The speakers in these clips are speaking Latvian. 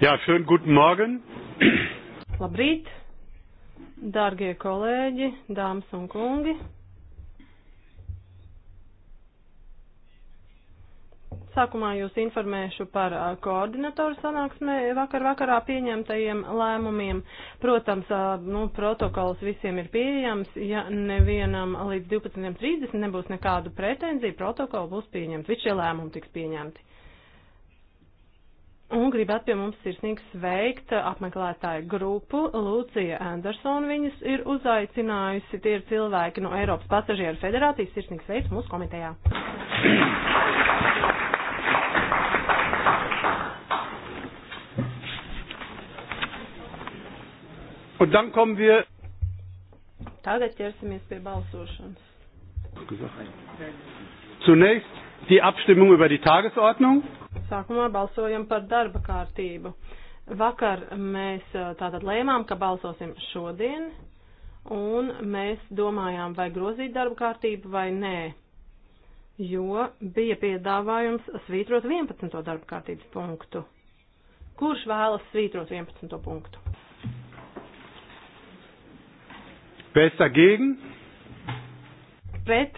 Jā, šodien guten morgen. Labrīt, dārgie kolēģi, dāmas un kungi. Sākumā jūs informēšu par koordinatoru sanāksmē vakar vakarā pieņemtajiem lēmumiem. Protams, nu, protokols visiem ir pieejams. Ja nevienam līdz 12.30 nebūs nekādu pretenziju, protokolu būs pieņemts. Visi šie lēmumi tiks pieņemti un gribat pie mums sirsnīgi sveikt apmeklētāju grupu. Lūcija Andersona viņus ir uzaicinājusi. Tie ir cilvēki no Eiropas pasažieru federācijas. Sirsnīgi sveic mūsu komitejā. Un dann kommen wir. Tagad ķersimies pie balsošanas. Zunächst die Abstimmung über die Tagesordnung. Sākumā balsojam par darba kārtību. Vakar mēs tātad lēmām, ka balsosim šodien, un mēs domājām, vai grozīt darba kārtību vai nē, jo bija piedāvājums svītrot 11. darba kārtības punktu. Kurš vēlas svītrot 11. punktu? Wer ist dagegen? Pret.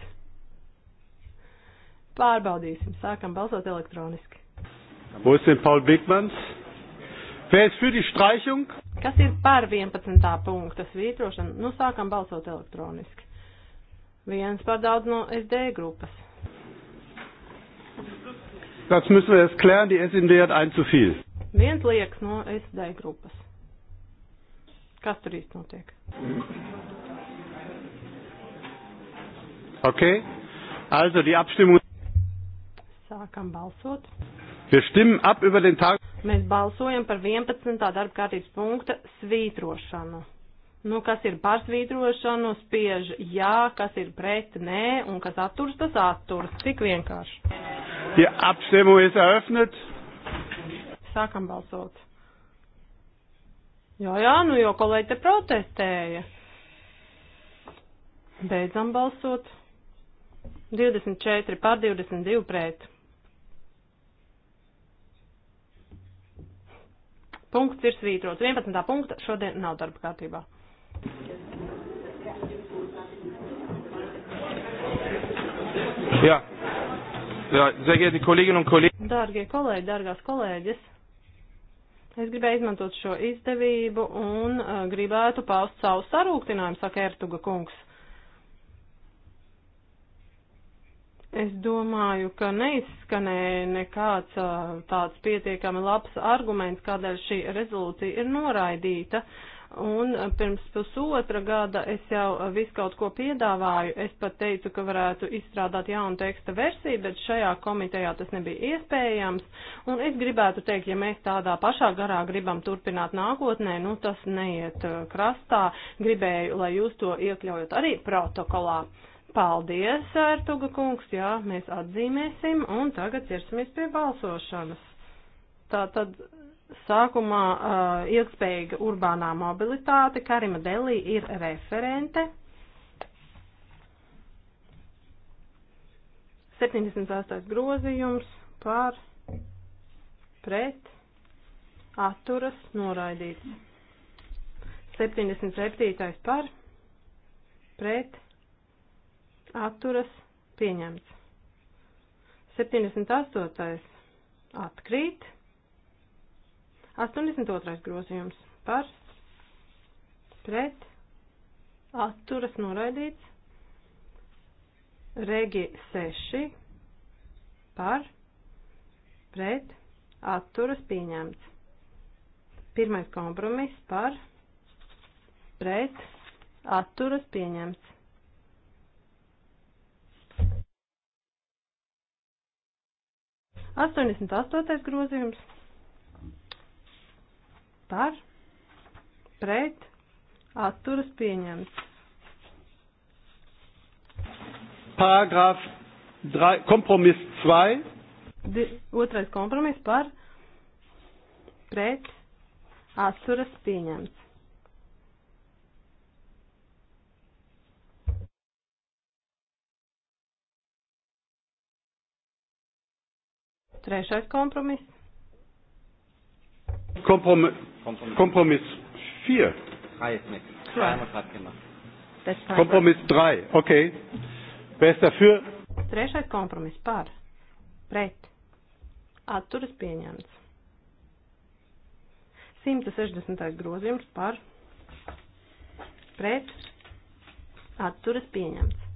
Pārbaudīsim. Sākam balsot elektroniski. Wo ist denn Paul Bigmans? Wer ist für die Streichung? Kas ir par 11. punkta svītrošanu? Nu, sākam balsot elektroniski. Viens par daudz no SD grupas. Das müssen wir erst klären, die SND hat ein zu viel. Viens liekas no SD grupas. Kas tur īsti notiek? Okay. Also die Abstimmung Sākam balsot. Mēs balsojam par 11. darba kārtības punkta svītrošanu. Nu, kas ir par svītrošanu, spiež jā, kas ir pret, nē, un kas atturs, tas atturs. Cik vienkārši. Ja apstimu ir eröffnet. Sākam balsot. Jā, jā, nu jo kolēģi te protestēja. Beidzam balsot. 24 pār 22 pret. punkts ir svītrots. 11. punkta šodien nav darba kārtībā. Jā. Jā, zegiedi kolēģi un kolēģi. Dārgie kolēģi, dārgās kolēģis, es gribēju izmantot šo izdevību un uh, gribētu paust savu sarūktinājumu, saka Ertuga kungs. Es domāju, ka neizskanēja nekāds tāds pietiekami labs arguments, kādēļ šī rezolūcija ir noraidīta. Un pirms pusotra gada es jau visu kaut ko piedāvāju. Es pat teicu, ka varētu izstrādāt jaunu teksta versiju, bet šajā komitejā tas nebija iespējams. Un es gribētu teikt, ja mēs tādā pašā garā gribam turpināt nākotnē, nu tas neiet krastā. Gribēju, lai jūs to iekļaujat arī protokolā. Uh, Paldies, Ertuga kungs, jā, mēs atzīmēsim un tagad ķersimies pie balsošanas. Tā tad sākumā uh, ilgspējīga urbānā mobilitāte, Karima Delī ir referente. 78. grozījums par pret atturas noraidīts. 77. par pret atturas pieņemts. 78. atkrīt. 82. grozījums par pret atturas noraidīts. Regi 6 par pret atturas pieņemts. Pirmais kompromiss par pret atturas pieņemts. 88. grozījums par, pret, atturas pieņemts. Paragraf 3, kompromis 2. Di, otrais kompromis par, pret, atturas pieņemts. Trešais kompromiss. Kompromiss. Kompromiss 4. 3 ist nichts. 2 haben wir gerade gemacht. Kompromiss 3, okay. Wer ist dafür? Trešais kompromiss par. Pret. Atturas pieņemts. 160. grozījums par. Pret. Atturas pieņemts.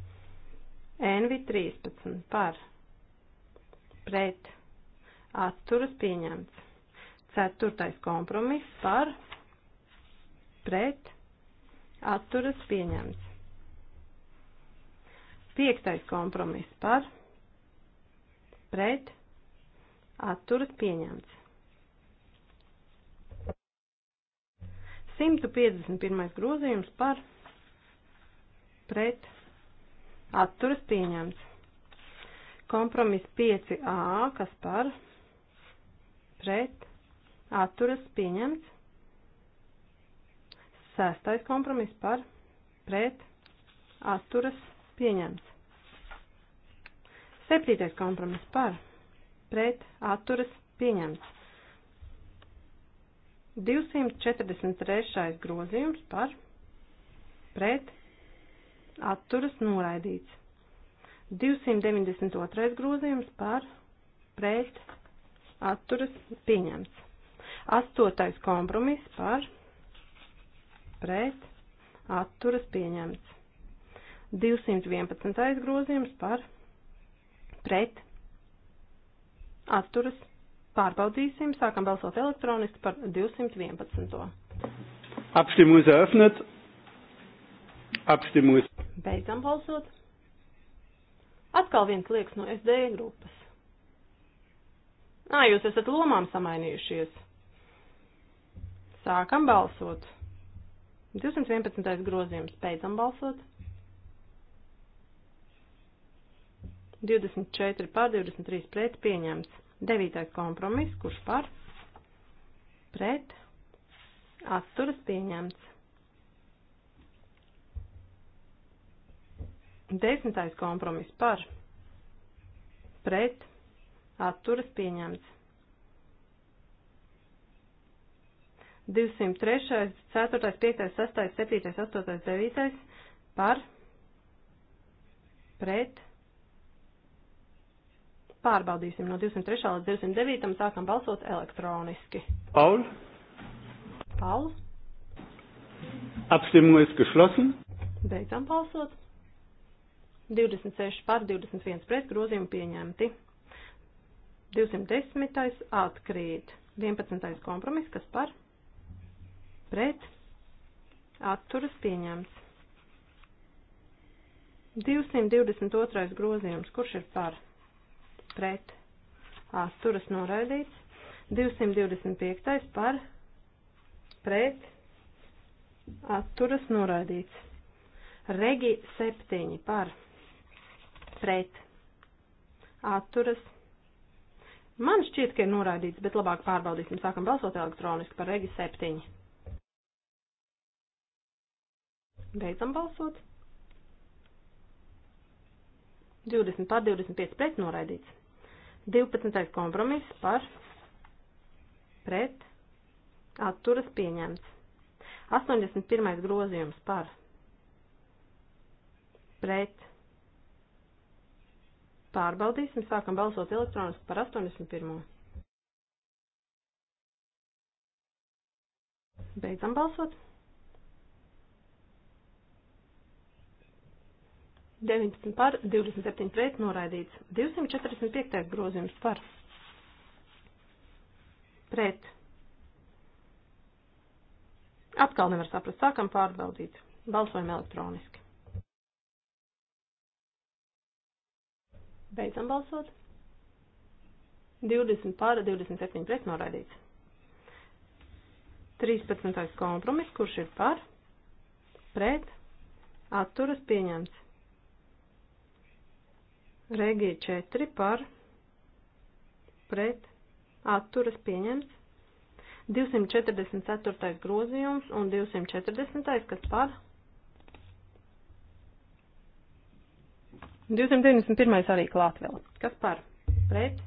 NV 13 par. Pret atturas pieņemts. Ceturtais kompromiss par pret atturas pieņemts. Piektais kompromiss par pret atturas pieņemts. 151. grozījums par pret atturas pieņemts. Kompromiss 5a, kas par pret pret atturas pieņemts. Sestais kompromiss par pret atturas pieņemts. Septītais kompromiss par pret atturas pieņemts. 243. grozījums par pret atturas noraidīts. 292. grozījums par pret atturas pieņemts. Astotais kompromiss par pret atturas pieņemts. 211. grozījums par pret atturas pārbaudīsim. Sākam balsot elektroniski par 211. Abstimmung ist eröffnet. Abstimmung ist. Beidzam balsot. Atkal viens liekas no SD grupas. Nā, jūs esat lomām samainījušies. Sākam balsot. 211. grozījums. Beidzam balsot. 24 pār 23 pret pieņems. 9. kompromis, kurš par? Pret. Atturas pieņemts. 10. kompromis par. Pret atturas pieņemts. 203, 4, 5, 6, 7, 8, 9 par pret pārbaudīsim no 203 līdz 209 sākam balsot elektroniski. Paul? Paul? Abstimmung ist geschlossen. Beidzam balsot. 26 par 21 pret grozījumu pieņemti. 210. atkrīt. 11. kompromiss, kas par? Pret. Atturas pieņemts. 222. grozījums, kurš ir par? Pret. Atturas noraidīts. 225. par? Pret. Atturas noraidīts. Regi 7 par? Pret. Atturas noraidīts Man šķiet, ka ir noraidīts, bet labāk pārbaudīsim. Sākam balsot elektroniski par regi 7. Beidzam balsot. 20 par 25 pret noraidīts. 12. kompromiss par pret atturas pieņemts. 81. grozījums par pret Pārbaudīsim, sākam balsot elektroniski par 81. Beidzam balsot. 19 par, 27 pret, noraidīts. 245. grozījums par. Pret. Atkal nevar saprast, sākam pārbaudīt. Balsojam elektroniski. Beidzam balsot. 20 pār 27 pret noraidīts. 13. kompromiss, kurš ir par, pret, atturas pieņemts. Regija 4 par, pret, atturas pieņemts. 244. grozījums un 240. kas par, 291. arī klāt vēl. Kas par? Pret.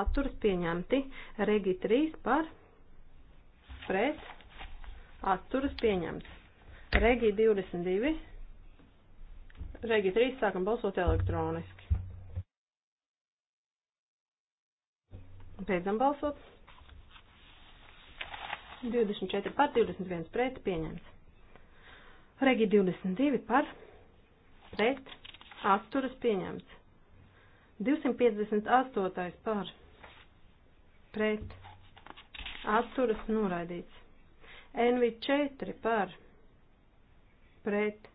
Atturas pieņemti. Regi 3 par. Pret. Atturas pieņemts. Regi 22. Regi 3 sākam balsot elektroniski. Beidzam balsot. 24 par, 21 pret, pieņemts. Regi 22 par, pret, atturas pieņemts. 258. par pret atturas noraidīts. NV4 par pret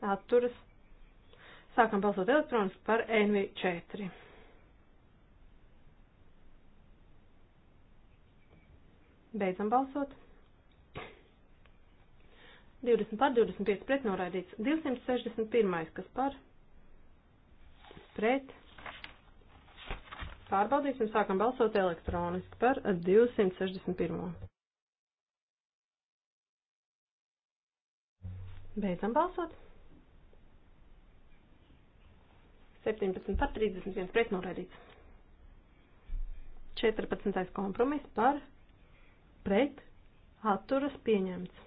atturas. Sākam balsot elektroniski par NV4. Beidzam balsot. 20 par 25 pret noraidīts. 261. kas par pret. Pārbaudīsim, sākam balsot elektroniski par 261. Beidzam balsot. 17 par 31 pret noraidīts. 14. kompromiss par pret atturas pieņemts.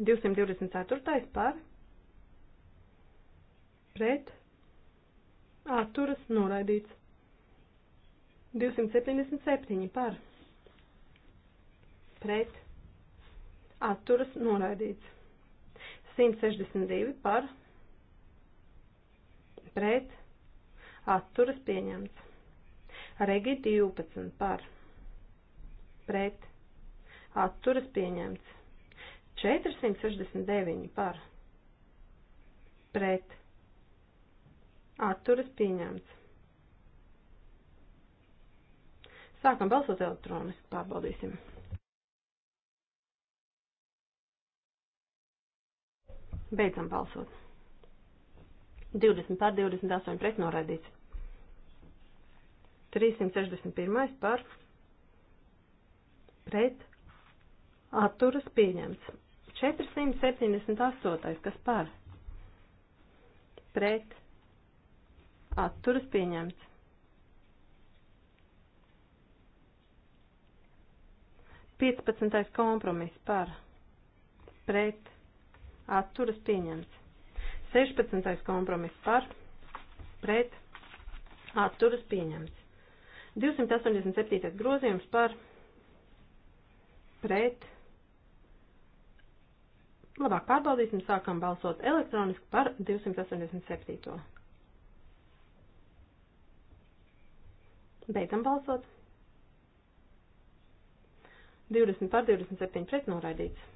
224. par pret atturas noraidīts. 277 par pret atturas noraidīts. 162 par pret atturas pieņemts. Regi 12 par pret atturas pieņemts. 469 par pret atturas pieņemts. Sākam balsot elektroniski, pārbaudīsim. Beidzam balsot. 20 par 28 pret noraidīts. 361 par pret atturas pieņemts. 478. kas par? Pret. Atturas pieņemts. Piecpadsmitais kompromiss par. Pret. Atturas pieņemts. Sešpadsmitais kompromiss par. Pret. Atturas pieņemts. 287. grozījums par. Pret Labāk pārbaudīsim, sākam balsot elektroniski par 287. Beidzam balsot. 20 par 27 pret noraidīts.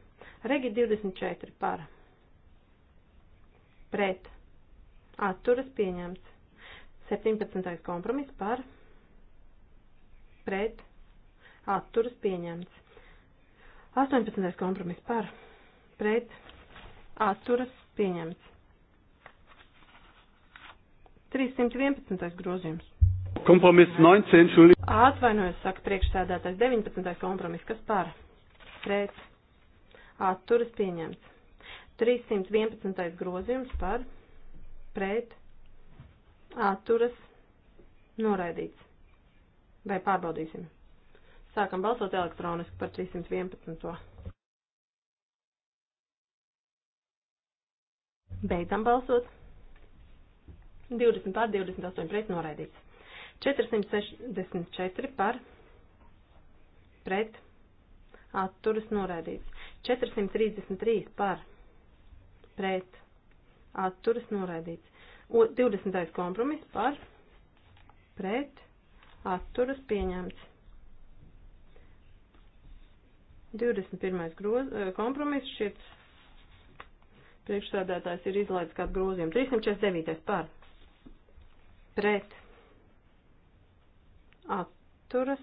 Regi 24 par. Pret. Atturas pieņemts. 17. kompromis par. Pret. Atturas pieņemts. 18. kompromis par pret atturas pieņemts. 311. grozījums. Kompromiss 19, šulī. Atvainojos, saka priekšsēdētājs 19. kompromiss, kas par pret atturas pieņemts. 311. grozījums par pret atturas noraidīts. Vai pārbaudīsim? Sākam balsot elektroniski par 311. Beidzam balsot. 20 pār 28 pret noraidīts. 464 par pret atturas noraidīts. 433 par pret atturas noraidīts. 20. kompromiss par pret atturas pieņemts. 21. Groz, eh, kompromiss šis Priekšsēdētājs ir izlaidis kādu grozījumu. 349. par. Pret. Atturas.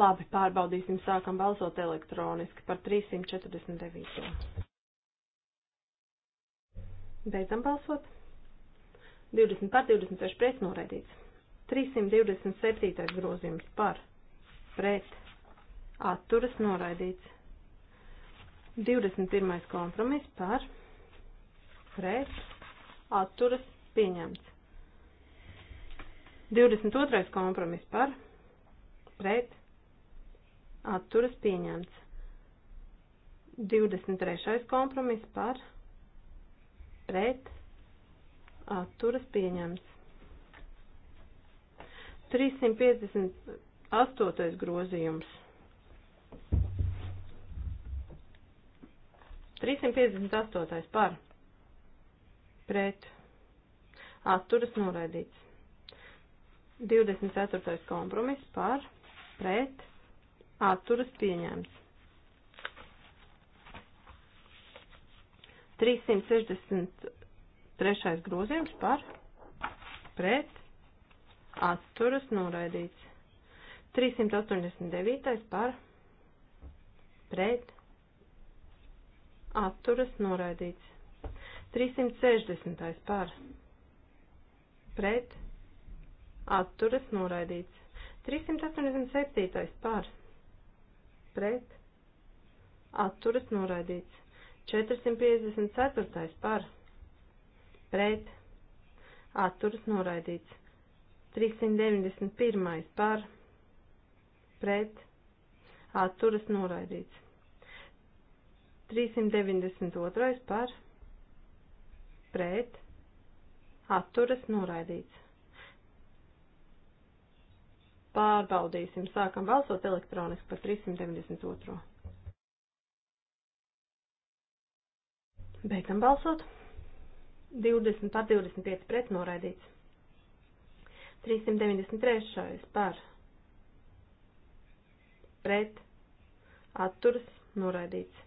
Labi, pārbaudīsim, sākam balsot elektroniski par 349. Beidzam balsot. 20 par 26 pret noraidīts. 327. grozījums par pret atturas noraidīts. 21. kompromis par pret atturas pieņemts. 22. kompromis par pret atturas pieņemts. 23. kompromis par pret atturas pieņemts. 358. grozījums 358. par pret atturas noraidīts. 24. kompromiss par pret atturas pieņemts. 363. grozījums par pret atturas noraidīts. 389. par pret atturas noraidīts. 360. par pret atturas noraidīts. 387. par pret atturas noraidīts. 454. par pret atturas noraidīts. 391. par pret atturas noraidīts. 392. par pret atturas noraidīts. Pārbaudīsim. Sākam balsot elektroniski par 392. Beidzam balsot. 20 par 25 pret noraidīts. 393. par pret atturas noraidīts.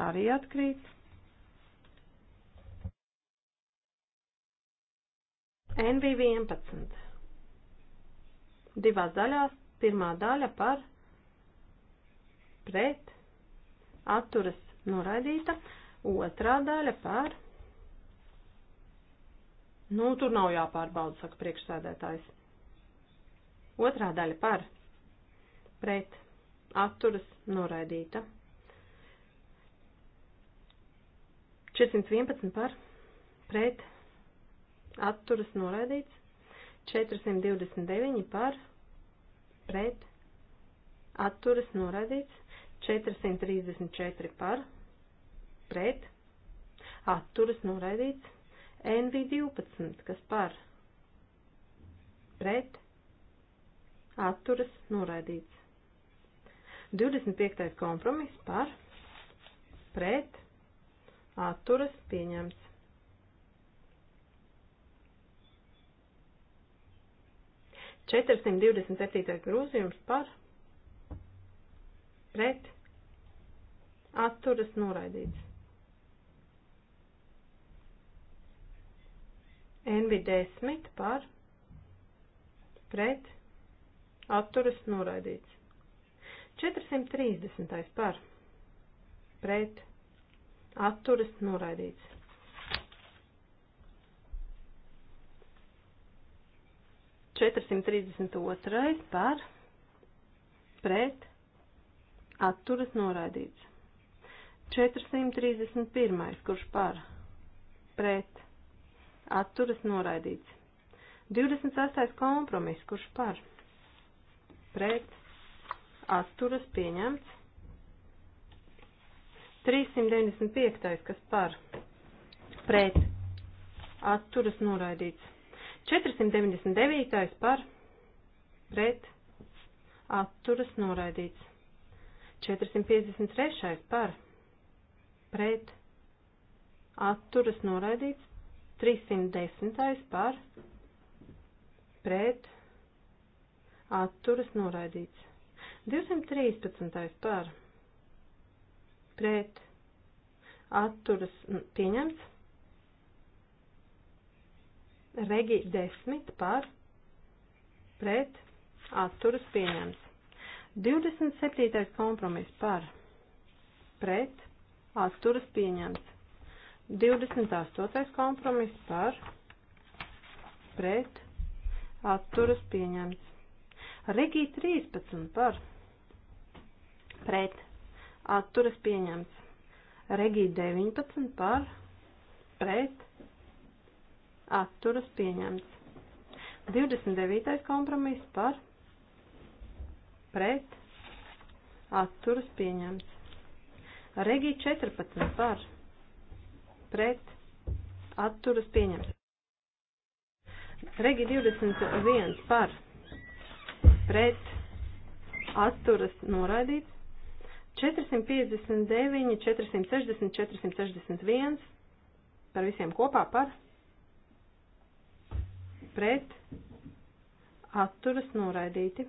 arī atkrīt. NV11. Divās daļās. Pirmā daļa par pret atturas noraidīta. Otrā daļa par. Nu, tur nav jāpārbauda, saka priekšsēdētājs. Otrā daļa par pret atturas noraidīta. 411 par pret atturas noraidīts. 429 par pret atturas noraidīts. 434 par pret atturas noraidīts. NV12, kas par pret atturas noraidīts. 25. kompromiss par pret atturas pieņemts. Četrsimt divdesmit septītais grūzījums par pret atturas noraidīts. NV10 par pret atturas noraidīts. 430 par pret atturas noraidīts. Četrasimt trīsdesmit otrais par, pret, atturas noraidīts. Četrasimt trīsdesmit pirmais, kurš par, pret, atturas noraidīts. Divdesmit sastais kompromiss, kurš par, pret, atturas pieņemts. 395. kas par pret atturas noraidīts. 499. par pret atturas noraidīts. 453. par pret atturas noraidīts. 310. par pret atturas noraidīts. 213. par pret pret atturas pieņemts. Regi 10 par pret atturas pieņemts. 27. kompromis par pret atturas pieņemts. 28. kompromis par pret atturas pieņemts. Regī 13 par pret atturas pieņemts. Regī 19 par pret atturas pieņemts. 29. kompromiss par pret atturas pieņemts. Regī 14 par pret atturas pieņemts. Regi 21 par pret atturas noraidīts, 459, 460, 461 par visiem kopā par pret atturas noraidīti.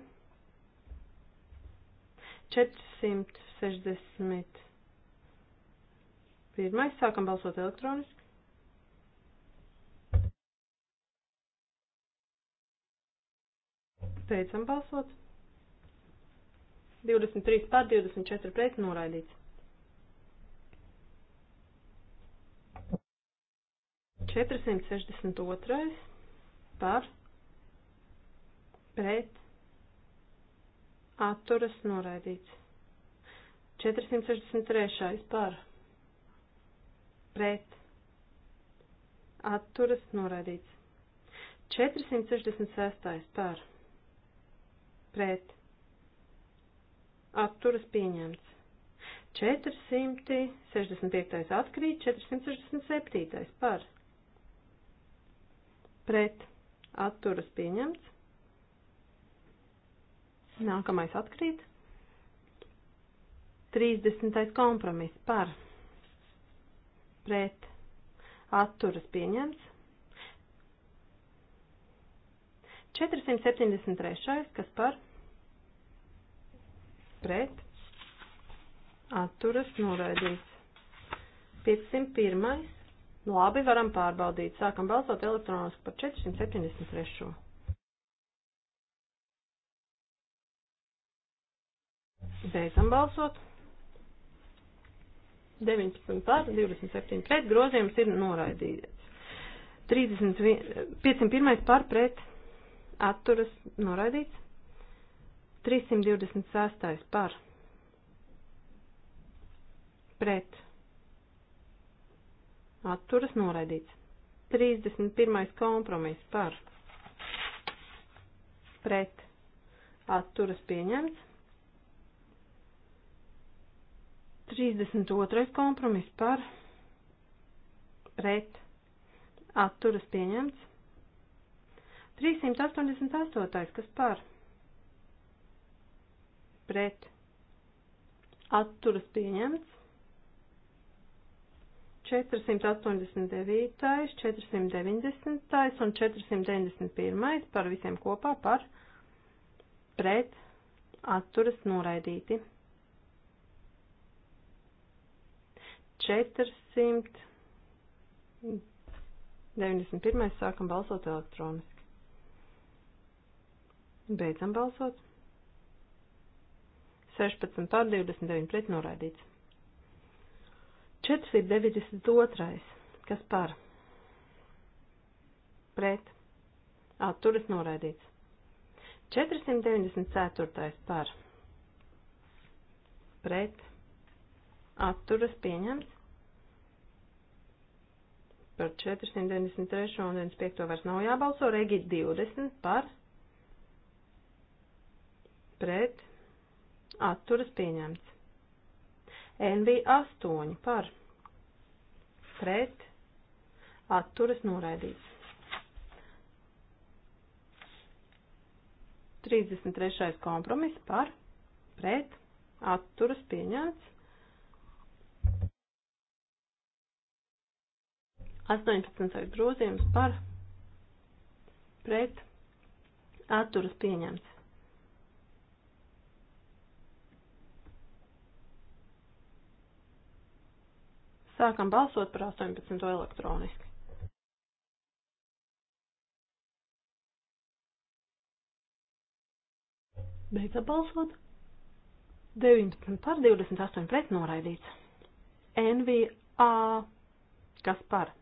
461. Sākam balsot elektroniski. Beidzam balsot. 23 pār 24 pret noraidīts. 462 par pret atturas noraidīts. 463 par pret atturas noraidīts. 466 par pret atturas pieņemts. 465. atkrīt, 467. par. Pret atturas pieņemts. Nākamais atkrīt. 30. kompromiss par. Pret atturas pieņemts. 473. kas par pret atturas noraidīts. 501. Nu, labi, varam pārbaudīt. Sākam balsot elektroniski par 473. Beidzam balsot. 19 par, 27 pret, grozījums ir noraidīts. 31, 501 par pret, atturas noraidīts. 326. par pret atturas noraidīts. 31. kompromiss par pret atturas pieņemts. 32. kompromiss par pret atturas pieņemts. 388. kas par pret pret atturas pieņemts. 489, 490 un 491 par visiem kopā par pret atturas noraidīti. 491 sākam balsot elektroniski. Beidzam balsot. 16 pār 29 pret noraidīts. 492. Kas par? Pret. Atturas noraidīts. 494. par. Pret. Atturas pieņemts. Par 493 un 95 vairs nav jābalso. Regi 20 par. Pret atturas pieņemts. NV8 par pret atturas noraidīts. 33. kompromiss par pret atturas pieņemts. 18. grozījums par pret atturas pieņemts. Sākam balsot par 18. elektroniski. Beidzot balsot. 19 par 28 pret noraidīts. NVA kas par?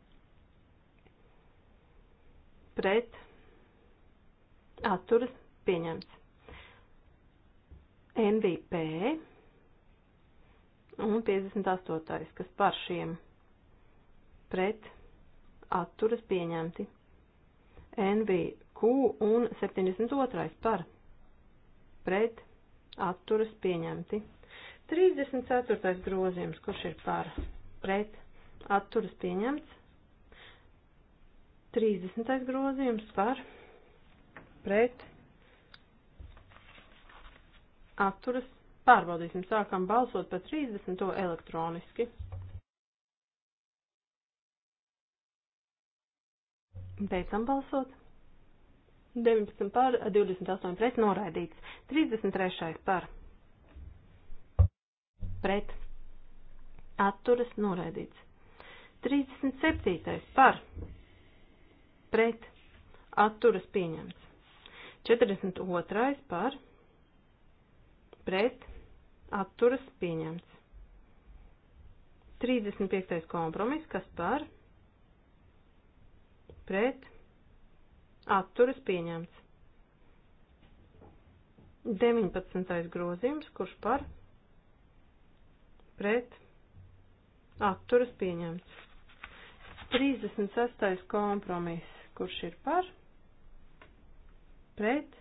Pret atturas pieņemts. NVP un 58. kas par šiem pret atturas pieņemti. NVQ un 72. par pret atturas pieņemti. 34. grozījums, kurš ir par pret atturas pieņemts. 30. grozījums par pret atturas Pārbaudīsim, sākam balsot par 30. elektroniski. Beidzam balsot. 19 par, 28 pret noraidīts. 33 par. Pret. Atturas noraidīts. 37. par pret atturas pieņemts. 42. par pret atturas pieņemts. 35. kompromiss, kas par, pret, atturas pieņemts. 19. grozījums, kurš par, pret, atturas pieņemts. 36. kompromiss, kurš ir par, pret,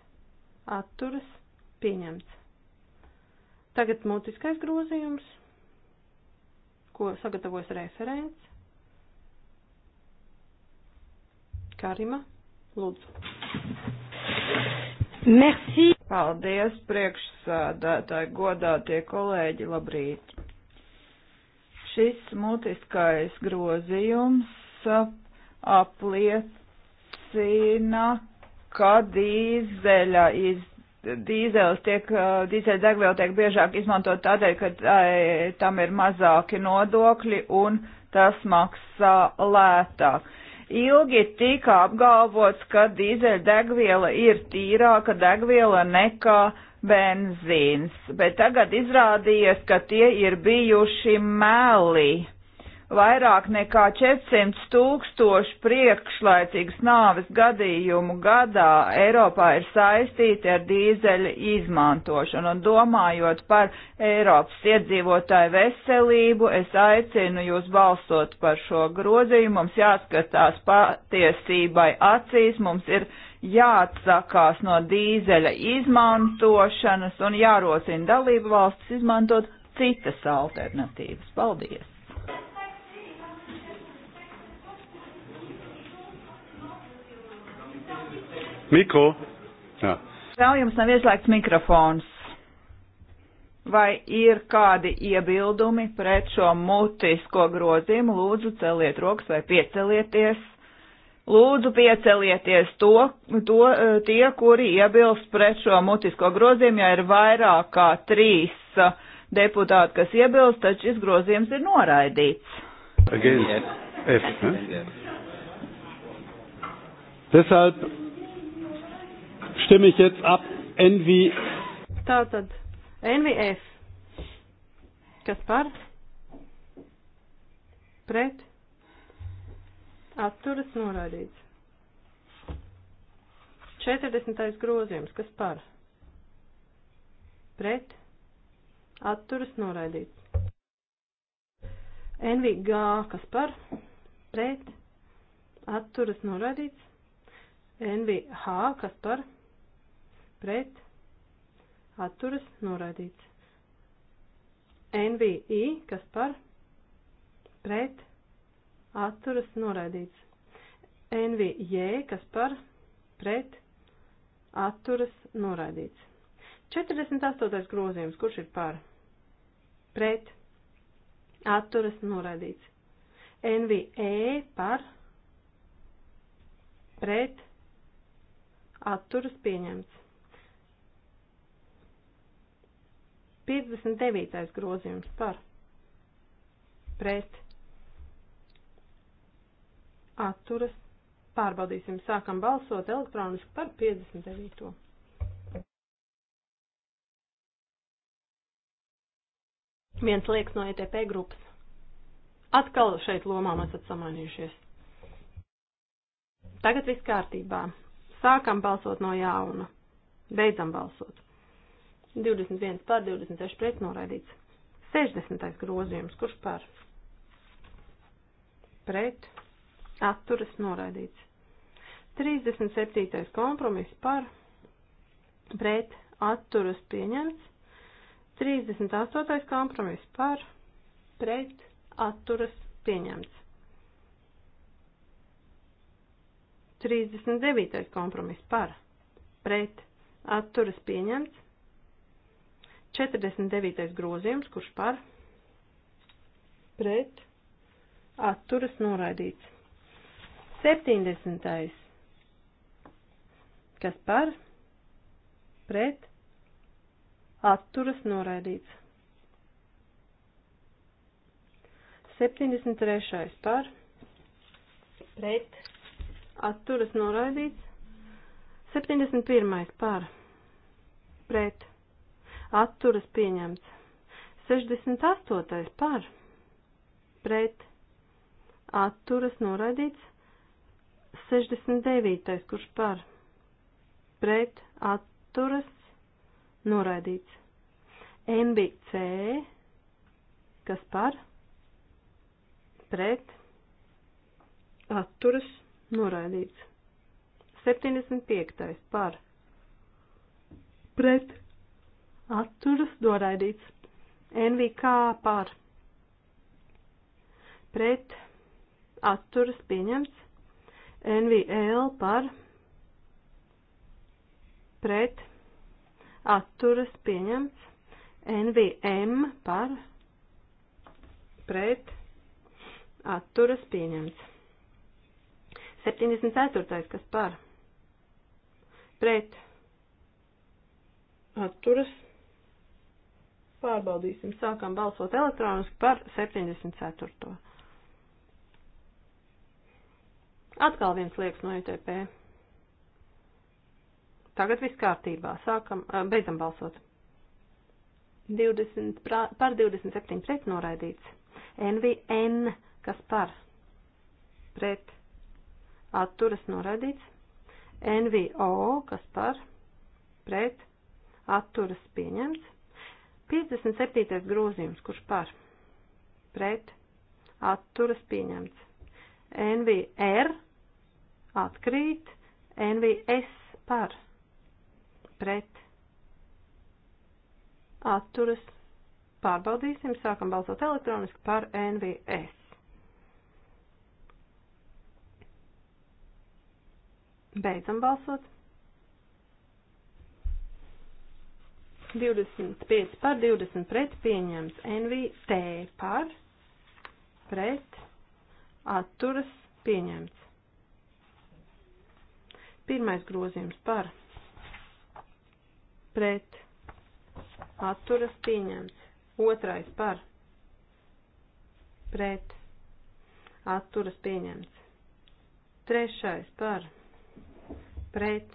atturas pieņemts. Tagad mutiskais grozījums, ko sagatavojas referents. Karima, lūdzu. Merci. Paldies, priekšsādātāji, godātie kolēģi, labrīt. Šis mutiskais grozījums apliecina, ka dīzeļa iz dīzels tiek, dīzeļdegviela tiek biežāk izmantot tādēļ, ka ai, tam ir mazāki nodokļi un tas maksā lētāk. Ilgi tika apgalvots, ka dīzeļdegviela ir tīrāka degviela nekā benzīns, bet tagad izrādījies, ka tie ir bijuši meli vairāk nekā 400 tūkstoši priekšlaicīgas nāves gadījumu gadā Eiropā ir saistīti ar dīzeļa izmantošanu. Un domājot par Eiropas iedzīvotāju veselību, es aicinu jūs balsot par šo grozījumu. Mums jāskatās patiesībai acīs, mums ir jāatsakās no dīzeļa izmantošanas un jārosina dalību valsts izmantot citas alternatīvas. Paldies! Mikro. Jā. Vēl jums nav ieslēgts mikrofons. Vai ir kādi iebildumi pret šo mutisko grozījumu? Lūdzu, celiet rokas vai piecelieties. Lūdzu, piecelieties to, to, e, tie, kuri iebilst pret šo mutisko grozījumu, ja ir vairāk kā trīs e, deputāti, kas iebilst, tad šis grozījums ir noraidīts. Again, F, ne? Deshalb stimme ich jetzt ab NV. Tātad NVF. Kas par? Pret. Atturas noraidīts. 40. grozījums. Kas par? Pret. Atturas noraidīts. NVG. Kas par? Pret. Atturas noraidīts. NVH. Kas par? pret, atturas, noraidīts. NVI, kas par, pret, atturas, noraidīts. NVJ, kas par, pret, atturas, noraidīts. 48. grozījums, kurš ir par, pret, atturas, noraidīts. NVE par, pret, atturas, pieņemts. 59. grozījums par pret atturas. Pārbaudīsim, sākam balsot elektroniski par 59. Viens liekas no ETP grupas. Atkal šeit lomām esat samainījušies. Tagad viss kārtībā. Sākam balsot no jauna. Beidzam balsot. 21 pār 26 pret noraidīts. 60. grozījums, kurš pār? Pret, atturas noraidīts. 37. kompromiss par, pret, atturas pieņemts. 38. kompromiss par, pret, atturas pieņemts. 39. kompromiss par, pret, atturas pieņemts. 49. grozījums, kurš par pret atturas noraidīts. 70. kas par pret atturas noraidīts. 73. par pret atturas noraidīts. 71. par pret atturas pieņemts. 68. par pret atturas noraidīts. 69. kurš par pret atturas noraidīts. MBC kas par pret atturas noraidīts. 75. par pret atturas noraidīts. NVK par pret atturas pieņemts. NVL par pret atturas pieņemts. NVM par pret atturas pieņemts. 74. kas par pret atturas Pārbaudīsim. Sākam balsot elektroniski par 74. Atkal viens liekas no ITP. Tagad viss kārtībā. Sākam, beidzam balsot. 20, par 27 pret noraidīts. NVN, kas par pret atturas noraidīts. NVO, kas par pret atturas pieņemts. 57. grozījums, kurš par, pret, atturas pieņemts. NVR atkrīt, NVS par, pret, atturas pārbaudīsim, sākam balsot elektroniski par NVS. Beidzam balsot. 25 par 20 pret pieņems. NVT par pret atturas pieņemts. Pirmais grozījums par pret atturas pieņemts. Otrais par pret atturas pieņemts. Trešais par pret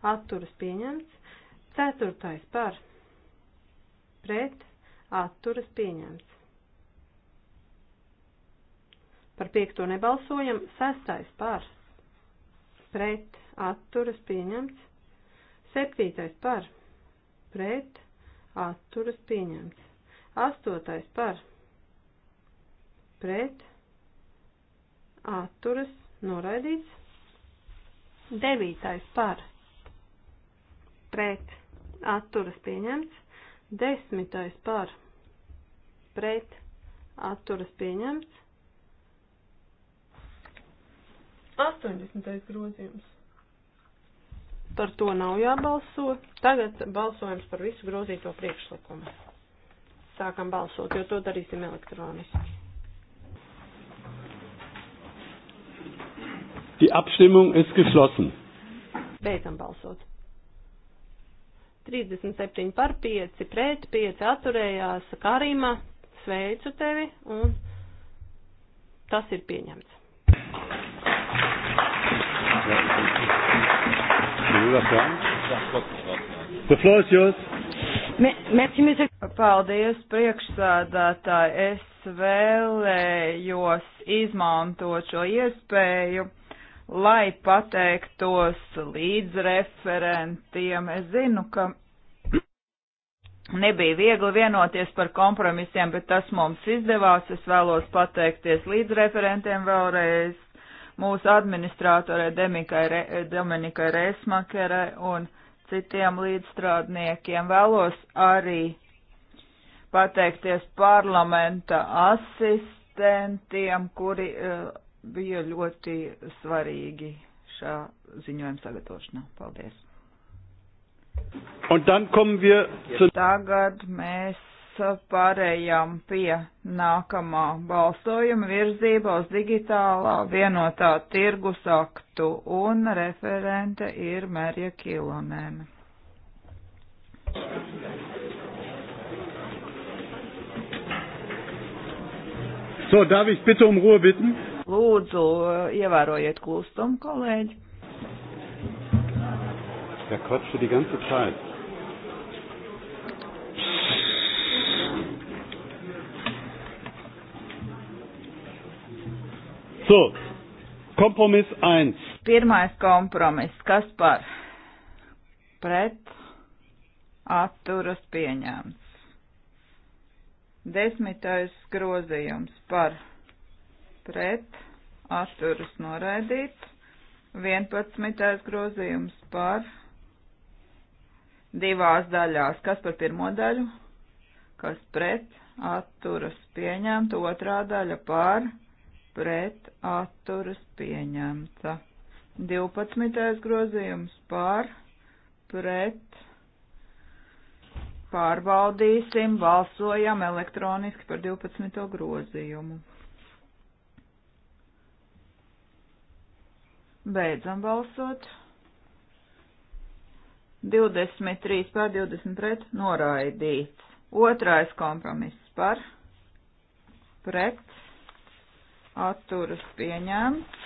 atturas pieņemts. Ceturtais par pret pret atturas pieņemts. Par piekto nebalsojam, sestais par, pret, atturas pieņemts, septītais par, pret, atturas pieņemts, astotais par, pret, atturas noraidīts, devītais par, pret, atturas pieņemts, Desmitais par pret atturas pieņemts. 80. grozījums. Par to nav jābalso. Tagad balsojums par visu grozīto priekšlikumu. Sākam balsot, jo to darīsim elektroniski. Die Abstimmung ist geschlossen. Beidzam balsot. 37 par 5 pret, 5 atturējās Karima. Sveicu tevi un tas ir pieņemts. The floor is yours. Paldies, priekšsādātāji. Es vēlējos izmantot šo iespēju lai pateiktos līdzreferentiem. Es zinu, ka nebija viegli vienoties par kompromisiem, bet tas mums izdevās. Es vēlos pateikties līdzreferentiem vēlreiz mūsu administrātorai Re, Dominikai Reismakerai un citiem līdzstrādniekiem. Vēlos arī pateikties parlamenta asistentiem, kuri uh, bija ļoti svarīgi šā ziņojuma sagatavošanā. Paldies! Wir... Tagad mēs pārējām pie nākamā balsojuma virzība uz digitālā vienotā tirgus aktu, un referente ir Mērija Kilonēna. So, darf ich bitte um Ruhe bitten? Lūdzu, eh, ievērojiet klusumu, kolēģi. Ja quatsche die ganze Zeit. So, kompromiss 1. Pirmais kompromiss, kas par pret atturas pieņēmts. Desmitais grozījums par pret pret atturas noraidīts, 11. grozījums par divās daļās, kas par pirmo daļu, kas pret atturas pieņemta, otrā daļa par pret atturas pieņemta. 12. grozījums par pret pārbaudīsim, balsojam elektroniski par 12. grozījumu. Beidzam balsot. 23 pār 20 pret noraidīts. Otrais kompromiss par pret atturas pieņemts.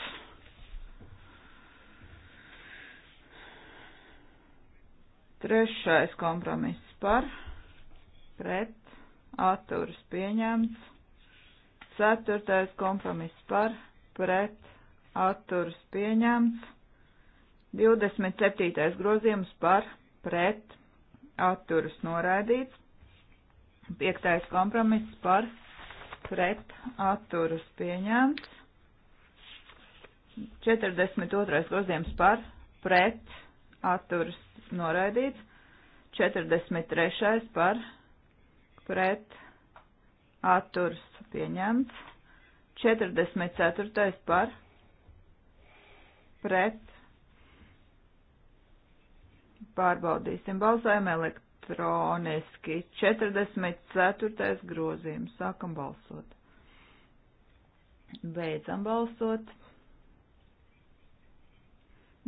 Trešais kompromiss par pret atturas pieņemts. Ceturtais kompromiss par pret atturas pieņemts. 27. grozījums par pret atturas noraidīts. 5. kompromiss par pret atturas pieņemts. 42. grozījums par pret atturas noraidīts. 43. par pret atturas pieņemts. 44. par pret pret. Pārbaudīsim. Balsojam elektroniski. 44. grozījums. Sākam balsot. Beidzam balsot.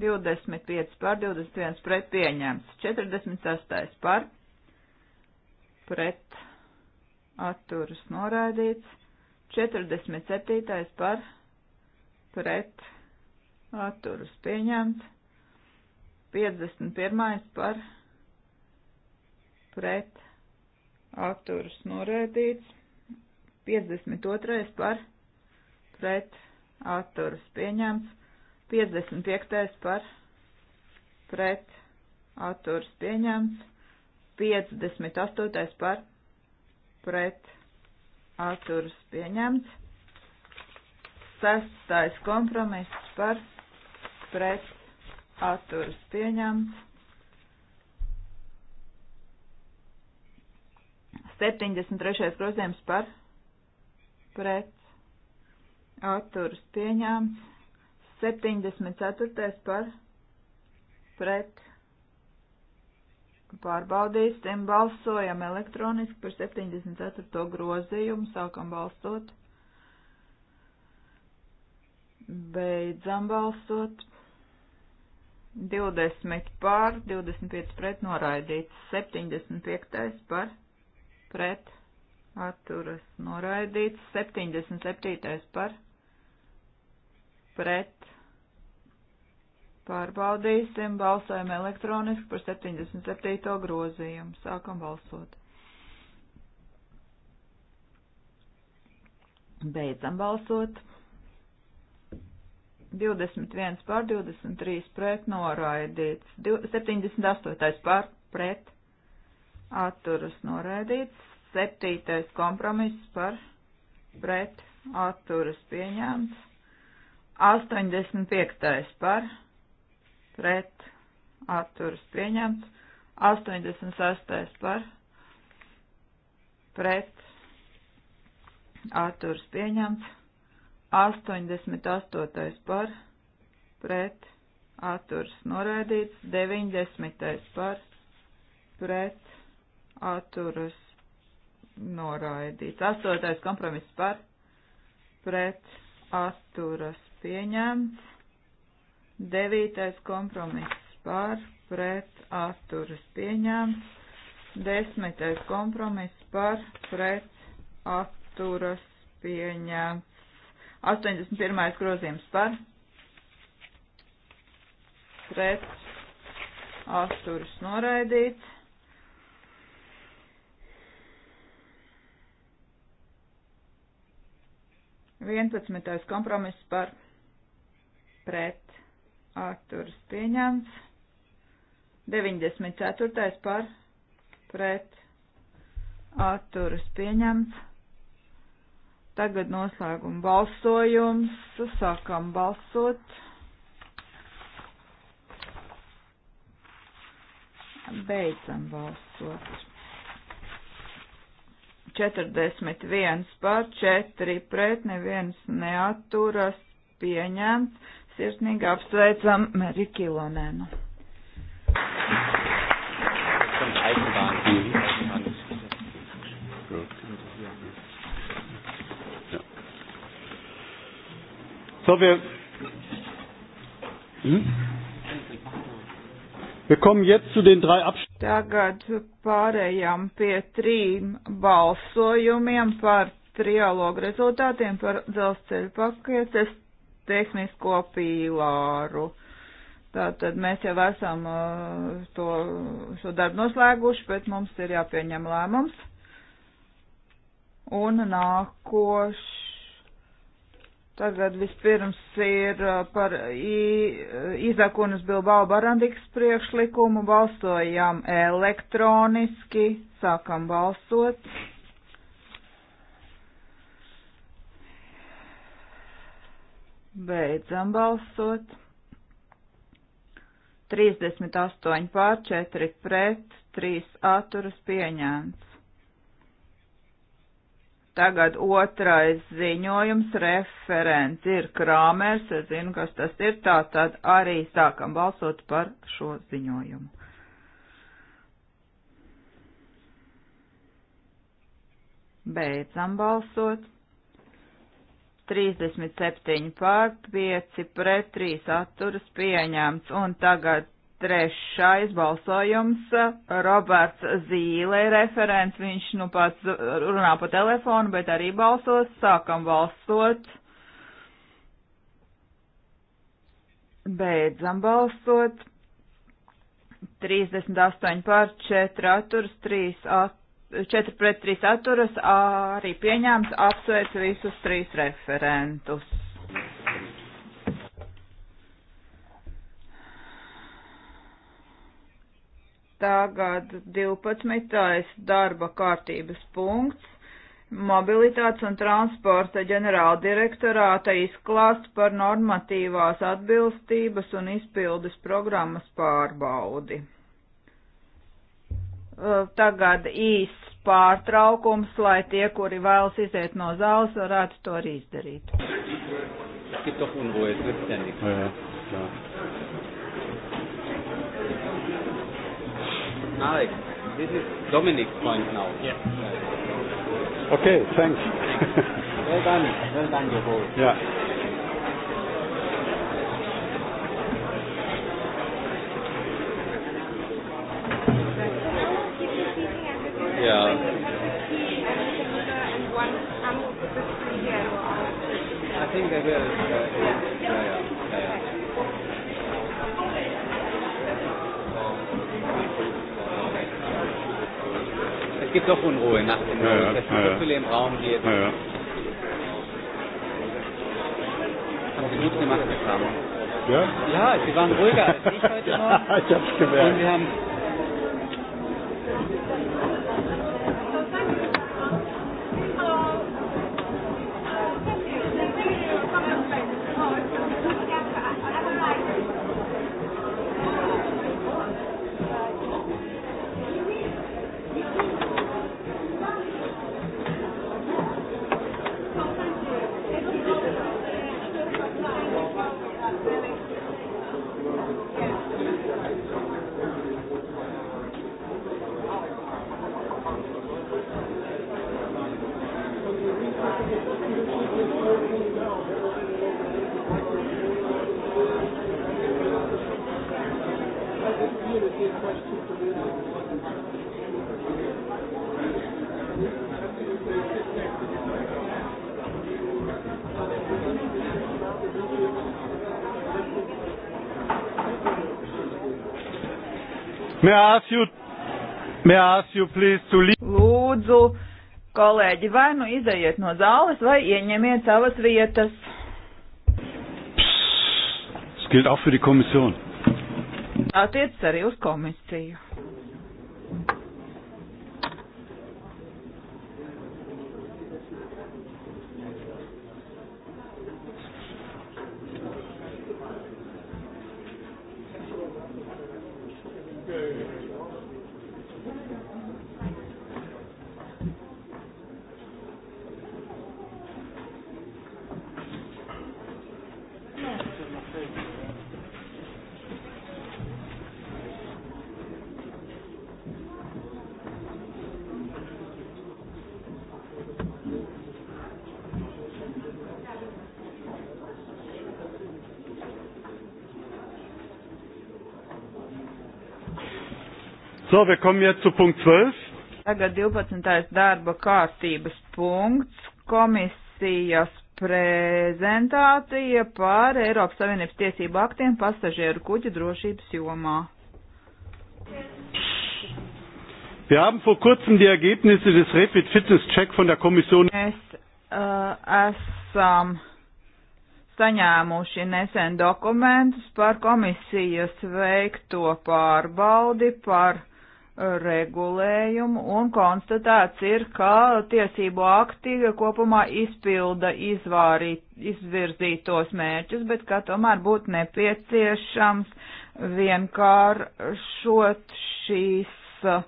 25 par, 21 pret pieņēmts. 46 par, pret atturas noraidīts. 47 par, pret atturas noraidīts atturas pieņemts, 51. par pret atturas norēdīts, 52. par pret atturas pieņemts, 55. par pret atturas pieņemts, 58. par pret atturas pieņemts, sestais kompromiss par pret pret atturas pieņemts. 73. grozījums par pret atturas pieņemts. 74. par pret pārbaudīsim, balsojam elektroniski par 74. grozījumu, sākam balsot, beidzam balsot, 20 pār, 25 pret noraidīts, 75 par pret atturas noraidīts, 77 par pret pārbaudīsim, balsojam elektroniski par 77. grozījumu, sākam balsot. Beidzam balsot. 21 pār 23 pret noraidīts, 78 pār pret atturas noraidīts, 7 kompromiss par pret atturas pieņēmts, 85 par pret atturas pieņemts, 86 par pret atturas pieņemts, 88. par pret atturs noraidīts, 90. par pret atturs noraidīts, 8. kompromiss par pret atturas pieņemts, 9. kompromiss par pret atturas pieņemts, 10. kompromiss par pret atturas pieņemts. 81. grozījums par pret asturs noraidīts. Vienpadsmitais kompromiss par pret atturs pieņemts. 94. par pret atturs pieņemts. Tagad noslēguma balsojums. Sākam balsot. Beidzam balsot. 41 pār 4 pret, neviens neaturas pieņemts. Sirsnīgi apsveicam Merikilonēnu. So, wir, hm? wir kommen jetzt zu den drei Abstimmungen. Tagad pārējām pie trim balsojumiem par trialogu rezultātiem par dzelzceļu paketes tehnisko pīlāru. Tātad mēs jau esam uh, to, šo darbu noslēguši, bet mums ir jāpieņem lēmums. Un nākošais Tagad vispirms ir uh, par uh, Izakunas Bilbao Barandikas priekšlikumu. Balsojam elektroniski. Sākam balsot. Beidzam balsot. 38 pār 4 pret, 3 atturas pieņēmts. Tagad otrais ziņojums, referents ir Krāmers, es zinu, kas tas ir, tā tad arī sākam balsot par šo ziņojumu. Beidzam balsot. 37 pār 5 pret 3 atturas pieņemts un tagad Trešais balsojums - Roberts Zīle referents. Viņš nu pats runā pa telefonu, bet arī balsos. Sākam balsot. Beidzam balsot. 38 pār 4 atturas, 3 at, 4 pret 3 atturas, arī pieņēmts apsveic visus trīs referentus. Tagad 12. darba kārtības punkts - mobilitātes un transporta ģenerāldirektorāta izklāsts par normatīvās atbilstības un izpildes programmas pārbaudi. Tagad īsts pārtraukums, lai tie, kuri vēlas iziet no zāles, varētu to arī izdarīt. Es gibt doch Unruhe, es wird ständig. Ja, ja. Marek, this is Dominic's point now. Yeah. Okay, thanks. well done. Well done, you both. Yeah. doch Unruhe nach dem ja, Nose. Da sind ja. so viele im Raum, die jetzt. Ja, ja. Haben Sie gut gemacht, Herr Kramer. Ja? Ja, Sie waren ruhiger als ich heute Morgen. ich hab's gemerkt. Und wir haben May I ask you, may I ask you please to leave? Lūdzu, kolēģi, vai nu izaiet no zāles, vai ieņemiet savas vietas. Psst, das gilt auch für die Kommission. Attiec arī uz komisiju. So, wir kommen jetzt zu Punkt 12. Tagad 12. darba kārtības punkts - komisijas prezentācija par Eiropas Savienības tiesību aktiem pasažieru kuģu drošības jomā. Wir haben vor kurzem die Ergebnisse des Rapid Fitness Check von der Kommission. Mēs uh, esam saņēmuši nesen dokumentus par komisijas veikto pārbaudi par regulējumu un konstatēts ir, ka tiesību akti kopumā izpilda izvārīt, izvirzītos mērķus, bet ka tomēr būtu nepieciešams vienkāršot šīs uh,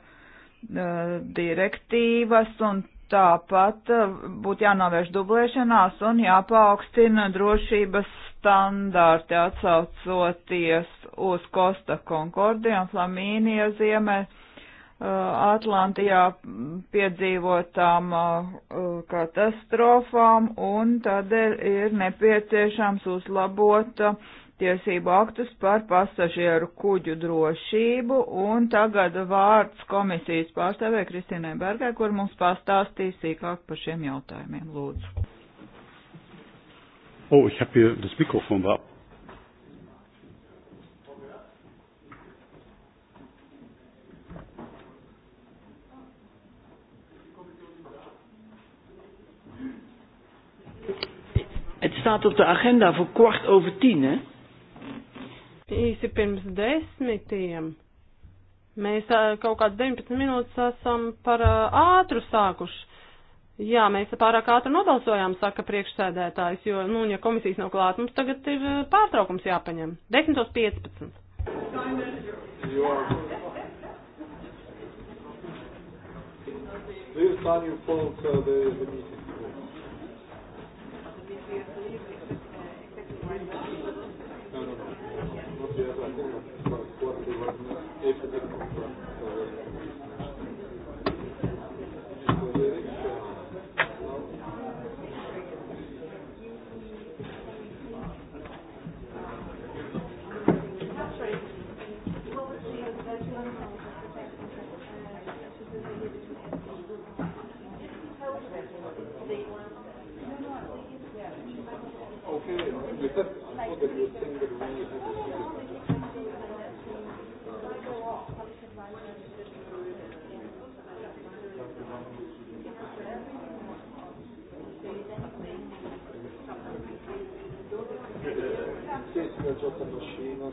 direktīvas un tāpat uh, būtu jānovērš dublēšanās un jāpaukstina drošības standārti atsaucoties uz Kosta Konkordiju un Flamīnija ziemē Uh, Atlantijā piedzīvotām uh, uh, katastrofām un tādēļ ir nepieciešams uzlabot tiesību aktus par pasažieru kuģu drošību un tagad vārds komisijas pārstāvē Kristīnai Bergai, kur mums pastāstīs sīkāk par šiem jautājumiem. Lūdzu. Oh, ich habe hier das Mikrofon war Het staat op de agenda voor kwart over tien, hè? Īsi pirms desmitiem. Mēs kaut kāds 19 minūtes esam par ātru sākuši. Jā, mēs pārāk ātri nobalsojām, saka priekšsēdētājs, jo, nu, ja komisijas nav klāt, mums tagad ir pārtraukums jāpaņem. 10.15. Do you sign your phone to the, the meeting? No, no, no. Not the other corner, but what the right is the corner. Sì, sì, ho già conosciuto,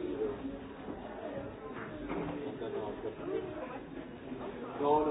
Lord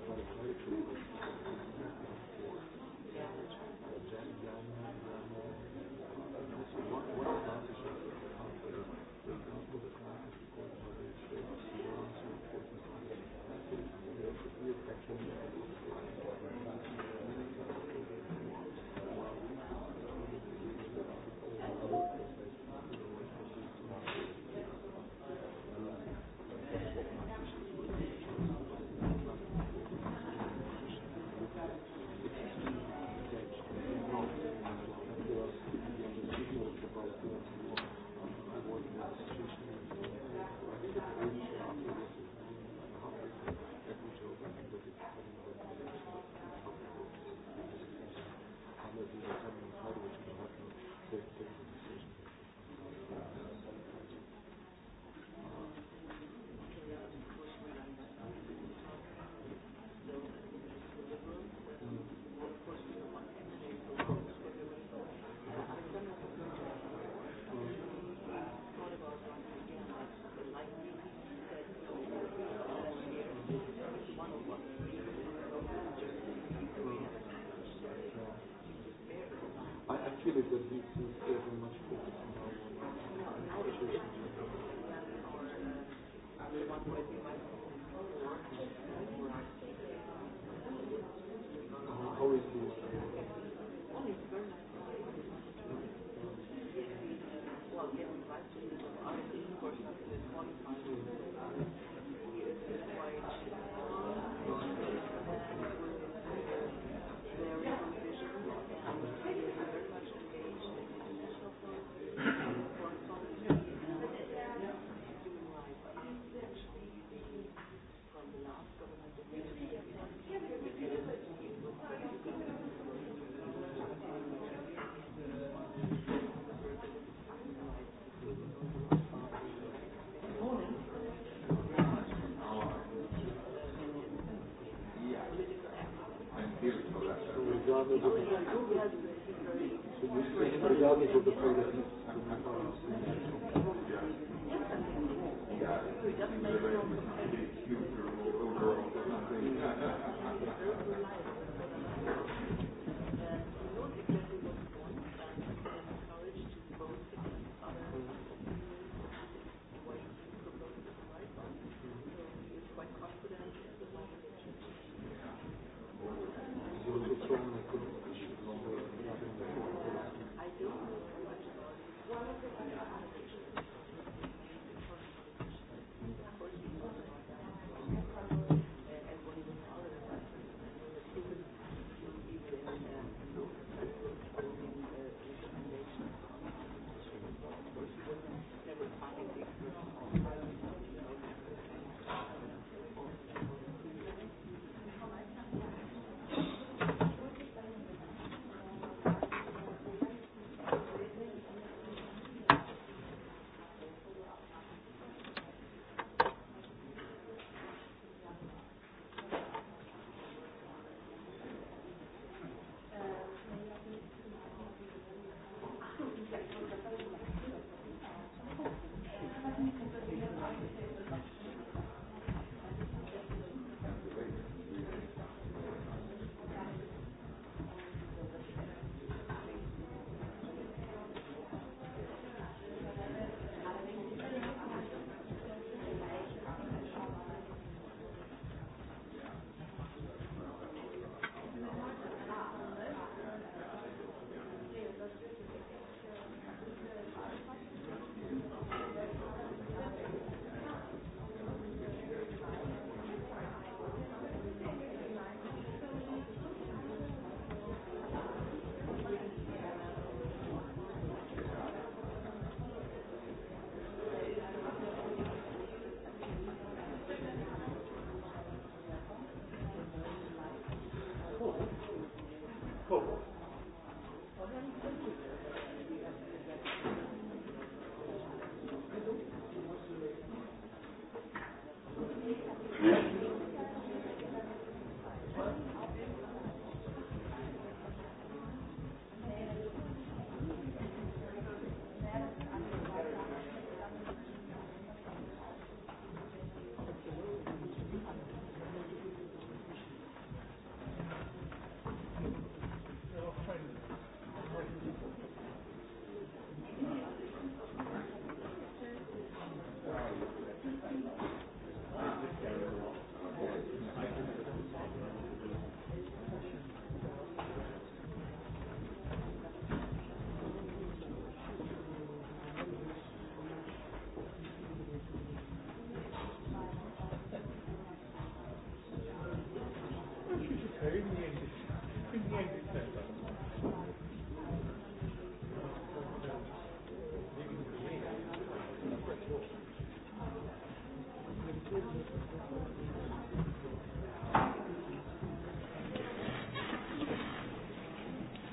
Yeah. feel it that this is very much focused on our situation. Thank you.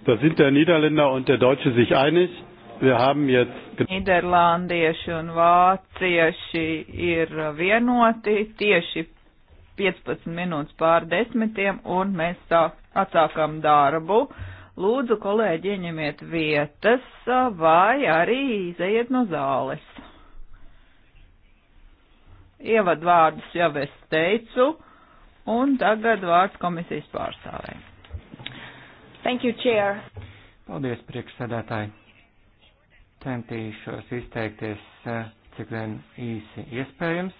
Da sind der Niederländer und der Deutsche sich einig. Wir haben jetzt. Niderlandieši un vācieši ir vienoti tieši 15 minūtes pār desmitiem, un mēs sāk, atsākam darbu. Lūdzu, kolēģi, ieņemiet vietas vai arī izejiet no zāles. Ievadvārdus jau es teicu, un tagad vārds komisijas pārstāvē. Thank you, Chair. Paldies, priekšsēdētāji. Centīšos izteikties eh, cik vien īsi iespējams,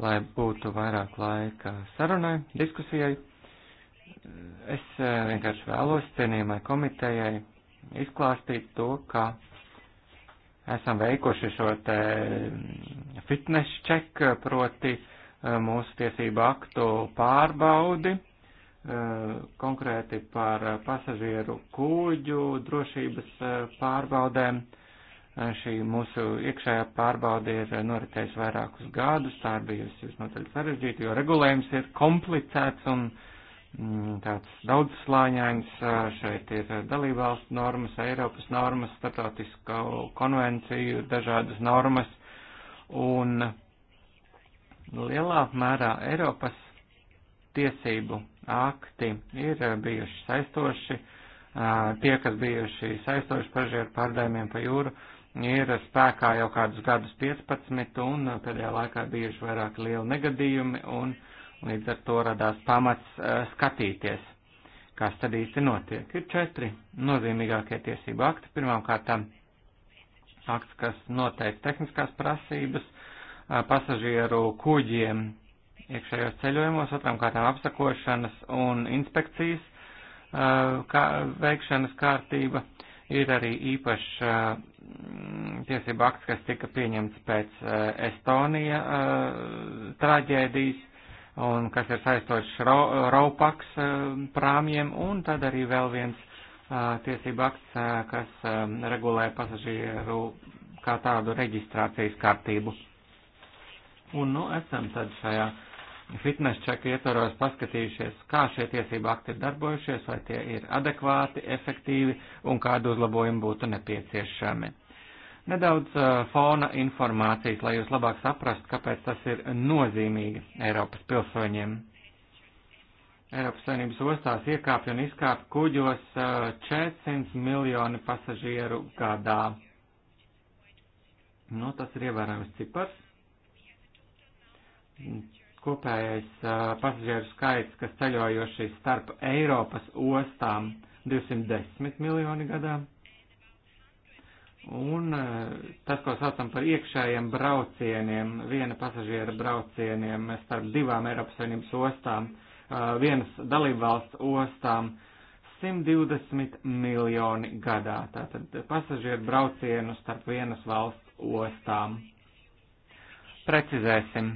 lai būtu vairāk laika sarunai, diskusijai. Es eh, vienkārši vēlos cienījumai komitejai izklāstīt to, ka esam veikuši šo te mm, fitness check, proti eh, mūsu tiesību aktu pārbaudi Eh, konkrēti par eh, pasažieru kūģu drošības eh, pārbaudēm. Šī mūsu iekšējā pārbaude ir noritējusi vairākus gadus, tā ir bijusi visnotaļ sarežģīta, jo regulējums ir komplicēts un mm, tāds daudzslāņains. Šeit ir dalībvalstu normas, Eiropas normas, starptautisko konvenciju, dažādas normas un lielā mērā Eiropas tiesību akti ir eh, bijuši saistoši. Eh, tie, kas bijuši saistoši pažieru pārdājumiem pa jūru, ir spēkā jau kādus gadus 15 un pēdējā laikā bijuši vairāk lieli negadījumi un līdz ar to radās pamats eh, skatīties, kas tad īsti notiek. Ir četri nozīmīgākie tiesību akti. Pirmkārt, akts, kas noteikti tehniskās prasības pasažieru kuģiem iekšējos ceļojumos, otram kārtām apsakošanas un inspekcijas uh, kā, veikšanas kārtība. Ir arī īpašs uh, tiesība akts, kas tika pieņemts pēc uh, Estonija traģēdijas un kas ir saistošs Raupaks prāmjiem, un tad arī vēl viens tiesība akts, kas um, regulē pasažieru kā tādu reģistrācijas kārtību. Un, nu, esam tad šajā fitnes čeka ietvaros paskatījušies, kā šie tiesību akti ir darbojušies, vai tie ir adekvāti, efektīvi un kādu uzlabojumu būtu nepieciešami. Nedaudz fona informācijas, lai jūs labāk saprastu, kāpēc tas ir nozīmīgi Eiropas pilsoņiem. Eiropas Savienības ostās iekāpj un izkāpj kuģos 400 miljoni pasažieru gadā. Nu, tas ir ievērojams cipars kopējais pasažieru skaits, kas ceļojoši starp Eiropas ostām 210 miljoni gadā. Un tas, ko saucam par iekšējiem braucieniem, viena pasažiera braucieniem starp divām Eiropas Savienības ostām, vienas dalībvalsts ostām, 120 miljoni gadā. Tātad pasažieru braucienu starp vienas valsts ostām. Precizēsim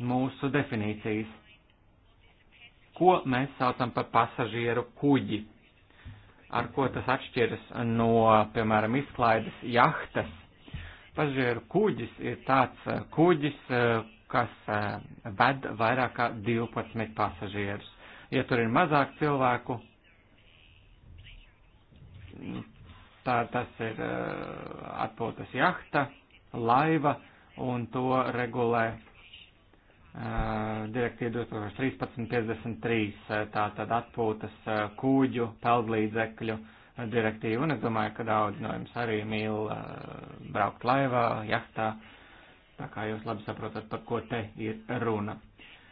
mūsu definīcijas. Ko mēs saucam par pasažieru kuģi? Ar ko tas atšķiras no, piemēram, izklaides jahtas? Pasažieru kuģis ir tāds eh, kuģis, eh, kas eh, ved vairāk kā 12 pasažierus. Ja tur ir mazāk cilvēku, tā tas ir atpūtas jahta, laiva, un to regulē Eh, direktīva 2013-53, tā tad atpūtas eh, kūģu, peldlīdzekļu eh, direktīva, un es domāju, ka daudz no jums arī mīl braukt laivā, jahtā, tā kā jūs labi saprotat, par ko te ir runa.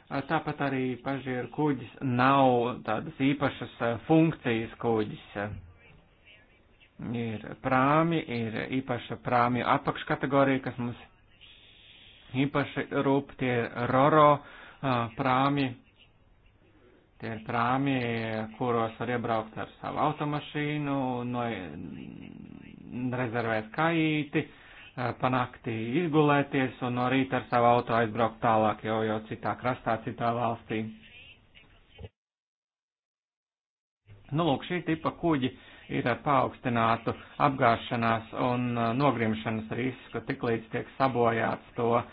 Tāpat arī pažieru kuģis nav tādas īpašas funkcijas kuģis. Ir prāmi, ir īpaša prāmju apakškategorija, kas mums īpaši rūp tie roro prāmi, tie ir prāmi, kuros var iebraukt ar savu automašīnu, no, rezervēt kaīti, panakti izgulēties un no rīta ar savu auto aizbraukt tālāk jau, jau citā krastā, citā valstī. Nu, lūk, šī tipa kuģi ir ar paaugstinātu apgāšanās un uh, nogrimšanas risku, tiklīdz tiek sabojāts to uh,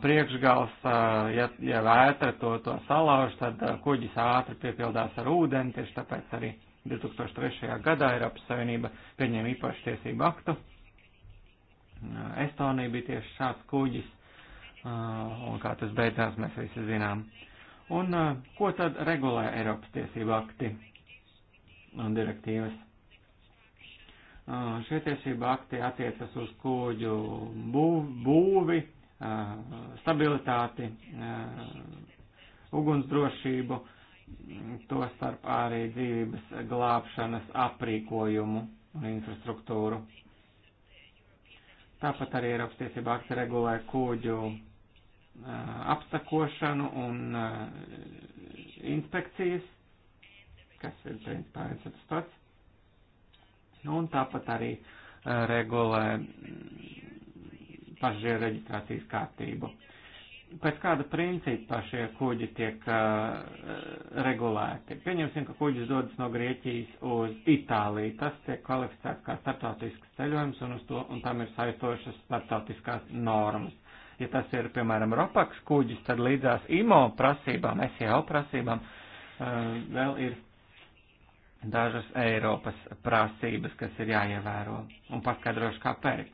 priekšgals, uh, ja, ja vētra to, to salauž, tad uh, kuģis ātri piepildās ar ūdeni, tieši tāpēc arī 2003. gadā Eiropas Savienība pieņēma īpašu tiesību aktu. Estonija bija tieši šāds kuģis, un kā tas beidzās, mēs visi zinām. Un ko tad regulē Eiropas tiesību akti un direktīvas? Šie tiesība akti attiecas uz kuģu būvi, stabilitāti, ugunsdrošību, to starp arī dzīvības glābšanas aprīkojumu un infrastruktūru. Tāpat arī Eiropas tiesība akti regulē kuģu apsakošanu un inspekcijas, kas ir principā viens tas pats. Nu, un tāpat arī eh, regulē mm, pasažieru reģistrācijas kārtību. Pēc kāda principa šie kuģi tiek uh, regulēti? Pieņemsim, ka kuģis dodas no Grieķijas uz Itāliju. Tas tiek kvalificēts kā startautisks ceļojums un, to, un tam ir saistošas startautiskās normas. Ja tas ir, piemēram, Ropaks kuģis, tad līdzās IMO prasībām, SEO prasībām uh, vēl ir dažas Eiropas prasības, kas ir jāievēro, un paskaidrošu, kāpēc.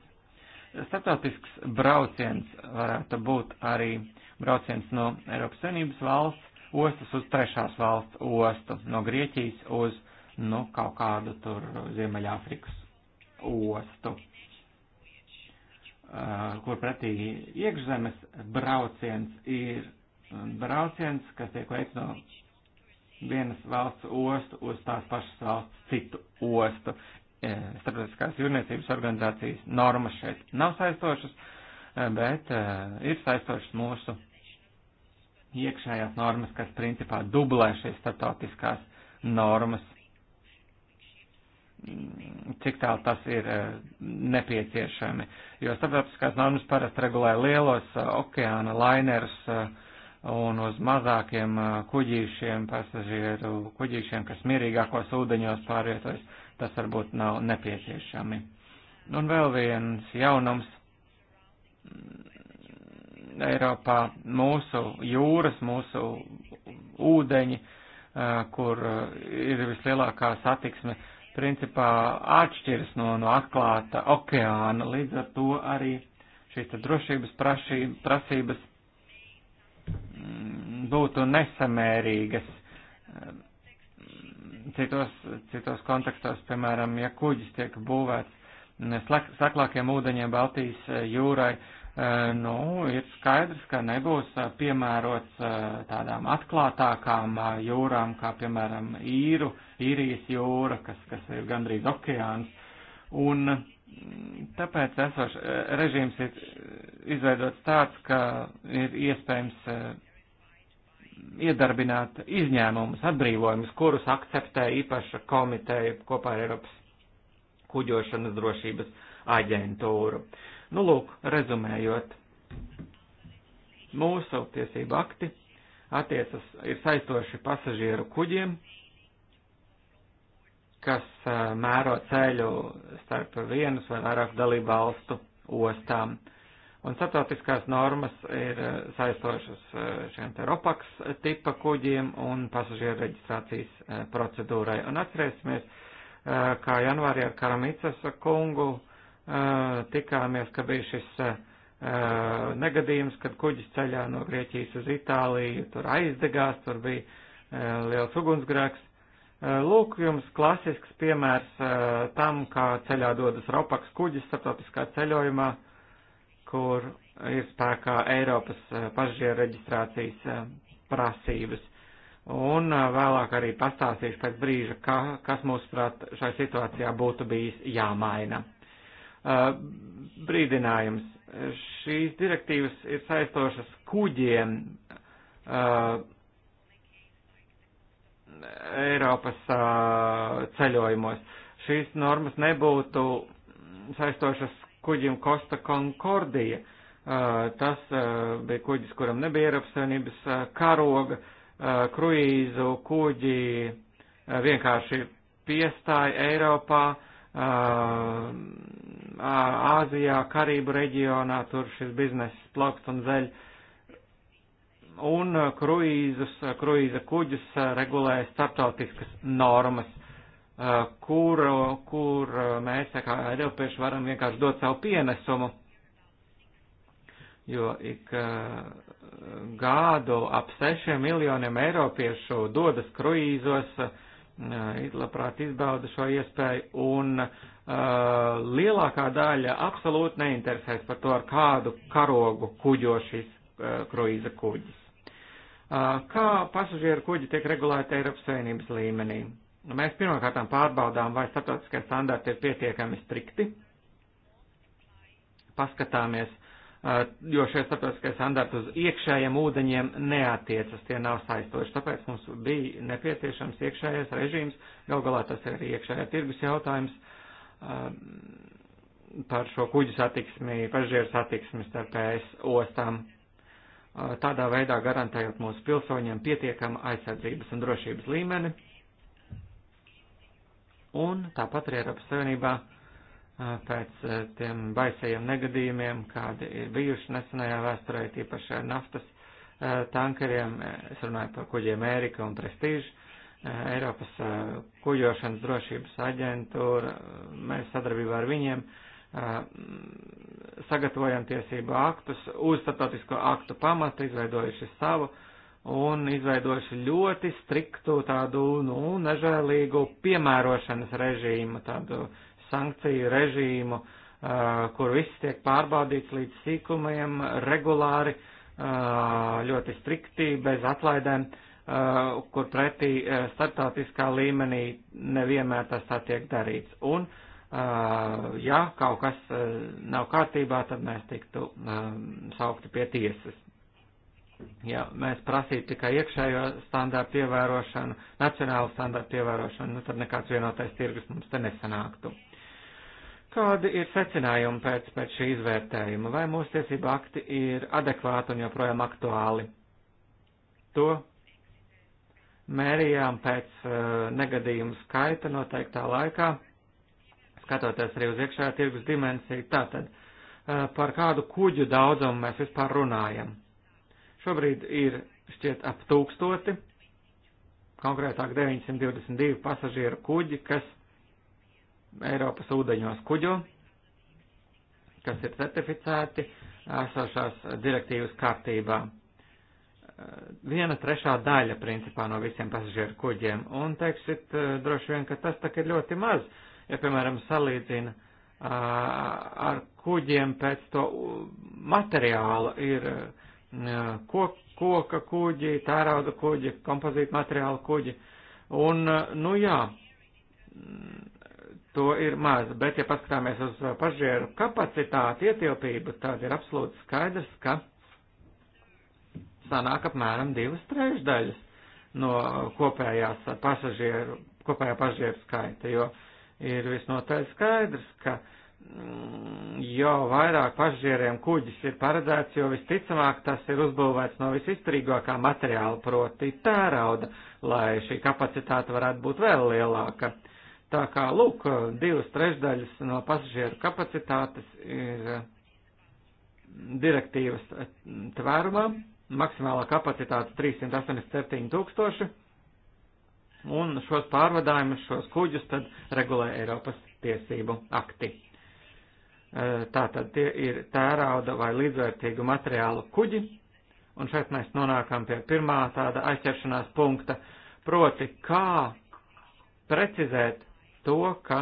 Startautisks brauciens varētu būt arī brauciens no Eiropas Savienības valsts ostas uz trešās valsts ostu, no Grieķijas uz, nu, kaut kādu tur Ziemeļāfrikas ostu, kur pretī iekšzemes brauciens ir brauciens, kas tiek veikts no vienas valsts ostu uz tās pašas valsts citu ostu. E, starptautiskās jūrniecības organizācijas normas šeit nav saistošas, e, bet e, ir saistošas mūsu iekšējās normas, kas principā dublē šīs starptautiskās normas, cik tālu tas ir nepieciešami. Jo starptautiskās normas parasti regulē lielos okeāna lainerus, uh, un uz mazākiem uh, kuģīšiem, pasažieru kuģīšiem, kas mierīgākos ūdeņos pārvietojas, tas varbūt nav nepieciešami. Un vēl viens jaunums. Mm, Eiropā mūsu jūras, mūsu ūdeņi, uh, kur uh, ir vislielākā satiksme, principā atšķiras no, no atklāta okeāna, līdz ar to arī šīs drošības prašī, prasības būtu nesamērīgas. Eh, citos, citos kontekstos, piemēram, ja kuģis tiek būvēts saklākiem ūdeņiem Baltijas eh, jūrai, eh, nu, ir skaidrs, ka nebūs piemērots tādām atklātākām jūrām, kā piemēram īru, īrijas jūra, kas, kas ir gandrīz okeāns. Un mm, tāpēc esošs režīms ir izveidots tāds, ka ir iespējams iedarbināt izņēmumus, atbrīvojumus, kurus akceptē īpaša komiteja kopā ar Eiropas kuģošanas drošības aģentūru. Nu, lūk, rezumējot, mūsu tiesību akti attiecas ir saistoši pasažieru kuģiem, kas mēro ceļu starp vienas vai vairāk dalību valstu ostām. Uh, Un starptautiskās normas ir eh, saistošas eh, šiem te ropaks tipa kuģiem un pasažieru reģistrācijas eh, procedūrai. Un atcerēsimies, kā janvārī ar Karamicas kungu tikāmies, ka bija šis negadījums, kad kuģis ceļā no Grieķijas uz Itāliju, tur aizdegās, tur bija liels ugunsgrēks. Lūk, jums klasisks piemērs tam, kā ceļā dodas ropaks kuģis starptautiskā ceļojumā kur ir spēkā Eiropas pasažieru reģistrācijas prasības. Un vēlāk arī pastāstīšu pēc brīža, ka, kas mūsuprāt šai situācijā būtu bijis jāmaina. Brīdinājums. Šīs direktīvas ir saistošas kuģiem Eiropas ceļojumos. Šīs normas nebūtu saistošas kuģim Costa Concordia. Tas bija kuģis, kuram nebija Eiropas Savienības karoga. Kruīzu kuģi vienkārši piestāja Eiropā, Āzijā, Karību reģionā, tur šis bizness plaukst un zeļ. Un kruīzus, kruīza kuģus regulēja starptautiskas normas Eh, kur, kur eh, mēs, kā Eiropieši, varam vienkārši dot savu pienesumu, jo ik eh, gādu ap sešiem miljoniem Eiropiešu dodas kruīzos, labprāt izbauda šo iespēju, un uh, lielākā daļa absolūti neinteresēs par to, ar kādu karogu kuģo šis uh, kruīza kuģis. Uh, kā pasažieru kuģi tiek regulēti Eiropas Savienības līmenī? Mēs pirmkārtām pārbaudām, vai starptautiskie standarti ir pietiekami strikti. Paskatāmies, jo šie starptautiskie standarti uz iekšējiem ūdeņiem neatiecas, tie nav saistoši. Tāpēc mums bija nepieciešams iekšējais režīms, gal galā tas ir arī iekšējā tirgus jautājums par šo kuģu satiksmi, pažieru satiksmi starp ES ostām tādā veidā garantējot mūsu pilsoņiem pietiekamu aizsardzības un drošības līmeni un tāpat arī Eiropas Savienībā pēc tiem baisajiem negadījumiem, kādi ir bijuši nesenajā vēsturē, tīpaši ar naftas tankeriem, es runāju par kuģiem Ērika un Prestīžu, Eiropas kuģošanas drošības aģentūra, mēs sadarbībā ar viņiem sagatavojam tiesību aktus, uz starptautisko aktu pamatu izveidojuši savu uh, un izveidojuši ļoti striktu tādu, nu, nežēlīgu piemērošanas režīmu, tādu sankciju režīmu, uh, kur viss tiek pārbaudīts līdz sīkumiem, regulāri, uh, ļoti strikti, bez atlaidēm, uh, kur pretī startautiskā līmenī nevienmēr tas tā tiek darīts. Un, ja kaut kas nav kārtībā, tad mēs tiktu saukti pie tiesas ja mēs prasītu tikai iekšējo standārtu ievērošanu, nacionālu standārtu ievērošanu, nu tad nekāds vienotais tirgus mums te nesanāktu. Kādi ir secinājumi pēc, pēc šī izvērtējuma? Vai mūsu tiesība akti ir adekvāti un joprojām aktuāli? To mērījām pēc uh, negadījumu skaita noteiktā laikā, skatoties arī uz iekšējā tirgus dimensiju. Tātad, uh, par kādu kuģu daudzumu mēs vispār runājam? Šobrīd ir šķiet ap tūkstoti, konkrētāk 922 pasažieru kuģi, kas Eiropas ūdeņos kuģo, kas ir certificēti esošās direktīvas kārtībā viena trešā daļa principā no visiem pasažieru kuģiem. Un teiksit droši vien, ka tas tak ir ļoti maz, ja, piemēram, salīdzina ar kuģiem pēc to materiāla ir kok, koka kuģi, tērauda kuģi, kompozīta materiāla kuģi. Un, nu jā, to ir maz, bet ja paskatāmies uz pažieru kapacitāti, ietilpību, tad ir absolūti skaidrs, ka sanāk apmēram divas trešdaļas no kopējās pasažieru, kopējā pažieru skaita, jo ir visnotaļ skaidrs, ka uh, Mm, jo vairāk pasažieriem kuģis ir paredzēts, jo visticamāk tas ir uzbūvēts no visizturīgākā materiāla, proti tērauda, lai šī kapacitāte varētu būt vēl lielāka. Tā kā, lūk, divas trešdaļas no pasažieru kapacitātes ir eh, direktīvas eh, tvērumā, maksimālā kapacitāte 387 tūkstoši, un šos pārvadājumus, šos kuģus tad regulē Eiropas tiesību akti. Eh, tātad tie ir tērauda vai līdzvērtīgu materiālu kuģi, un šeit mēs nonākam pie pirmā tāda aizķeršanās punkta, proti kā precizēt to, ka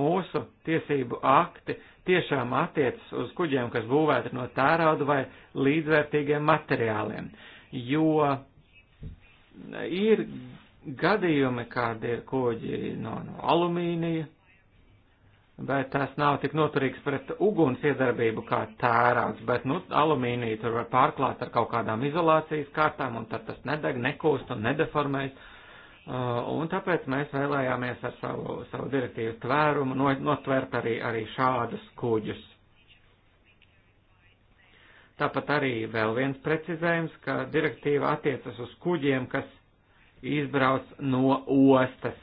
mūsu tiesību akti tiešām attiecas uz kuģiem, kas būvēti no tērauda vai līdzvērtīgiem materiāliem, jo ir gadījumi, kādi ir kuģi no, no alumīnija, bet tas nav tik noturīgs pret uguns iedarbību kā tērauds, bet, nu, alumīniju tur var pārklāt ar kaut kādām izolācijas kārtām, un tad tas nedeg, nekūst un nedeformējas. Uh, un tāpēc mēs vēlējāmies ar savu, savu direktīvu tvērumu notvert arī, arī šādus kuģus. Tāpat arī vēl viens precizējums, ka direktīva attiecas uz kuģiem, kas izbrauc no ostas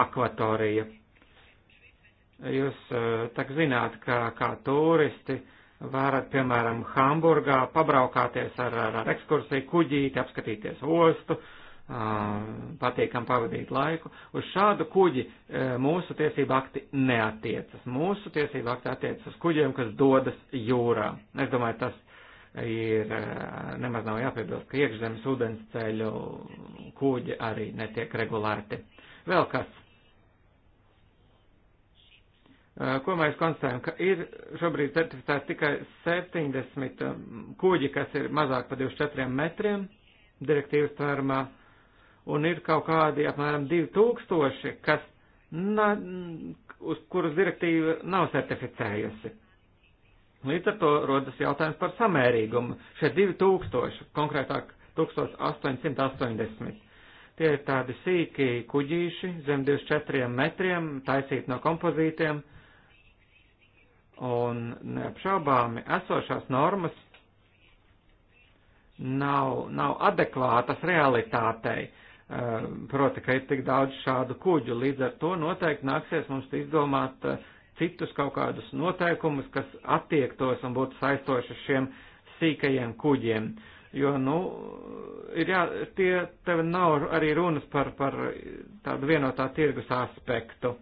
akvatorija Jūs eh, tak zināt, ka kā turisti varat, piemēram, Hamburgā pabraukāties ar, ar, ar ekskursiju kuģīti, apskatīties ostu, patīkam pavadīt laiku. Uz šādu kuģi mūsu tiesība akti neatiecas. Mūsu tiesība akti attiecas uz kuģiem, kas dodas jūrā. Es domāju, tas ir nemaz nav jāpiebilst, ka iekšzemes ūdens ceļu kuģi arī netiek regulēti. Vēl kas Eh, ko mēs konstatējam, ka ir šobrīd certificēts tikai 70 eh, kuģi, kas ir mazāk par 24 metriem direktīvas tvērumā, un ir kaut kādi apmēram 2000, kas na, uz kurus direktīva nav certificējusi. Līdz ar to rodas jautājums par samērīgumu. Šie 2000, konkrētāk 1880, tie ir tādi sīki kuģīši zem 24 metriem, taisīti no kompozītiem, uh, Un neapšaubāmi esošās normas nav, nav adekvātas realitātei. Eh, proti, ka ir tik daudz šādu kuģu, līdz ar to noteikti nāksies mums izdomāt eh, citus kaut kādus noteikumus, kas attiektos un būtu saistoši šiem sīkajiem kuģiem. Jo, nu, ir jā, tie, tev nav arī runas par, par tādu vienotā tirgus aspektu.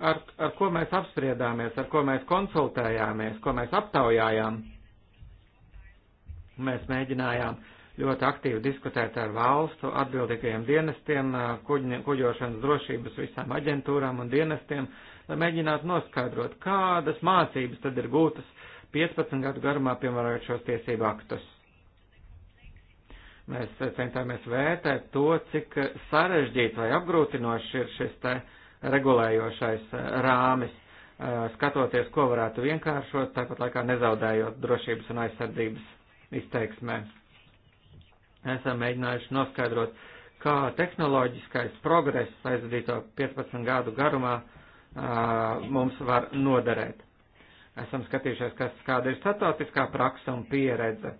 ar, ar ko mēs apspriedāmies, ar ko mēs konsultējāmies, ko mēs aptaujājām. Mēs mēģinājām ļoti aktīvi diskutēt ar valstu atbildīgajiem dienestiem, kuģi, kuģošanas drošības visām aģentūrām un dienestiem, lai mēģinātu noskaidrot, kādas mācības tad ir gūtas 15 gadu garumā, piemērojot šos tiesību aktus. Mēs centāmies vērtēt to, cik sarežģīts vai apgrūtinošs ir šis te uh, regulējošais eh, rāmis, eh, skatoties, ko varētu vienkāršot, tāpat laikā nezaudējot drošības un aizsardzības izteiksmē. Esam mēģinājuši noskaidrot, kā tehnoloģiskais progress aizvadīto 15 gadu garumā eh, mums var noderēt. Esam skatījušies, kas, kāda ir statotiskā praksa un pieredze,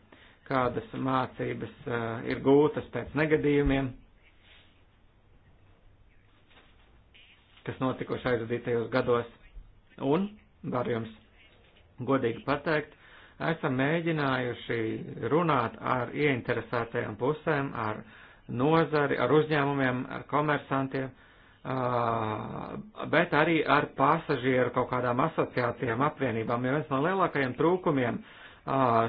kādas mācības ir gūtas pēc negadījumiem kas notikuši aizvadītajos gados. Un, var jums godīgi pateikt, esam mēģinājuši runāt ar ieinteresētajām pusēm, ar nozari, ar uzņēmumiem, ar komersantiem, bet arī ar pasažieru kaut kādām asociācijām, apvienībām, jo viens no lielākajiem trūkumiem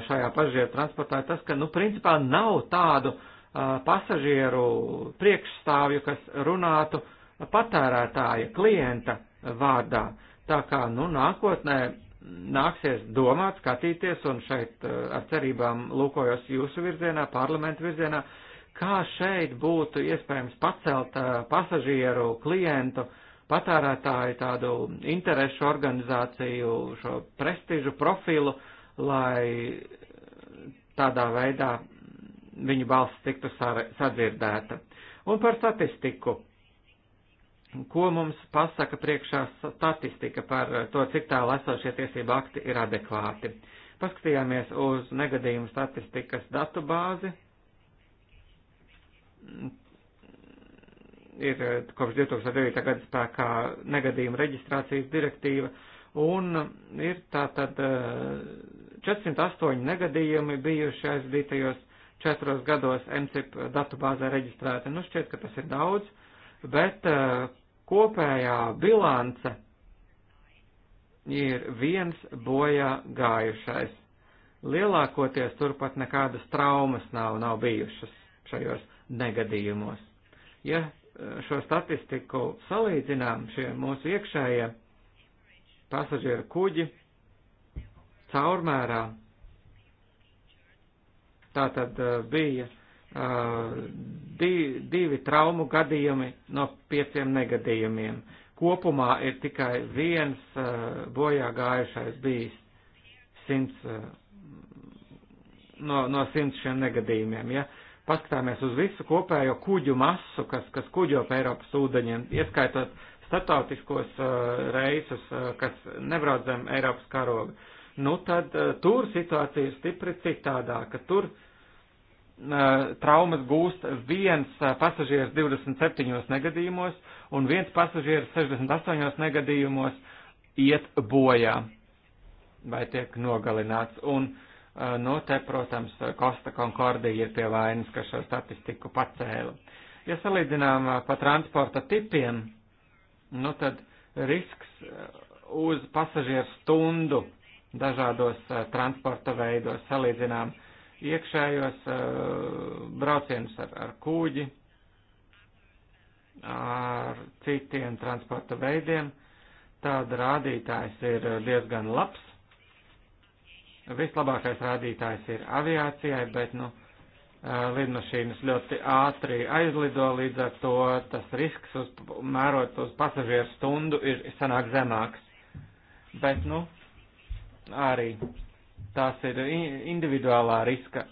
šajā pasažieru transportā ir tas, ka, nu, principā nav tādu pasažieru priekšstāvju, kas runātu patērētāja, klienta vārdā. Tā kā, nu, nākotnē nāksies domāt, skatīties, un šeit eh, ar cerībām lūkojos jūsu virzienā, parlamentu virzienā, kā šeit būtu iespējams pacelt eh, pasažieru, klientu, patērētāju tādu interešu organizāciju, šo prestižu profilu, lai tādā veidā viņu balss tiktu sadzirdēta. Un par statistiku ko mums pasaka priekšā statistika par eh, to, cik tālu esošie tiesība akti ir adekvāti. Paskatījāmies uz negadījumu statistikas datu bāzi. Ir eh, kopš 2009. gada spēkā negadījuma reģistrācijas direktīva, un ir tātad 408 eh, negadījumi bijuši aizdītajos četros gados MCIP datu bāzē reģistrēti. Nu, šķiet, ka tas ir daudz, bet kopējā bilance ir viens bojā gājušais. Lielākoties turpat nekādas traumas nav, nav bijušas šajos negadījumos. Ja e, šo statistiku salīdzinām, šie mūsu iekšējie pasažieru kuģi caurmērā tātad e, bija Eh, divi, divi traumu gadījumi no pieciem negadījumiem. Kopumā ir tikai viens eh, bojā gājušais bijis simts, eh, no, no simts šiem negadījumiem. Ja? Paskatāmies uz visu kopējo kuģu masu, kas, kas kuģo pa Eiropas ūdeņiem, ieskaitot startautiskos reisus, kas nebrauc zem Eiropas karoga. Nu tad tur situācija ir stipri citādāka. Tur uh, traumas gūst viens pasažieris 27 negadījumos un viens pasažieris 68 negadījumos iet bojā vai tiek nogalināts. Un, nu, te, protams, Kosta Konkordija ir pie vainas, ka šo statistiku pacēla. Ja salīdzinām pa transporta tipiem, nu tad risks uz pasažieru stundu dažādos transporta veidos salīdzinām uh, iekšējos eh, braucienus ar, ar kūģi, ar citiem transporta veidiem. Tāda rādītājs ir diezgan labs. Vislabākais rādītājs ir aviācijai, bet, nu, eh, lidmašīnas ļoti ātri aizlido, līdz ar to tas risks uz, mērot uz pasažieru stundu ir sanāk zemāks. Bet, nu, arī tās ir individuālā riska,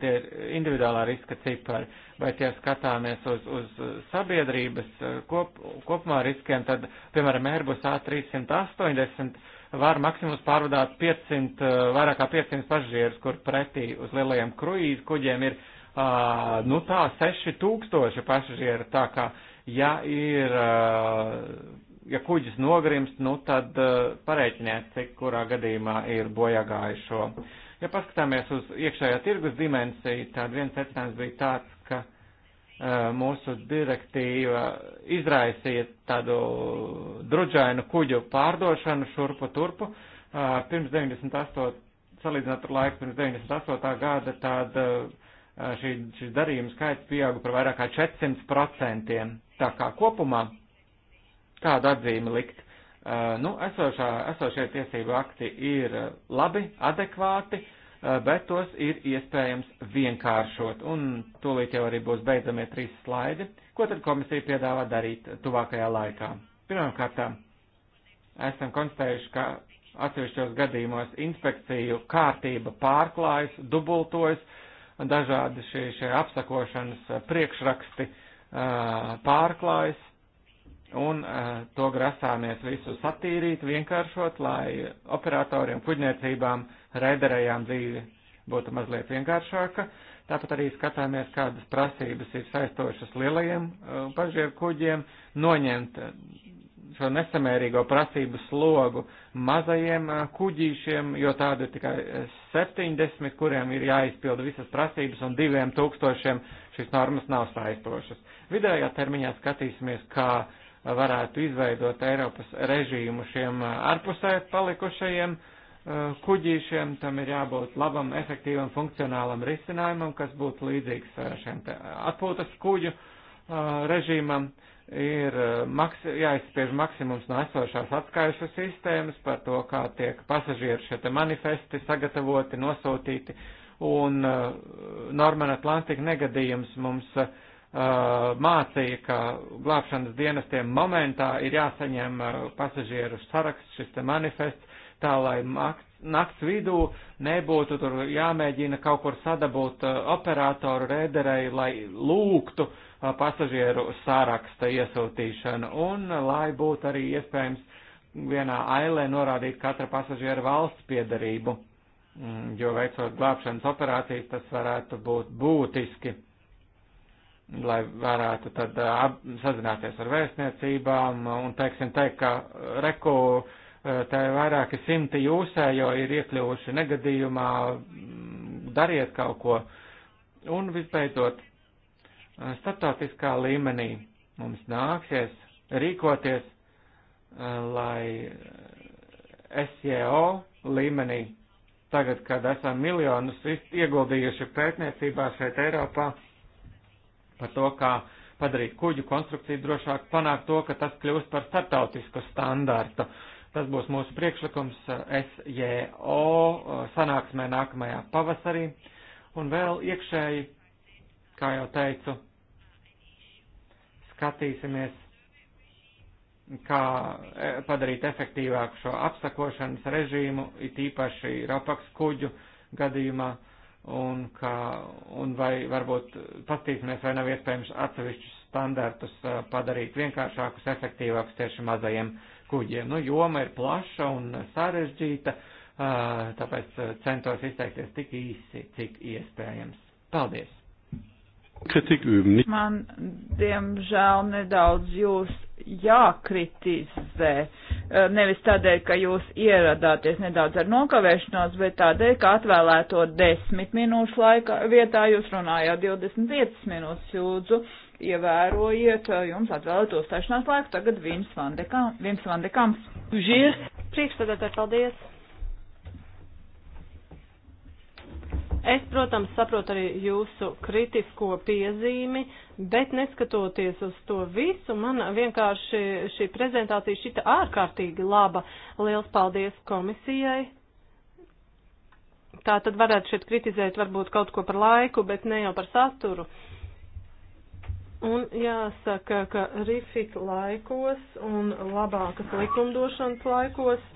tie ir individuālā riska cipari, bet ja skatāmies uz, uz sabiedrības kop, kopumā riskiem, tad, piemēram, Airbus A380 var maksimums pārvadāt 500, vairāk kā 500 pasažierus, kur pretī uz lielajiem kruīzu kuģiem ir, nu tā, 6000 pasažieru, tā kā, ja ir ja kuģis nogrimst, nu tad uh, pareiķiniet, cik kurā gadījumā ir bojā gājušo. Ja paskatāmies uz iekšējā tirgus dimensiju, tad viens secinājums bija tāds, ka uh, mūsu direktīva izraisīja tādu drudžainu kuģu pārdošanu šurpu turpu. Uh, pirms 98, salīdzinot ar laiku pirms 98. gada, tad šī, šis darījums skaits pieauga par vairāk kā 400%. Tā kā kopumā kādu atzīmi likt. Uh, nu, esošā, esošie tiesību akti ir uh, labi, adekvāti, uh, bet tos ir iespējams vienkāršot. Un tūlīt jau arī būs beidzamie trīs slaidi. Ko tad komisija piedāvā darīt tuvākajā laikā? Pirmkārt, esam konstatējuši, ka atsevišķos gadījumos inspekciju kārtība pārklājas, dubultojas, dažādi šie, šie apsakošanas priekšraksti pārklājas, un uh, to grasāmies visu satīrīt, vienkāršot, lai operatoriem, kuģniecībām, raiderējām dzīve būtu mazliet vienkāršāka. Tāpat arī skatāmies, kādas prasības ir saistošas lielajiem uh, eh, pažieru kuģiem, noņemt eh, šo nesamērīgo prasību slogu mazajiem uh, kuģīšiem, jo tādi ir tikai 70, kuriem ir jāizpilda visas prasības, un diviem tūkstošiem šīs normas nav saistošas. Vidējā termiņā skatīsimies, kā uh, varētu izveidot Eiropas režīmu šiem ārpusē palikušajiem kuģīšiem. Tam ir jābūt labam, efektīvam, funkcionālam risinājumam, kas būtu līdzīgs šiem atpūtas kuģu režīmam. Ir maksi, jāizspiež maksimums no esošās atskaišu sistēmas par to, kā tiek pasažieru šie manifesti sagatavoti, nosūtīti. Un Norman Atlantika negadījums mums uh, Uh, mācīja, ka glābšanas dienestiem momentā ir jāsaņem uh, pasažieru saraksts, šis te manifests, tā lai maks, nakts vidū nebūtu tur jāmēģina kaut kur sadabūt uh, operatoru rēderei, lai lūgtu pasažieru sāraksta iesūtīšanu un lai būtu arī iespējams vienā ailē norādīt katra pasažiera valsts piedarību, mm, jo veicot glābšanas operācijas tas varētu būt būtiski lai varētu tad sazināties ar vēstniecībām un, teiksim, teikt, ka reku tā ir vairāki simti jūsējo ir iekļuvuši negadījumā, dariet kaut ko. Un visbeidzot, starptautiskā līmenī mums nāksies rīkoties, lai SEO līmenī, tagad, kad esam miljonus ieguldījuši pētniecībā šeit Eiropā, par to, kā padarīt kuģu konstrukciju drošāku, panākt to, ka tas kļūst par startautisku standārtu. Tas būs mūsu priekšlikums eh, SJO eh, sanāksmē nākamajā pavasarī. Un vēl iekšēji, kā jau teicu, skatīsimies, kā eh, padarīt efektīvāku šo apsakošanas režīmu, it īpaši rapaks kuģu gadījumā. Uh, un, kā, un vai varbūt paskatīsimies, vai nav iespējams atsevišķus standartus padarīt vienkāršākus, efektīvākus tieši mazajiem kuģiem. Nu, joma ir plaša un sarežģīta, tāpēc centos izteikties tik īsi, cik iespējams. Paldies! Man, diemžēl, nedaudz jūs jākritizē. E, nevis tādēļ, ka jūs ieradāties nedaudz ar nokavēšanos, bet tādēļ, ka atvēlēto 10 minūšu laika vietā jūs runājāt 25 minūtes jūdzu. Ievērojiet e, jums atvēlēto stāšanās laiku. Tagad Vims Vandekams. Žies! Priekšstādātāji, paldies! Es, protams, saprotu arī jūsu kritisko piezīmi, bet neskatoties uz to visu, man vienkārši šī prezentācija šita ārkārtīgi laba. Liels paldies komisijai. Tā tad varētu šeit kritizēt varbūt kaut ko par laiku, bet ne jau par saturu. Un jāsaka, ka rifit laikos un labākas likumdošanas laikos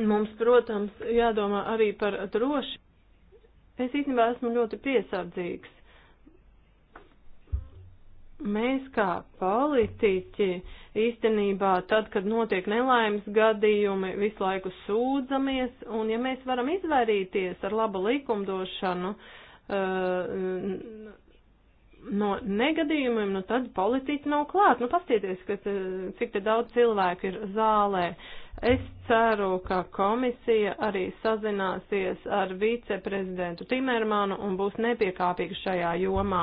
mums, protams, jādomā arī par drošību. Es īstenībā esmu ļoti piesardzīgs. Mēs kā politiķi īstenībā tad, kad notiek nelaimes gadījumi, visu laiku sūdzamies, un ja mēs varam izvairīties ar labu likumdošanu, uh, no negadījumiem, nu tad politiķi nav klāt. Nu, pastieties, ka, eh, cik te daudz cilvēku ir zālē. Uh, Es ceru, ka komisija arī sazināsies ar viceprezidentu Timermanu un būs nepiekāpīga šajā jomā,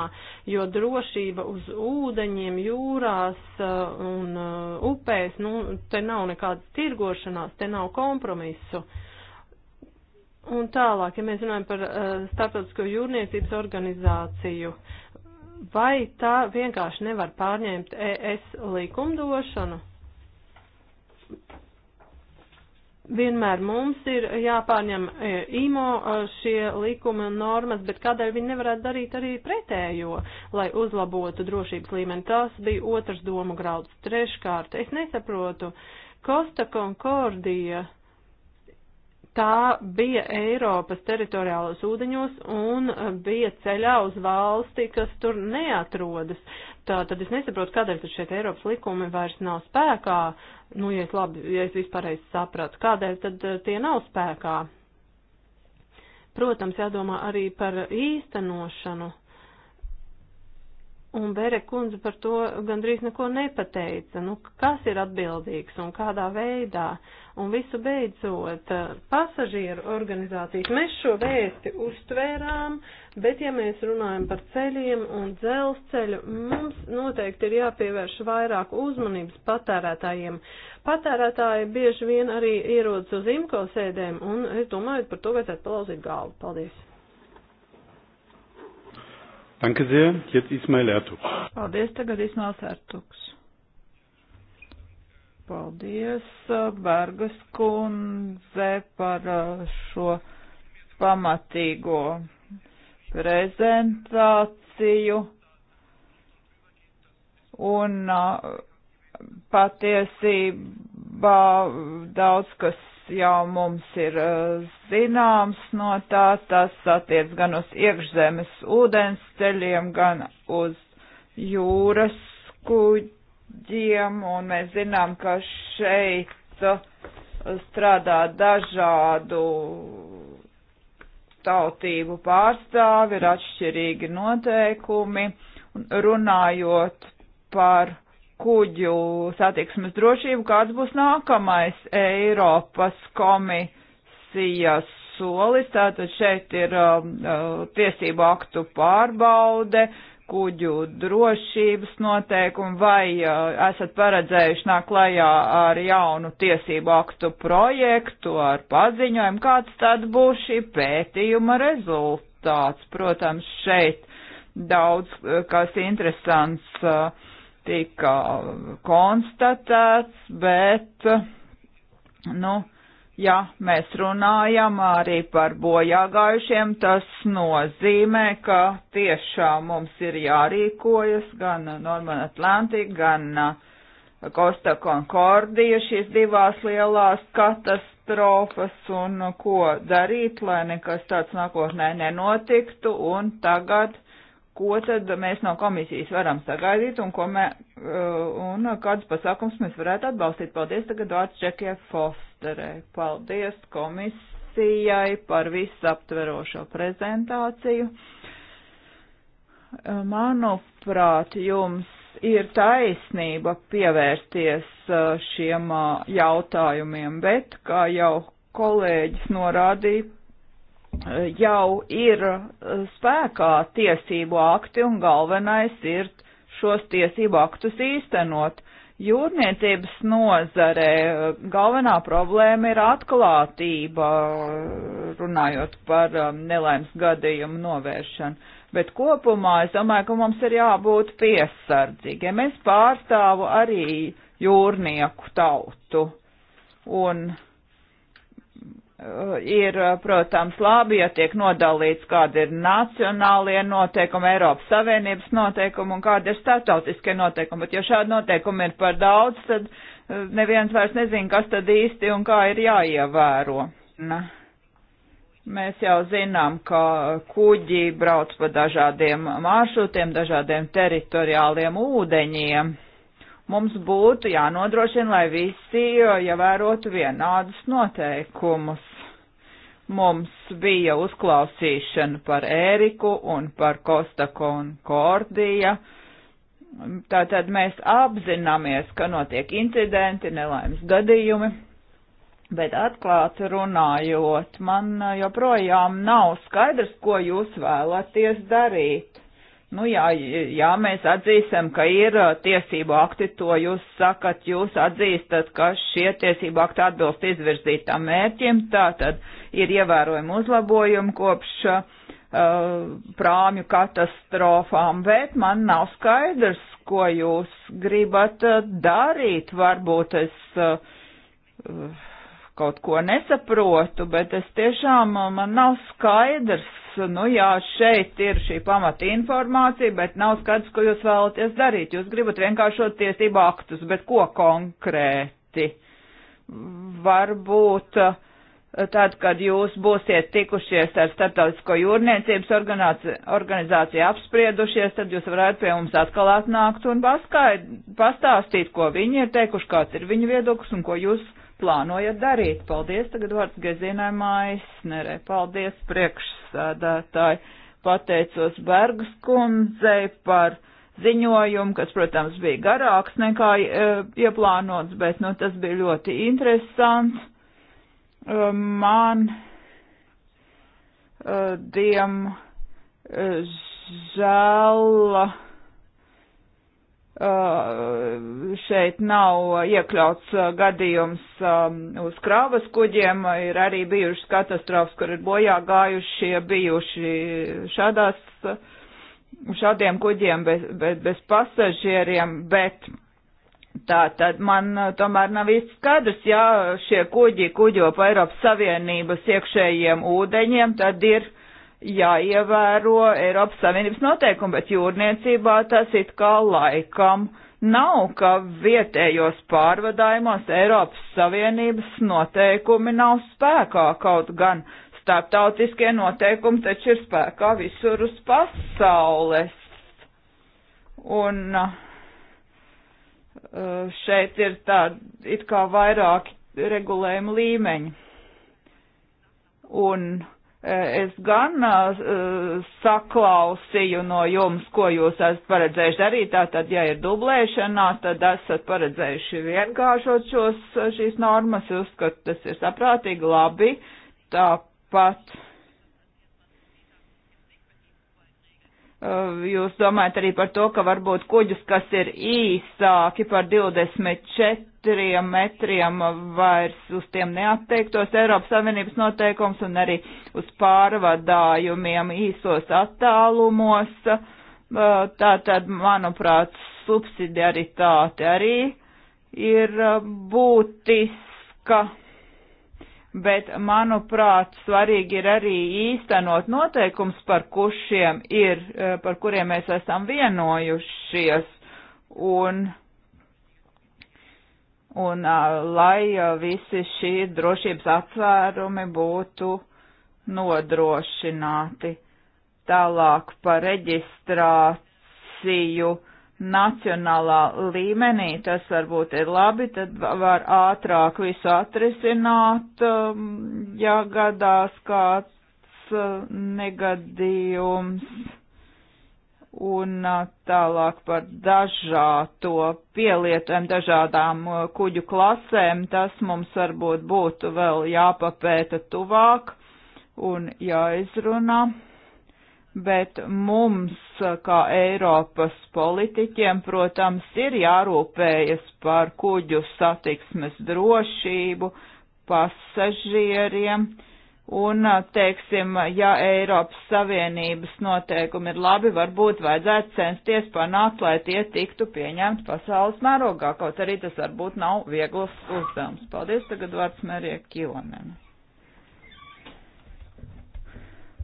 jo drošība uz ūdeņiem, jūrās uh, un uh, upēs, nu, te nav nekādas tirgošanās, te nav kompromisu. Un tālāk, ja mēs runājam par uh, starptautisko jūrniecības organizāciju, vai tā vienkārši nevar pārņemt ES likumdošanu? vienmēr mums ir jāpārņem e, IMO e, šie likumi un normas, bet kādēļ viņi nevarētu darīt arī pretējo, lai uzlabotu drošības līmeni. Tas bija otrs domu grauds. Treškārt, es nesaprotu, Kosta Konkordija, tā bija Eiropas teritoriālos ūdeņos un e, bija ceļā uz valsti, kas tur neatrodas. Uh, Tā tad es nesaprotu, kādēļ tad šeit Eiropas likumi vairs nav spēkā, nu, ja es labi, ja es vispārreiz sapratu, kādēļ tad eh, tie nav spēkā. Protams, jādomā arī par īstenošanu Un Bere kundze par to gandrīz neko nepateica. Nu, kas ir atbildīgs un kādā veidā? Un visu beidzot, pasažieru organizācijas. Mēs šo vēsti uztvērām, bet ja mēs runājam par ceļiem un dzelzceļu, mums noteikti ir jāpievērš vairāk uzmanības patērētājiem. Patērētāji bieži vien arī ierodas uz imko sēdēm, un es domāju, par to vajadzētu palauzīt galvu. Paldies! Danke sehr. Jetzt Ismail Ertug. Paldies, tagad Ismails Ertugs. Paldies, uh, Bergas kundze, par uh, šo pamatīgo prezentāciju. Un uh, patiesībā daudz kas jau mums ir eh, zināms no tā, tas attiec gan uz iekšzemes ūdens ceļiem, gan uz jūras kuģiem, un mēs zinām, ka šeit eh, strādā dažādu tautību pārstāvi, ir atšķirīgi noteikumi, runājot par kuģu satiksmes drošību, kāds būs nākamais Eiropas komisijas solis. Tātad šeit ir um, uh, tiesību aktu pārbaude, kuģu drošības noteikumi, vai uh, esat paredzējuši nāk klajā ar jaunu tiesību aktu projektu, ar paziņojumu, kāds tad būs šī pētījuma rezultāts. Protams, šeit daudz uh, kas interesants. Uh, tika konstatēts, bet, nu, ja mēs runājam arī par bojāgājušiem, tas nozīmē, ka tiešām mums ir jārīkojas gan Norman Atlantika, gan Kosta uh, Konkordija šīs divās lielās katastrofas un ko darīt, lai nekas tāds nākotnē nenotiktu un tagad ko tad mēs no komisijas varam sagaidīt un, ko mē, uh, un kādus pasākums mēs varētu atbalstīt. Paldies tagad vārds Čekie Fosterē. Paldies komisijai par visaptverošo prezentāciju. Uh, manuprāt, jums ir taisnība pievērsties uh, šiem jautājumiem, bet, kā jau kolēģis norādīja, jau ir e, spēkā tiesību akti un galvenais ir šos tiesību aktus īstenot. Jūrniecības nozare e, galvenā problēma ir atklātība, runājot par e, nelaimes gadījumu novēršanu. Bet kopumā es domāju, ka mums ir jābūt piesardzīgiem. Es pārstāvu arī jūrnieku tautu. Un uh, ir, eh, protams, labi, ja tiek nodalīts, kāda ir nacionālie noteikumi, Eiropas Savienības noteikumi un kāda ir startautiskie noteikumi, bet ja šādi noteikumi ir par daudz, tad eh, neviens vairs nezin, kas tad īsti un kā ir jāievēro. Na. Mēs jau zinām, ka kuģi brauc pa dažādiem maršrutiem, dažādiem teritoriāliem ūdeņiem. Mums būtu jānodrošina, lai visi eh, ievērotu vienādus noteikumus. Mums bija uzklausīšana par Ēriku un par Kosta Konkordiju. Tātad mēs apzināmies, ka notiek incidenti, nelaimes gadījumi, bet atklāti runājot, man joprojām nav skaidrs, ko jūs vēlaties darīt. Nu jā, jā, mēs atzīstam, ka ir uh, tiesību akti, to jūs sakat, jūs atzīstat, ka šie tiesību akti atbilst izvirzītām mērķiem, tā tad ir ievērojami uzlabojumi kopš uh, prāmju katastrofām, bet man nav skaidrs, ko jūs gribat uh, darīt, varbūt es uh, kaut ko nesaprotu, bet es tiešām, uh, man nav skaidrs, nu jā, šeit ir šī pamata informācija, bet nav skaidrs, ko jūs vēlaties darīt. Jūs gribat vienkāršot tiesību aktus, bet ko konkrēti? Varbūt eh, tad, kad jūs būsiet tikušies ar Startautisko jūrniecības organizāciju apspriedušies, tad jūs varētu pie mums atkal atnākt un paskaid, pastāstīt, ko viņi ir teikuši, kāds ir viņu viedoklis un ko jūs plānojat darīt? Paldies, tagad vārds Gezinai Maisnerē. Paldies, priekšsādātāji. Pateicos Bergas kundzei par ziņojumu, kas, protams, bija garāks nekā e, ieplānots, bet, nu, tas bija ļoti interesants. E, man, e, diem, e, žēl. E, Uh, šeit nav iekļauts uh, gadījums um, uz krāvas kuģiem, ir arī bijušas katastrofas, kur ir bojā gājušie, bijuši šādās, uh, šādiem kuģiem bez, bez, bez pasažieriem, bet tā tad man tomēr nav īsti skaidrs, ja šie kuģi kuģo pa Eiropas Savienības iekšējiem ūdeņiem, tad ir jāievēro Eiropas Savienības noteikumi, bet jūrniecībā tas it kā laikam nav, ka vietējos pārvadājumos Eiropas Savienības noteikumi nav spēkā kaut gan. Starptautiskie noteikumi taču ir spēkā visur uz pasaules. Un eh, šeit ir tā, it kā vairāki regulējuma līmeņi. Un uh, Es gan uh, saklausīju no jums, ko jūs esat paredzējuši darīt. Tātad, ja ir dublēšanās, tad esat paredzējuši vienkāršot šos, šīs normas. Jūs, ka tas ir saprātīgi, labi. Tāpat Eh, jūs domājat arī par to, ka varbūt kuģus, kas ir īsāki par 24 metriem, vairs uz tiem neatteiktos Eiropas Savienības noteikums un arī uz pārvadājumiem īsos attālumos. Eh, Tā tad, manuprāt, subsidiaritāte arī ir eh, būtiska bet, manuprāt, svarīgi ir arī īstenot noteikums, par, kušiem ir, e, par kuriem mēs esam vienojušies, un, un lai visi šī drošības atsvērumi būtu nodrošināti. Tālāk par reģistrāciju nacionālā līmenī, tas varbūt ir labi, tad var ātrāk visu atrisināt, um, ja gadās kāds uh, negadījums. Un uh, tālāk par dažāto pielietojumu dažādām uh, kuģu klasēm, tas mums varbūt būtu vēl jāpapēta tuvāk un jāizrunā bet mums, kā Eiropas politiķiem, protams, ir jārūpējas par kuģu satiksmes drošību, pasažieriem. Un, teiksim, ja Eiropas Savienības noteikumi ir labi, varbūt vajadzētu censties panākt, lai tie tiktu pieņemti pasaules mērogā, kaut arī tas varbūt nav viegls uzdevums. Paldies, tagad vārds Mērija Kilonena.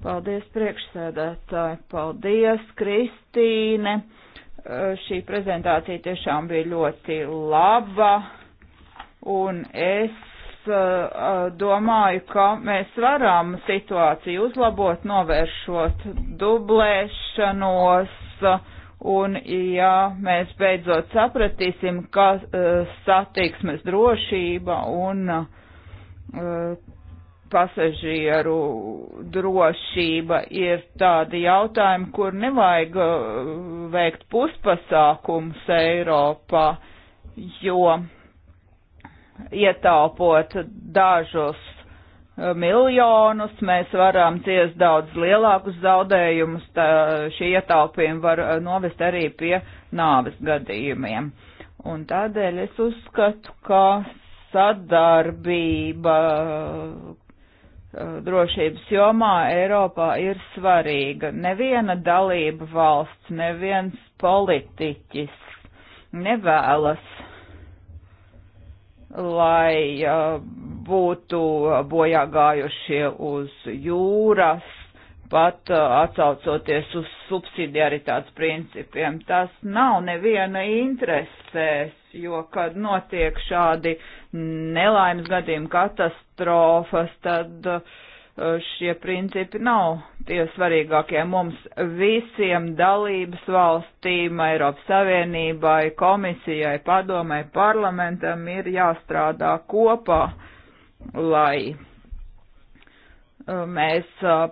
Paldies, priekšsēdētāji. Paldies, Kristīne. Šī prezentācija tiešām bija ļoti laba. Un es domāju, ka mēs varam situāciju uzlabot, novēršot dublēšanos. Un, ja mēs beidzot sapratīsim, ka uh, satiksmes drošība un uh, pasažieru drošība ir tādi jautājumi, kur nevajag uh, veikt puspasākums Eiropā, jo ietaupot dažus uh, miljonus, mēs varam ciest daudz lielākus zaudējumus, tā, šie ietaupījumi var uh, novest arī pie nāves gadījumiem. Un tādēļ es uzskatu, ka sadarbība Eh, drošības jomā Eiropā ir svarīga. Neviena dalība valsts, neviens politiķis nevēlas, lai eh, būtu bojā gājušie uz jūras, pat eh, atsaucoties uz subsidiaritātes principiem. Tas nav neviena interesēs, jo, kad notiek šādi nelaimes gadījumi, katastrofas, tad uh, šie principi nav tie svarīgākie mums visiem dalības valstīm, Eiropas Savienībai, komisijai, padomai, parlamentam ir jāstrādā kopā, lai uh, mēs uh,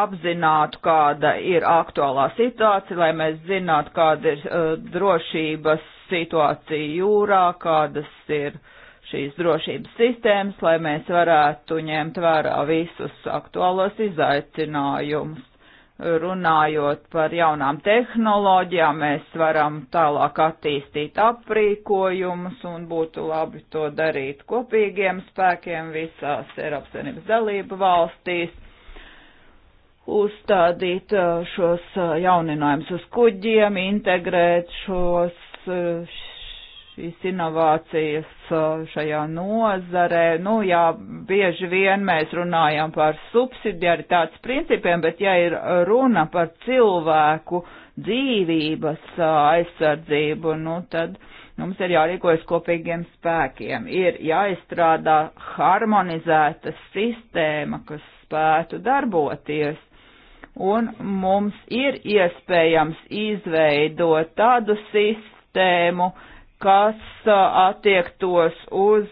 apzinātu, kāda ir aktuālā situācija, lai mēs zinātu, kāda ir drošības situācija jūrā, kādas ir uh, šīs drošības sistēmas, lai mēs varētu ņemt vērā visus aktuālos izaicinājumus. Runājot par jaunām tehnoloģijām, mēs varam tālāk attīstīt aprīkojumus un būtu labi to darīt kopīgiem spēkiem visās Eiropas Savienības dalību valstīs uzstādīt uh, šos uh, jauninājumus uz kuģiem, integrēt šos uh, šīs inovācijas uh, šajā nozarē. Nu, jā, bieži vien mēs runājam par subsidiaritātes principiem, bet ja ir runa par cilvēku dzīvības uh, aizsardzību, nu, tad mums ir jārīkojas kopīgiem spēkiem. Ir jāizstrādā harmonizēta sistēma, kas spētu darboties un mums ir iespējams izveidot tādu sistēmu, kas attiektos uz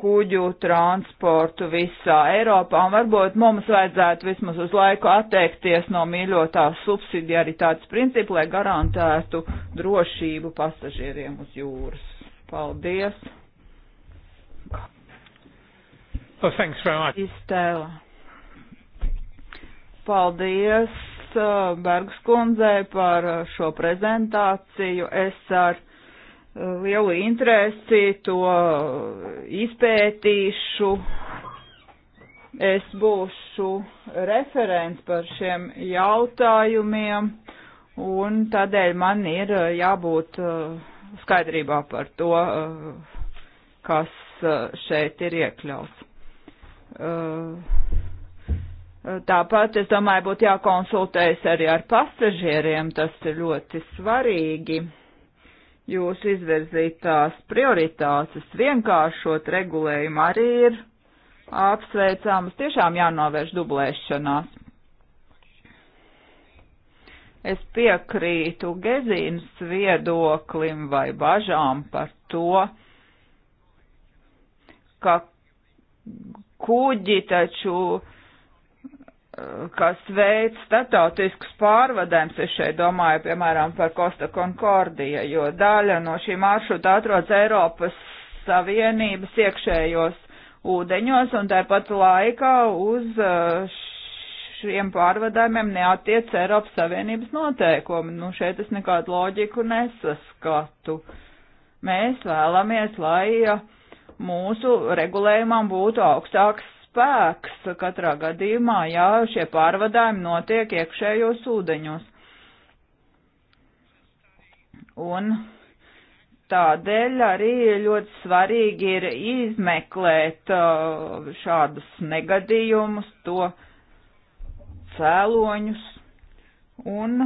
kuģu transportu visā Eiropā, un varbūt mums vajadzētu vismaz uz laiku atteikties no mīļotā subsidiaritātes principa, lai garantētu drošību pasažieriem uz jūras. Paldies! Oh, thanks very much. Iztēla. Paldies! Uh, Bergs kundzei par uh, šo prezentāciju. Es ar uh, lielu interesi to izpētīšu. Es būšu referents par šiem jautājumiem, un tādēļ man ir jābūt skaidrībā par to, kas šeit ir iekļauts. Uh, Tāpat, es domāju, būtu jākonsultējas arī ar pasažieriem, tas ir ļoti svarīgi. Jūsu izvirzītās prioritātes vienkāršot regulējumu arī ir apsveicāmas, tiešām jānovērš dublēšanās. Es piekrītu Gezīnas viedoklim vai bažām par to, ka kuģi taču uh, kas veic statautiskus pārvadājumus, es šeit domāju, piemēram, par Costa Concordia, jo daļa no šī maršruta atrodas Eiropas Savienības iekšējos ūdeņos, un tāpat laikā uz eh, šiem pārvadājumiem neatiec Eiropas Savienības noteikumi. Nu, šeit es nekādu loģiku nesaskatu. Mēs vēlamies, lai eh, mūsu regulējumam būtu augstāks spēks katrā gadījumā, ja šie pārvadājumi notiek iekšējos ūdeņos. Un tādēļ arī ļoti svarīgi ir izmeklēt uh, šādus negadījumus, to cēloņus, un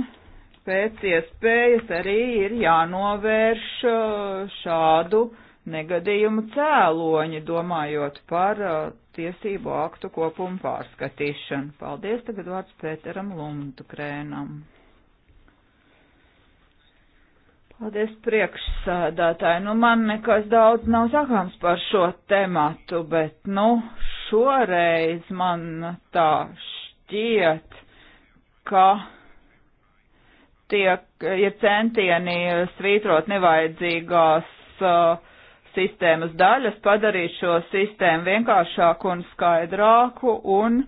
pēc iespējas arī ir jānovērš uh, šādu negadījumu cēloņi, domājot par uh, tiesību aktu kopumu pārskatīšanu. Paldies, tagad vārds Pēteram Lundu Krēnam. Paldies priekšsādātāji. Nu, man nekas daudz nav sakāms par šo tematu, bet, nu, šoreiz man tā šķiet, ka tiek, ir centieni svītrot nevajadzīgās uh, sistēmas daļas, padarīt šo sistēmu vienkāršāku un skaidrāku un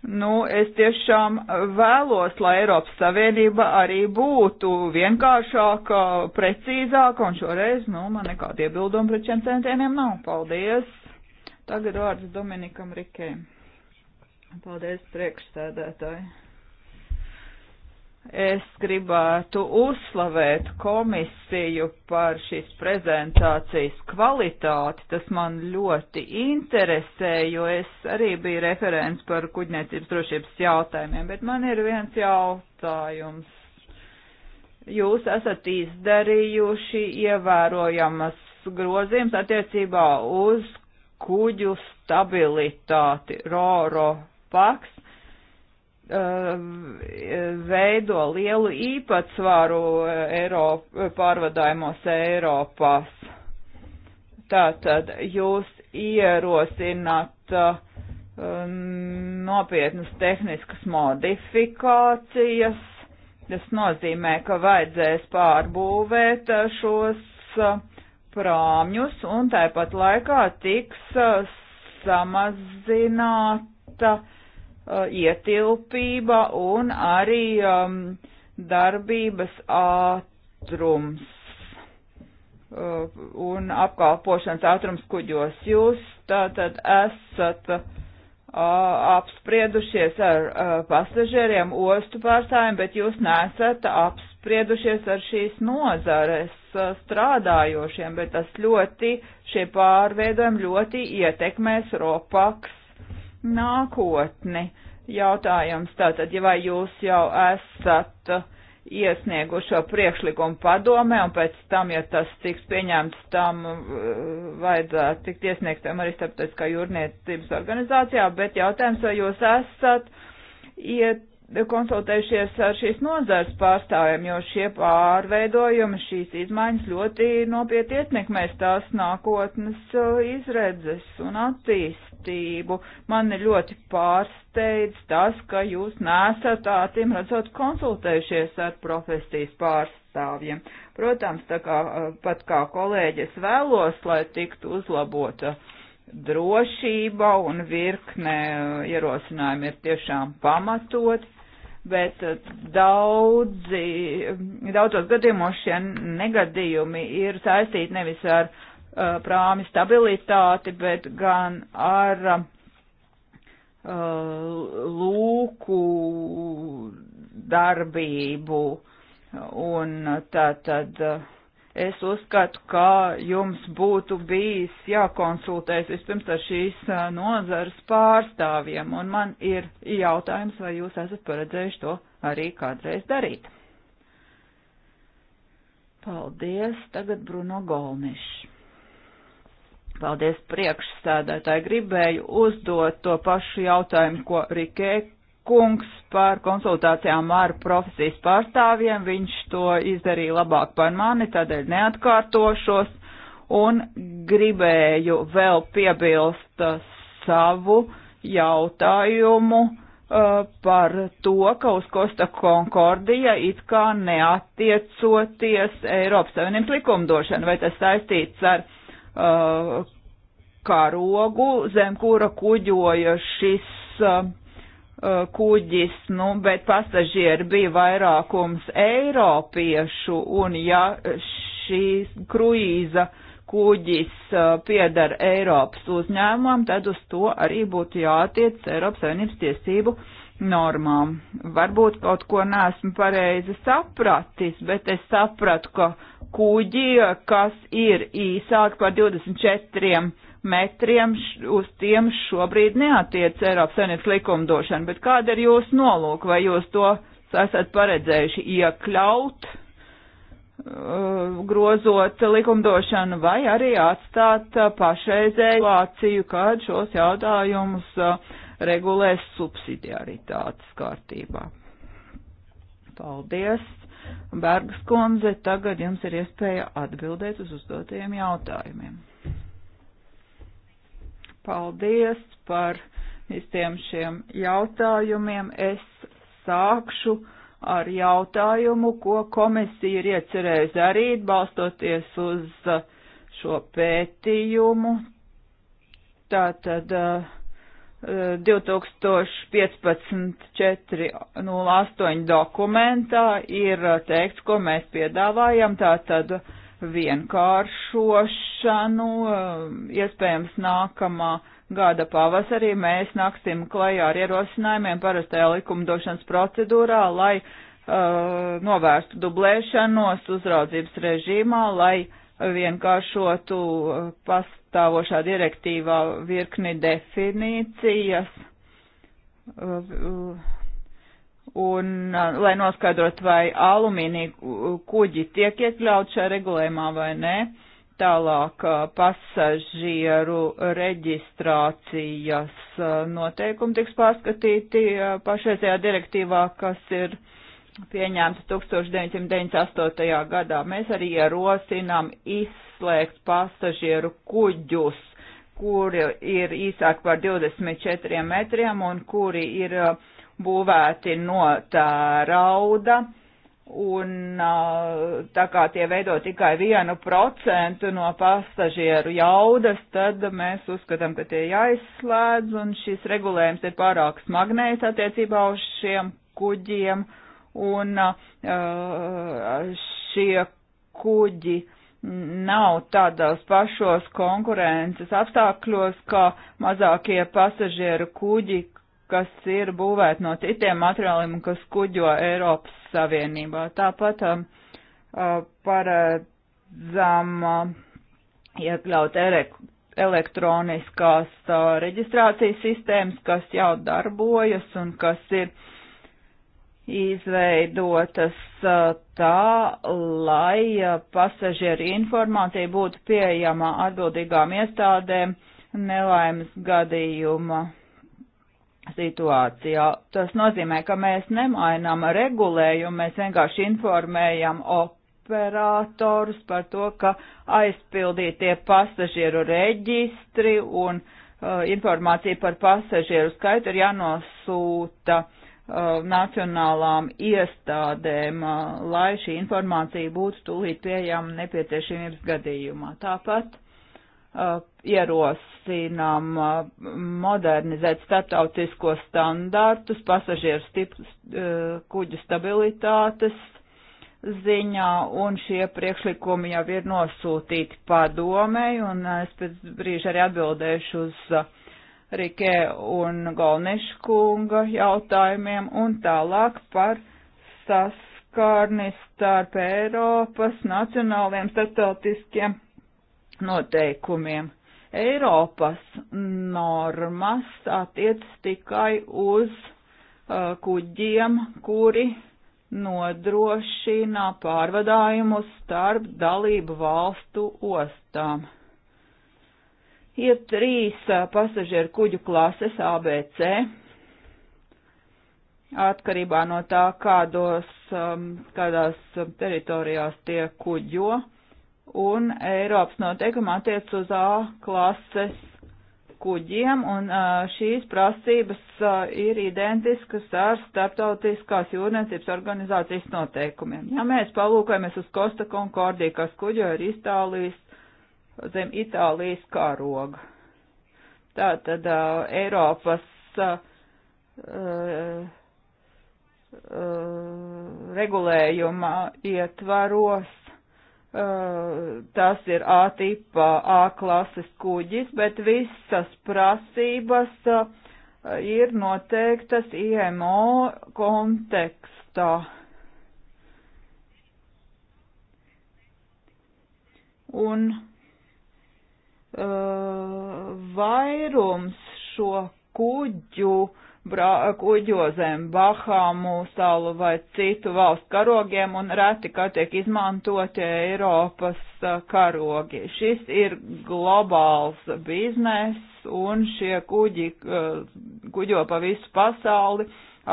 Nu, es tiešām vēlos, lai Eiropas Savienība arī būtu vienkāršāka, precīzāka, un šoreiz, nu, man nekāda iebilduma pret šiem centieniem nav. Paldies! Tagad vārds Dominikam Rikēm. Paldies, priekšsēdētāji! Es gribētu uzslavēt komisiju par šīs prezentācijas kvalitāti. Tas man ļoti interesē, jo es arī biju referents par kuģniecības drošības jautājumiem, bet man ir viens jautājums. Jūs esat izdarījuši ievērojamas grozījums attiecībā uz kuģu stabilitāti, roro paks, Uh, veido lielu īpatsvaru uh, Eiropa, uh, pārvadājumos Eiropās. Tātad jūs ierosināt uh, um, nopietnas tehniskas modifikācijas. Tas nozīmē, ka vajadzēs pārbūvēt šos prāmjus un tāpat laikā tiks samazināta uh, Uh, ietilpība un arī um, darbības ātrums uh, un apkalpošanas ātrums kuģos. Jūs tātad esat uh, apspriedušies ar uh, pasažieriem, ostu pārstājiem, bet jūs nesat apspriedušies ar šīs nozares uh, strādājošiem, bet tas ļoti, šie pārveidojumi ļoti ietekmēs ropaks nākotni. Jautājums tātad, ja vai jūs jau esat iesniegušo priekšlikumu padomē, un pēc tam, ja tas tiks pieņemts, tam uh, vajadzētu tikt iesniegtam arī starptautiskā jūrniecības organizācijā, bet jautājums, vai jūs esat iet konsultējušies ar šīs nozars pārstāvjiem, jo šie pārveidojumi, šīs izmaiņas ļoti nopietni ietekmēs tās nākotnes uh, izredzes un attīstību. Man ir ļoti pārsteidz tas, ka jūs nesat acīm redzot konsultējušies ar profesijas pārstāvjiem. Protams, tā kā uh, pat kā kolēģis vēlos, lai tiktu uzlabota drošība un virkne uh, ierosinājumi ir tiešām pamatot, bet eh, daudzi, eh, daudzos gadījumos šie negadījumi ir saistīti nevis ar uh, prāmi stabilitāti, bet gan ar uh, lūku darbību un tā tad. Uh, es uzskatu, ka jums būtu bijis jākonsultēs vispirms ar šīs nozares pārstāvjiem, un man ir jautājums, vai jūs esat paredzējuši to arī kādreiz darīt. Paldies, tagad Bruno Golnišs. Paldies priekšsēdētāji, gribēju uzdot to pašu jautājumu, ko Rikē kungs par konsultācijām ar profesijas pārstāvjiem. Viņš to izdarīja labāk par mani, tādēļ neatkārtošos. Un gribēju vēl piebilst uh, savu jautājumu uh, par to, ka uz Kosta Konkordija it kā neatiecoties Eiropas Savienības likumdošana, vai tas saistīts ar uh, karogu, zem kura kuģoja šis uh, Uh, kuģis, nu, bet pasažieri bija vairākums eiropiešu, un ja šī kruīza kuģis uh, piedara Eiropas uzņēmumam, tad uz to arī būtu jātiec Eiropas Savienības tiesību normām. Varbūt kaut ko neesmu pareizi sapratis, bet es sapratu, ka kuģi, uh, kas ir īsāk par 24 metriem uz tiem šobrīd neatiec Eiropas Savienības likumdošana, bet kāda ir jūsu nolūka, vai jūs to esat paredzējuši iekļaut, uh, grozot likumdošanu, vai arī atstāt uh, pašreizēju lāciju, kad šos jautājumus uh, regulēs subsidiaritātes kārtībā. Paldies! Bergas kundze, tagad jums ir iespēja atbildēt uz uzdotajiem jautājumiem. Paldies par visiem šiem jautājumiem. Es sākšu ar jautājumu, ko komisija ir iecerējusi darīt, balstoties uz uh, šo pētījumu. Tātad 2015.408 uh, dokumentā ir uh, teikts, ko mēs piedāvājam. Tātad vienkāršošanu. Eh, iespējams, nākamā gada pavasarī mēs naksim klajā ar ierosinājumiem parastajā likumdošanas procedūrā, lai uh, novērstu dublēšanos uzraudzības režīmā, lai vienkāršotu eh, pastāvošā direktīvā virkni definīcijas. Uh, uh, Un, lai noskaidrot, vai alumīnija kuģi tiek iekļaut šajā regulējumā vai nē, tālāk pasažieru reģistrācijas noteikumi tiks pārskatīti pašreizajā direktīvā, kas ir pieņemta 1998. gadā. Mēs arī ierosinām izslēgt pasažieru kuģus, kuri ir īsāk par 24 metriem un kuri ir uh, būvēti no tā rauda, un tā kā tie veido tikai vienu procentu no pasažieru jaudas, tad mēs uzskatām, ka tie jāizslēdz, un šis regulējums ir pārāk smagnējs attiecībā uz šiem kuģiem, un šie kuģi nav tādos pašos konkurences apstākļos, kā mazākie pasažieru kuģi, kas ir būvēti no citiem materiāliem, kas kuģo Eiropas Savienībā. Tāpat um, uh, paredzam uh, iekļaut elektroniskās uh, reģistrācijas sistēmas, kas jau darbojas un kas ir izveidotas uh, tā, lai uh, pasažieru informācija būtu pieejama atbildīgām iestādēm nelaimes gadījuma situācijā. Tas nozīmē, ka mēs nemainām regulējumu, mēs vienkārši informējam operatorus par to, ka aizpildītie pasažieru reģistri un uh, informācija par pasažieru skaitu ir jānosūta uh, nacionālām iestādēm, uh, lai šī informācija būtu tūlīt pieejama nepieciešamības gadījumā. Tāpat uh, ierosinām uh, modernizēt starptautisko standartus pasažieru stip, uh, kuģu stabilitātes ziņā, un šie priekšlikumi jau ir nosūtīti padomei, un es pēc brīža arī atbildēšu uz uh, Rikē un Golniškunga jautājumiem, un tālāk par saskārni starp Eiropas nacionāliem starptautiskiem noteikumiem. Eiropas normas attiec tikai uz uh, kuģiem, kuri nodrošina pārvadājumus starp dalību valstu ostām. Ir trīs uh, pasažieru kuģu klases ABC. Atkarībā no tā, kādos, um, kādās teritorijās tie kuģo, un Eiropas noteikuma attiec uz A klases kuģiem, un šīs prasības ir identiskas ar starptautiskās jūrniecības organizācijas noteikumiem. Ja mēs palūkojamies uz Costa Concordia, kas kuģo ir Itālijas, zem Itālijas karoga, tā tad uh, Eiropas uh, uh, regulējuma ietvaros Eh, tas ir A tipa A klases kuģis, bet visas prasības eh, ir noteiktas IMO kontekstā. Un uh, vairums šo kuģu, bra, kuģozēm, Bahamu salu vai citu valstu karogiem un reti, kā tiek izmantoti Eiropas karogi. Šis ir globāls biznes un šie kuģi kuģo pa visu pasauli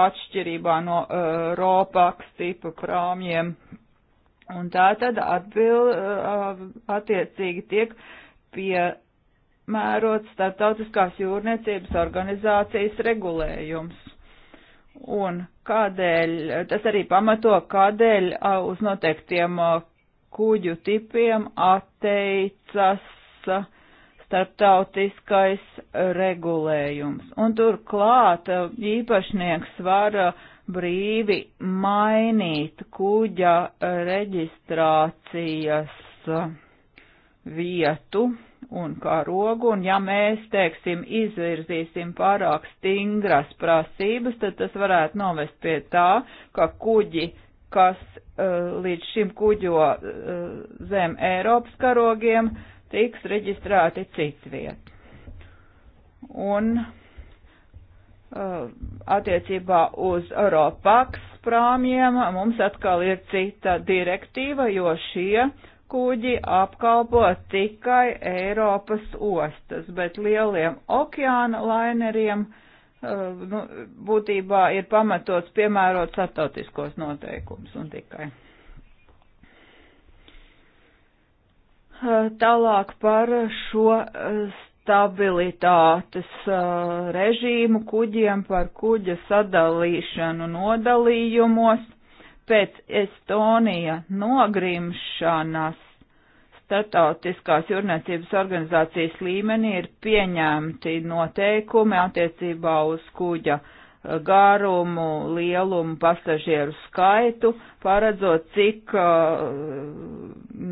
atšķirībā no uh, ropaks tipa krāmjiem. Un tā tad atbil, uh, attiecīgi tiek pie piemērots starptautiskās jūrniecības organizācijas regulējums. Un kādēļ, tas arī pamato, kādēļ uz noteiktiem kuģu tipiem atteicas starptautiskais regulējums. Un turklāt īpašnieks var brīvi mainīt kuģa reģistrācijas vietu un kā rogu, un ja mēs, teiksim, izvirzīsim pārāk stingras prasības, tad tas varētu novest pie tā, ka kuģi, kas uh, līdz šim kuģo uh, zem Eiropas karogiem, tiks reģistrēti citviet. Un uh, attiecībā uz Europaks prāmjiem mums atkal ir cita direktīva, jo šie kuģi apkalpo tikai Eiropas ostas, bet lieliem okeāna laineriem eh, nu, būtībā ir pamatots piemērot startautiskos noteikumus un tikai. Eh, tālāk par šo eh, stabilitātes režīmu kuģiem, par kuģa sadalīšanu nodalījumos pēc Estonija nogrimšanas startautiskās jūrniecības organizācijas līmenī ir pieņemti noteikumi attiecībā uz kuģa eh, garumu, lielumu, pasažieru skaitu, paredzot, cik uh,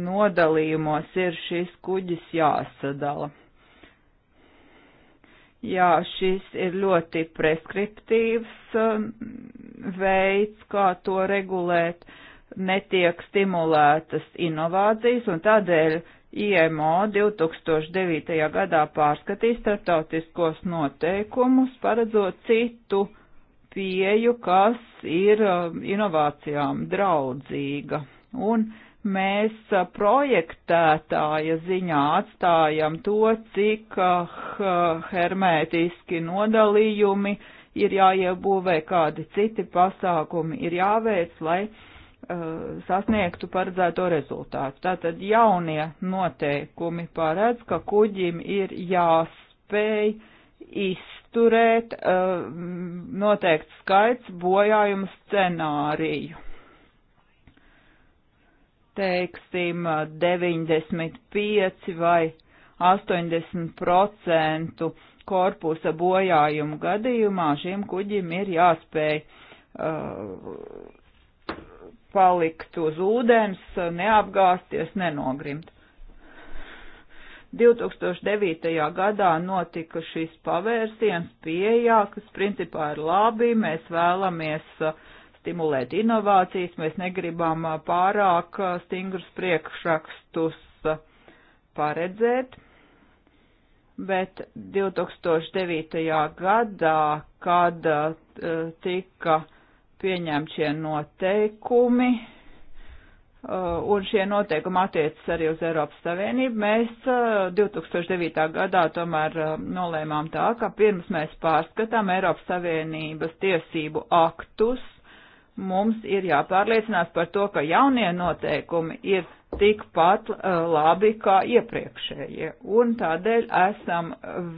nodalījumos ir šis kuģis jāsadala. Jā, šis ir ļoti preskriptīvs uh, veids, kā to regulēt, netiek stimulētas inovācijas, un tādēļ IMO 2009. gadā pārskatīs starptautiskos noteikumus, paredzot citu pieju, kas ir um, inovācijām draudzīga. Un mēs uh, projektētāja ziņā atstājam to, cik uh, hermētiski nodalījumi uh, ir jāiebūvē, kādi citi pasākumi ir jāveic, lai uh, sasniegtu paredzēto rezultātu. Tātad jaunie noteikumi paredz, ka kuģim ir jāspēj izturēt uh, noteikts skaits bojājumu scenāriju teiksim, 95 uh, vai 80 procentu korpusa bojājumu gadījumā šim kuģim ir jāspēj uh, palikt uz ūdens, neapgāsties, nenogrimt. 2009. gadā notika šis pavērsiens pieejā, kas principā ir labi, mēs vēlamies uh, stimulēt inovācijas, mēs negribam uh, pārāk uh, stingrus priekšrakstus paredzēt bet 2009. gadā, kad eh, tika pieņemti šie noteikumi, eh, un šie noteikumi attiecas arī uz Eiropas Savienību, mēs 2009. Eh, gadā tomēr nolēmām tā, ka pirms mēs pārskatām Eiropas Savienības tiesību aktus, mums ir jāpārliecinās par to, ka jaunie noteikumi ir tikpat uh, labi kā iepriekšējie. Un tādēļ esam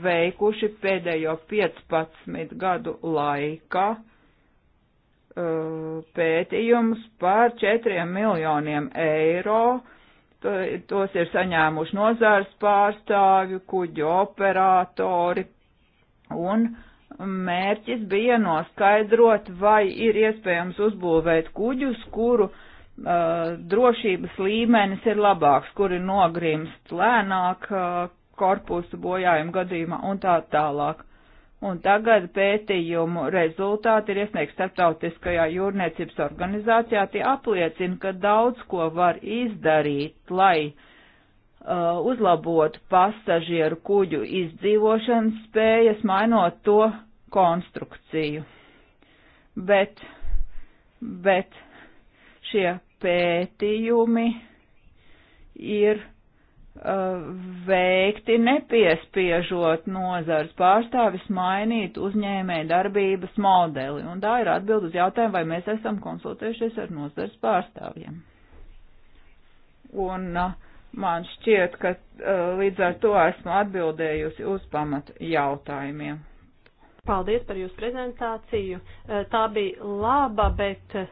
veikuši pēdējo 15 gadu laikā uh, pētījums par 4 miljoniem eiro. Tos ir saņēmuši nozars pārstāvju, kuģu operatori un uh, mērķis bija noskaidrot, vai ir iespējams uzbūvēt kuģus, kuru uh, drošības līmenis ir labāks, kuri nogrimst lēnāk uh, korpusu bojājuma gadījumā un tā tālāk. Un tagad pētījumu rezultāti ir iesniegts starptautiskajā jūrniecības organizācijā. Tie apliecina, ka daudz ko var izdarīt, lai uh, uzlabot pasažieru kuģu izdzīvošanas spējas, mainot to konstrukciju. Bet, bet šie pētījumi ir uh, veikti nepiespiežot nozars pārstāvis mainīt uzņēmēju darbības modeli. Un tā ir atbild uz jautājumu, vai mēs esam konsultējušies ar nozars pārstāvjiem. Un uh, man šķiet, ka uh, līdz ar to esmu atbildējusi uz pamata jautājumiem. Paldies par jūsu prezentāciju. Eh, tā bija laba, bet eh,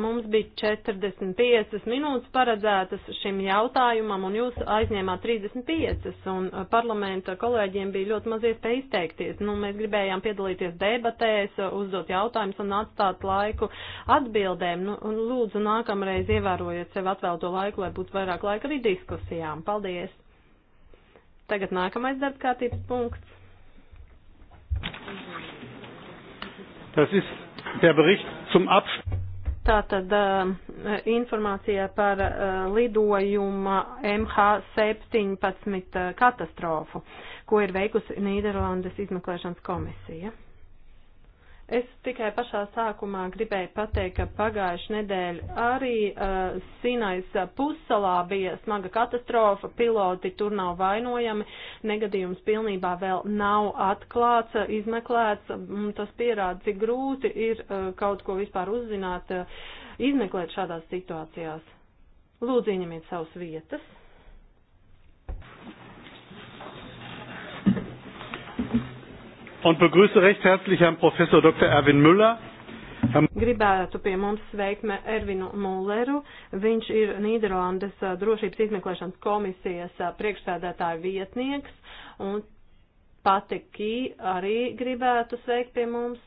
mums bija 45 minūtes paredzētas šim jautājumam, un jūs aizņēmāt 35, un eh, parlamenta kolēģiem bija ļoti maz iespēja izteikties. Nu, mēs gribējām piedalīties debatēs, uzdot jautājumus un atstāt laiku atbildēm. Nu, lūdzu, nākamreiz ievērojiet sev atvēlto laiku, lai būtu vairāk laika arī diskusijām. Paldies! Tagad nākamais darbkārtības punkts. Tas ir der Bericht zum Abschluss. Tātad eh, informācijā par eh, lidojuma MH17 eh, katastrofu, ko ir veikusi Nīderlandes izmeklēšanas komisija. Es tikai pašā sākumā gribēju pateikt, ka pagājuši nedēļa arī uh, Sinais pussalā bija smaga katastrofa, piloti tur nav vainojami, negadījums pilnībā vēl nav atklāts, izmeklēts, tas pierāda, cik grūti ir uh, kaut ko vispār uzzināt, uh, izmeklēt šādās situācijās. Lūdzu, ieņemiet savas vietas. und begrüße recht herzlich Herrn Professor Dr. Erwin Müller. Gribētu pie mums sveikt Ervinu Mulleru. Viņš ir Nīderlandes drošības izmeklēšanas komisijas priekšstādātāja vietnieks. Un pati Kī arī gribētu sveikt pie mums,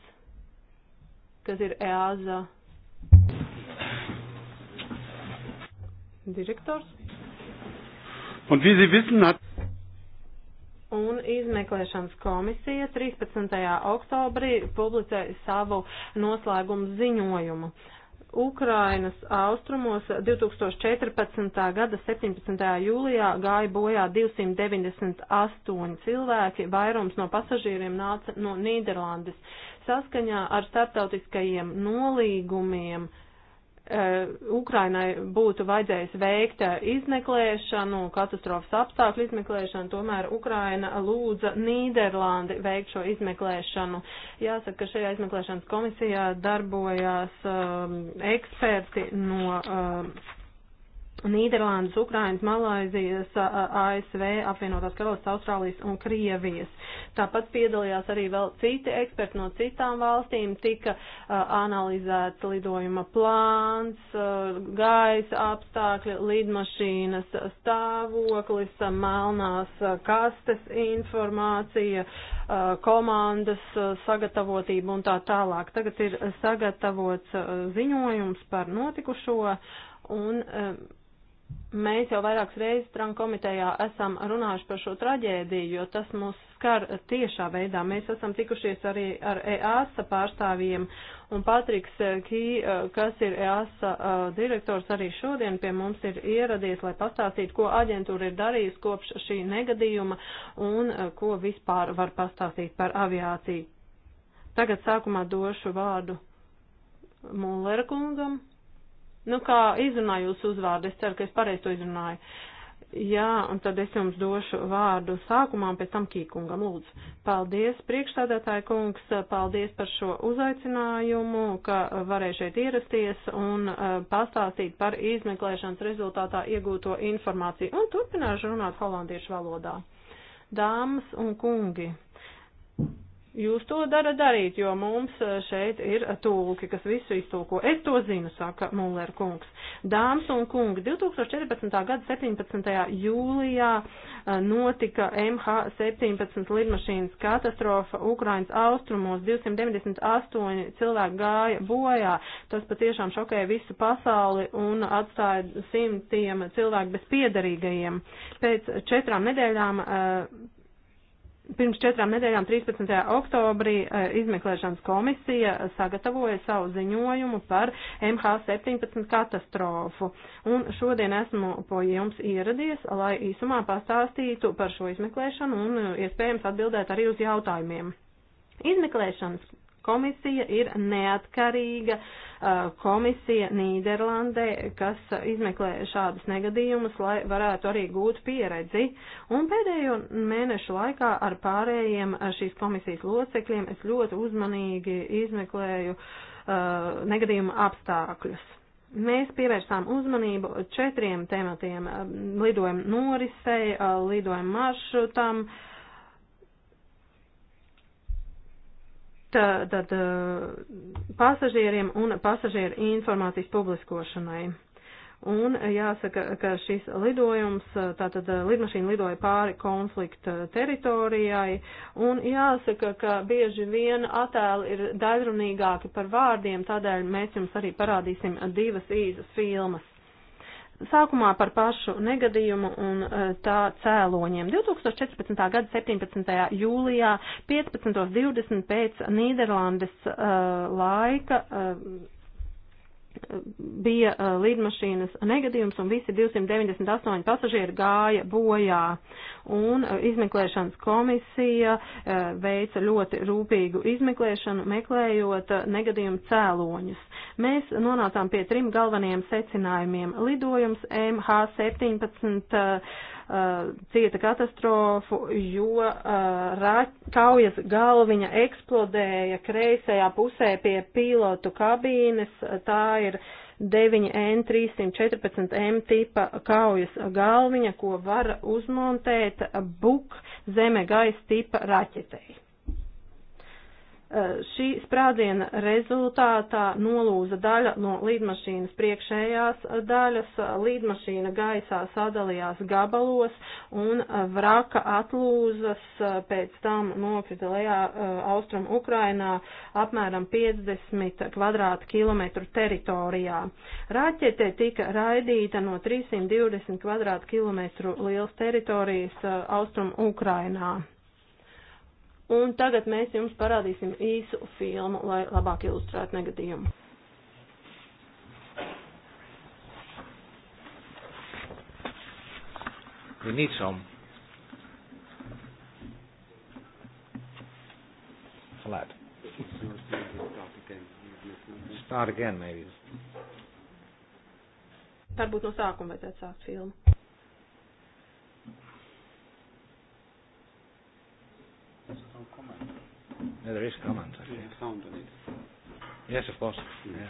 kas ir EASA direktors. Un, wie Sie wissen, hat un izmeklēšanas komisija 13. oktobrī publicēja savu noslēgumu ziņojumu. Ukrainas austrumos 2014. gada 17. jūlijā gāja bojā 298 cilvēki, vairums no pasažieriem nāca no Nīderlandes. Saskaņā ar starptautiskajiem nolīgumiem uh, Eh, Ukrainai būtu vajadzējis veikt eh, izmeklēšanu, katastrofas apstākļu izmeklēšanu, tomēr Ukraina lūdza Nīderlandi veikt šo izmeklēšanu. Jāsaka, ka šajā izmeklēšanas komisijā darbojās um, eksperti no um, Nīderlandes, Ukrainas, Malaizijas, ASV, apvienotās karalists, Austrālijas un Krievijas. Tāpat piedalījās arī vēl citi eksperti no citām valstīm, tika analizēts lidojuma plāns, gaisa apstākļi, lidmašīnas stāvoklis, melnās kastes informācija, komandas sagatavotība un tā tālāk. Tagad ir sagatavots ziņojums par notikušo un Mēs jau vairākas reizes Trump komitejā esam runājuši par šo traģēdiju, jo tas mūs skar tiešā veidā. Mēs esam tikušies arī ar EASA pārstāvjiem, un Patriks Kī, kas ir EASA direktors, arī šodien pie mums ir ieradies, lai pastāstītu, ko aģentūra ir darījusi kopš šī negadījuma un ko vispār var pastāstīt par aviāciju. Tagad sākumā došu vārdu Mullera kungam. Nu, kā izrunāju jūsu uzvārdu, es ceru, ka es pareizi to izrunāju. Jā, un tad es jums došu vārdu sākumā, un pēc tam Kīkungam lūdzu. Paldies, priekšstādātāja kungs, paldies par šo uzaicinājumu, ka varēju šeit ierasties un uh, pastāstīt par izmeklēšanas rezultātā iegūto informāciju. Un turpināšu runāt holandiešu valodā. Dāmas un kungi, Jūs to darat darīt, jo mums eh, šeit ir tūlki, kas visu iztūko. Es to zinu, saka Muller kungs. Dāmas un kungi, 2014. gada 17. jūlijā eh, notika MH17 lidmašīnas katastrofa Ukrainas austrumos. 298 cilvēki gāja bojā. Tas patiešām šokēja visu pasauli un atstāja simtiem cilvēku bez piedarīgajiem. Pēc četrām nedēļām eh, Pirms četrām nedēļām, 13. oktobrī, e, izmeklēšanas komisija sagatavoja savu ziņojumu par MH17 katastrofu. Un šodien esmu po jums ieradies, lai īsumā pastāstītu par šo izmeklēšanu un e, iespējams atbildēt arī uz jautājumiem. Izmeklēšanas Komisija ir neatkarīga komisija Nīderlandē, kas izmeklē šādus negadījumus, lai varētu arī gūt pieredzi. Un pēdējo mēnešu laikā ar pārējiem šīs komisijas locekļiem es ļoti uzmanīgi izmeklēju negadījuma apstākļus mēs pievērsām uzmanību četriem tematiem - lidojumu norisei, lidojumu maršrutam, uh, Eh, tad eh, pasažieriem un pasažieru informācijas publiskošanai. Un eh, jāsaka, ka šis lidojums, tātad lidmašīna lidoja pāri konflikta teritorijai, un jāsaka, ka bieži vien attēli ir daļrunīgāki par vārdiem, tādēļ mēs jums arī parādīsim divas īsas filmas. Sākumā par pašu negadījumu un e, tā cēloņiem. 2014. gada 17. jūlijā 15.20 pēc Nīderlandes uh, laika. Uh, bija uh, lidmašīnas negadījums un visi 298 pasažieri gāja bojā. Un uh, izmeklēšanas komisija uh, veica ļoti rūpīgu izmeklēšanu, meklējot uh, negadījumu cēloņus. Mēs nonācām pie trim galvenajiem secinājumiem. Lidojums MH17 uh, Uh, cieta katastrofu, jo uh, kaujas galviņa eksplodēja kreisajā pusē pie pilotu kabīnes. Tā ir 9N314M tipa kaujas galviņa, ko var uzmontēt buk zeme gaisa tipa raķetei. Eh, šī sprādziena rezultātā nolūza daļa no līdmašīnas priekšējās daļas, eh, līdmašīna gaisā sadalījās gabalos un eh, vraka atlūzas pēc tam nokrita lejā austrum Ukrainā apmēram 50 kvadrātkilometru teritorijā. Raķete tika raidīta no 320 kvadrātkilometru liels teritorijas austrum Ukrainā. Un tagad mēs jums parādīsim īsu filmu, lai labāk ilustrētu negadījumu. We need some. Geluid. Start again, maybe. Varbūt no sākuma vajadzētu sākt filmu. there is comment. We have sound on it. Yes, of course. Yeah.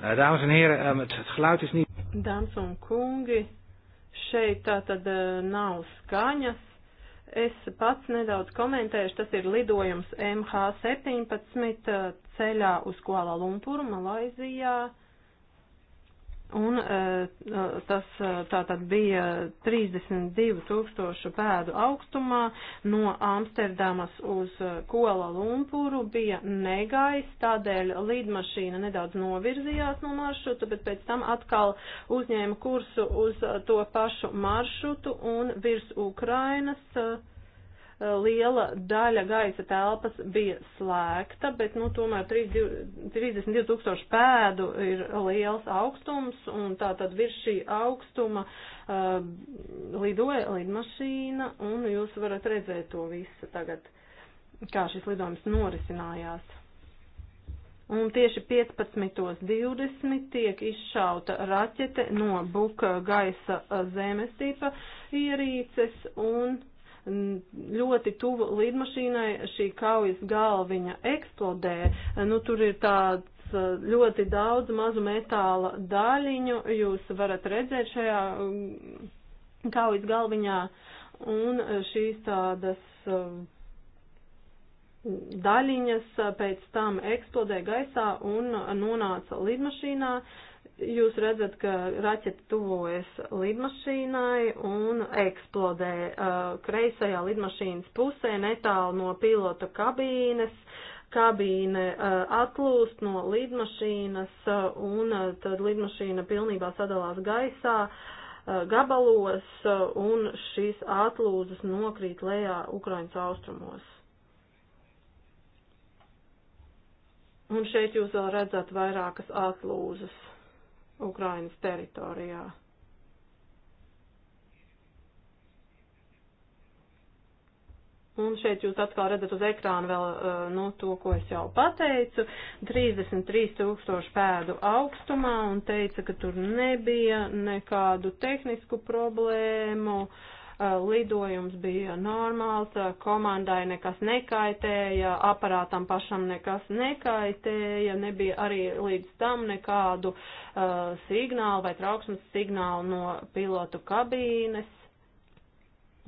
Eh, Dāmas un heren, ehm, het geluid is niet. Dāmas un kungi, šeit tā tad eh, nav skaņas. Es pats nedaudz komentēšu, tas ir lidojums MH17 eh, ceļā uz Kuala Lumpuru, Malaizijā. Un e, e, tas e, tātad bija 32 tūkstošu pēdu augstumā no Amsterdamas uz Kola Lumpuru bija negais, tādēļ lidmašīna nedaudz novirzījās no maršruta, bet pēc tam atkal uzņēma kursu uz to pašu maršrutu un virs Ukrainas. Uh, liela daļa gaisa telpas bija slēgta, bet, nu, tomēr 32 tūkstoši pēdu ir liels augstums, un tā tad virs šī augstuma uh, lidoja lidmašīna, un jūs varat redzēt to visu tagad, kā šis lidojums norisinājās. Un tieši 15.20 tiek izšauta raķete no buka gaisa zemes tipa ierīces un ļoti tuvu lidmašīnai šī kaujas galviņa eksplodē. Nu, tur ir tāds uh, ļoti daudz mazu metāla daļiņu, jūs varat redzēt šajā um, kaujas galviņā, un uh, šīs tādas um, daļiņas uh, pēc tam eksplodē gaisā un nonāca lidmašīnā. Uh, Jūs redzat, ka raķete tuvojas lidmašīnai un eksplodē uh, kreisajā lidmašīnas pusē netālu no pilota kabīnes. Kabīne uh, atlūst no lidmašīnas uh, un uh, tad lidmašīna pilnībā sadalās gaisā uh, gabalos uh, un šīs atlūzas nokrīt lejā Ukrainas austrumos. Un šeit jūs vēl redzat vairākas atlūzas. Ukrainas teritorijā. Un šeit jūs atkal redzat uz ekrāna vēl eh, nu, to, ko es jau pateicu. 33 tūkstoši pēdu augstumā un teica, ka tur nebija nekādu tehnisku problēmu. Uh, lidojums bija normāls, komandai nekas nekaitēja, aparātam pašam nekas nekaitēja, nebija arī līdz tam nekādu uh, signālu vai trauksmes signālu no pilotu kabīnes.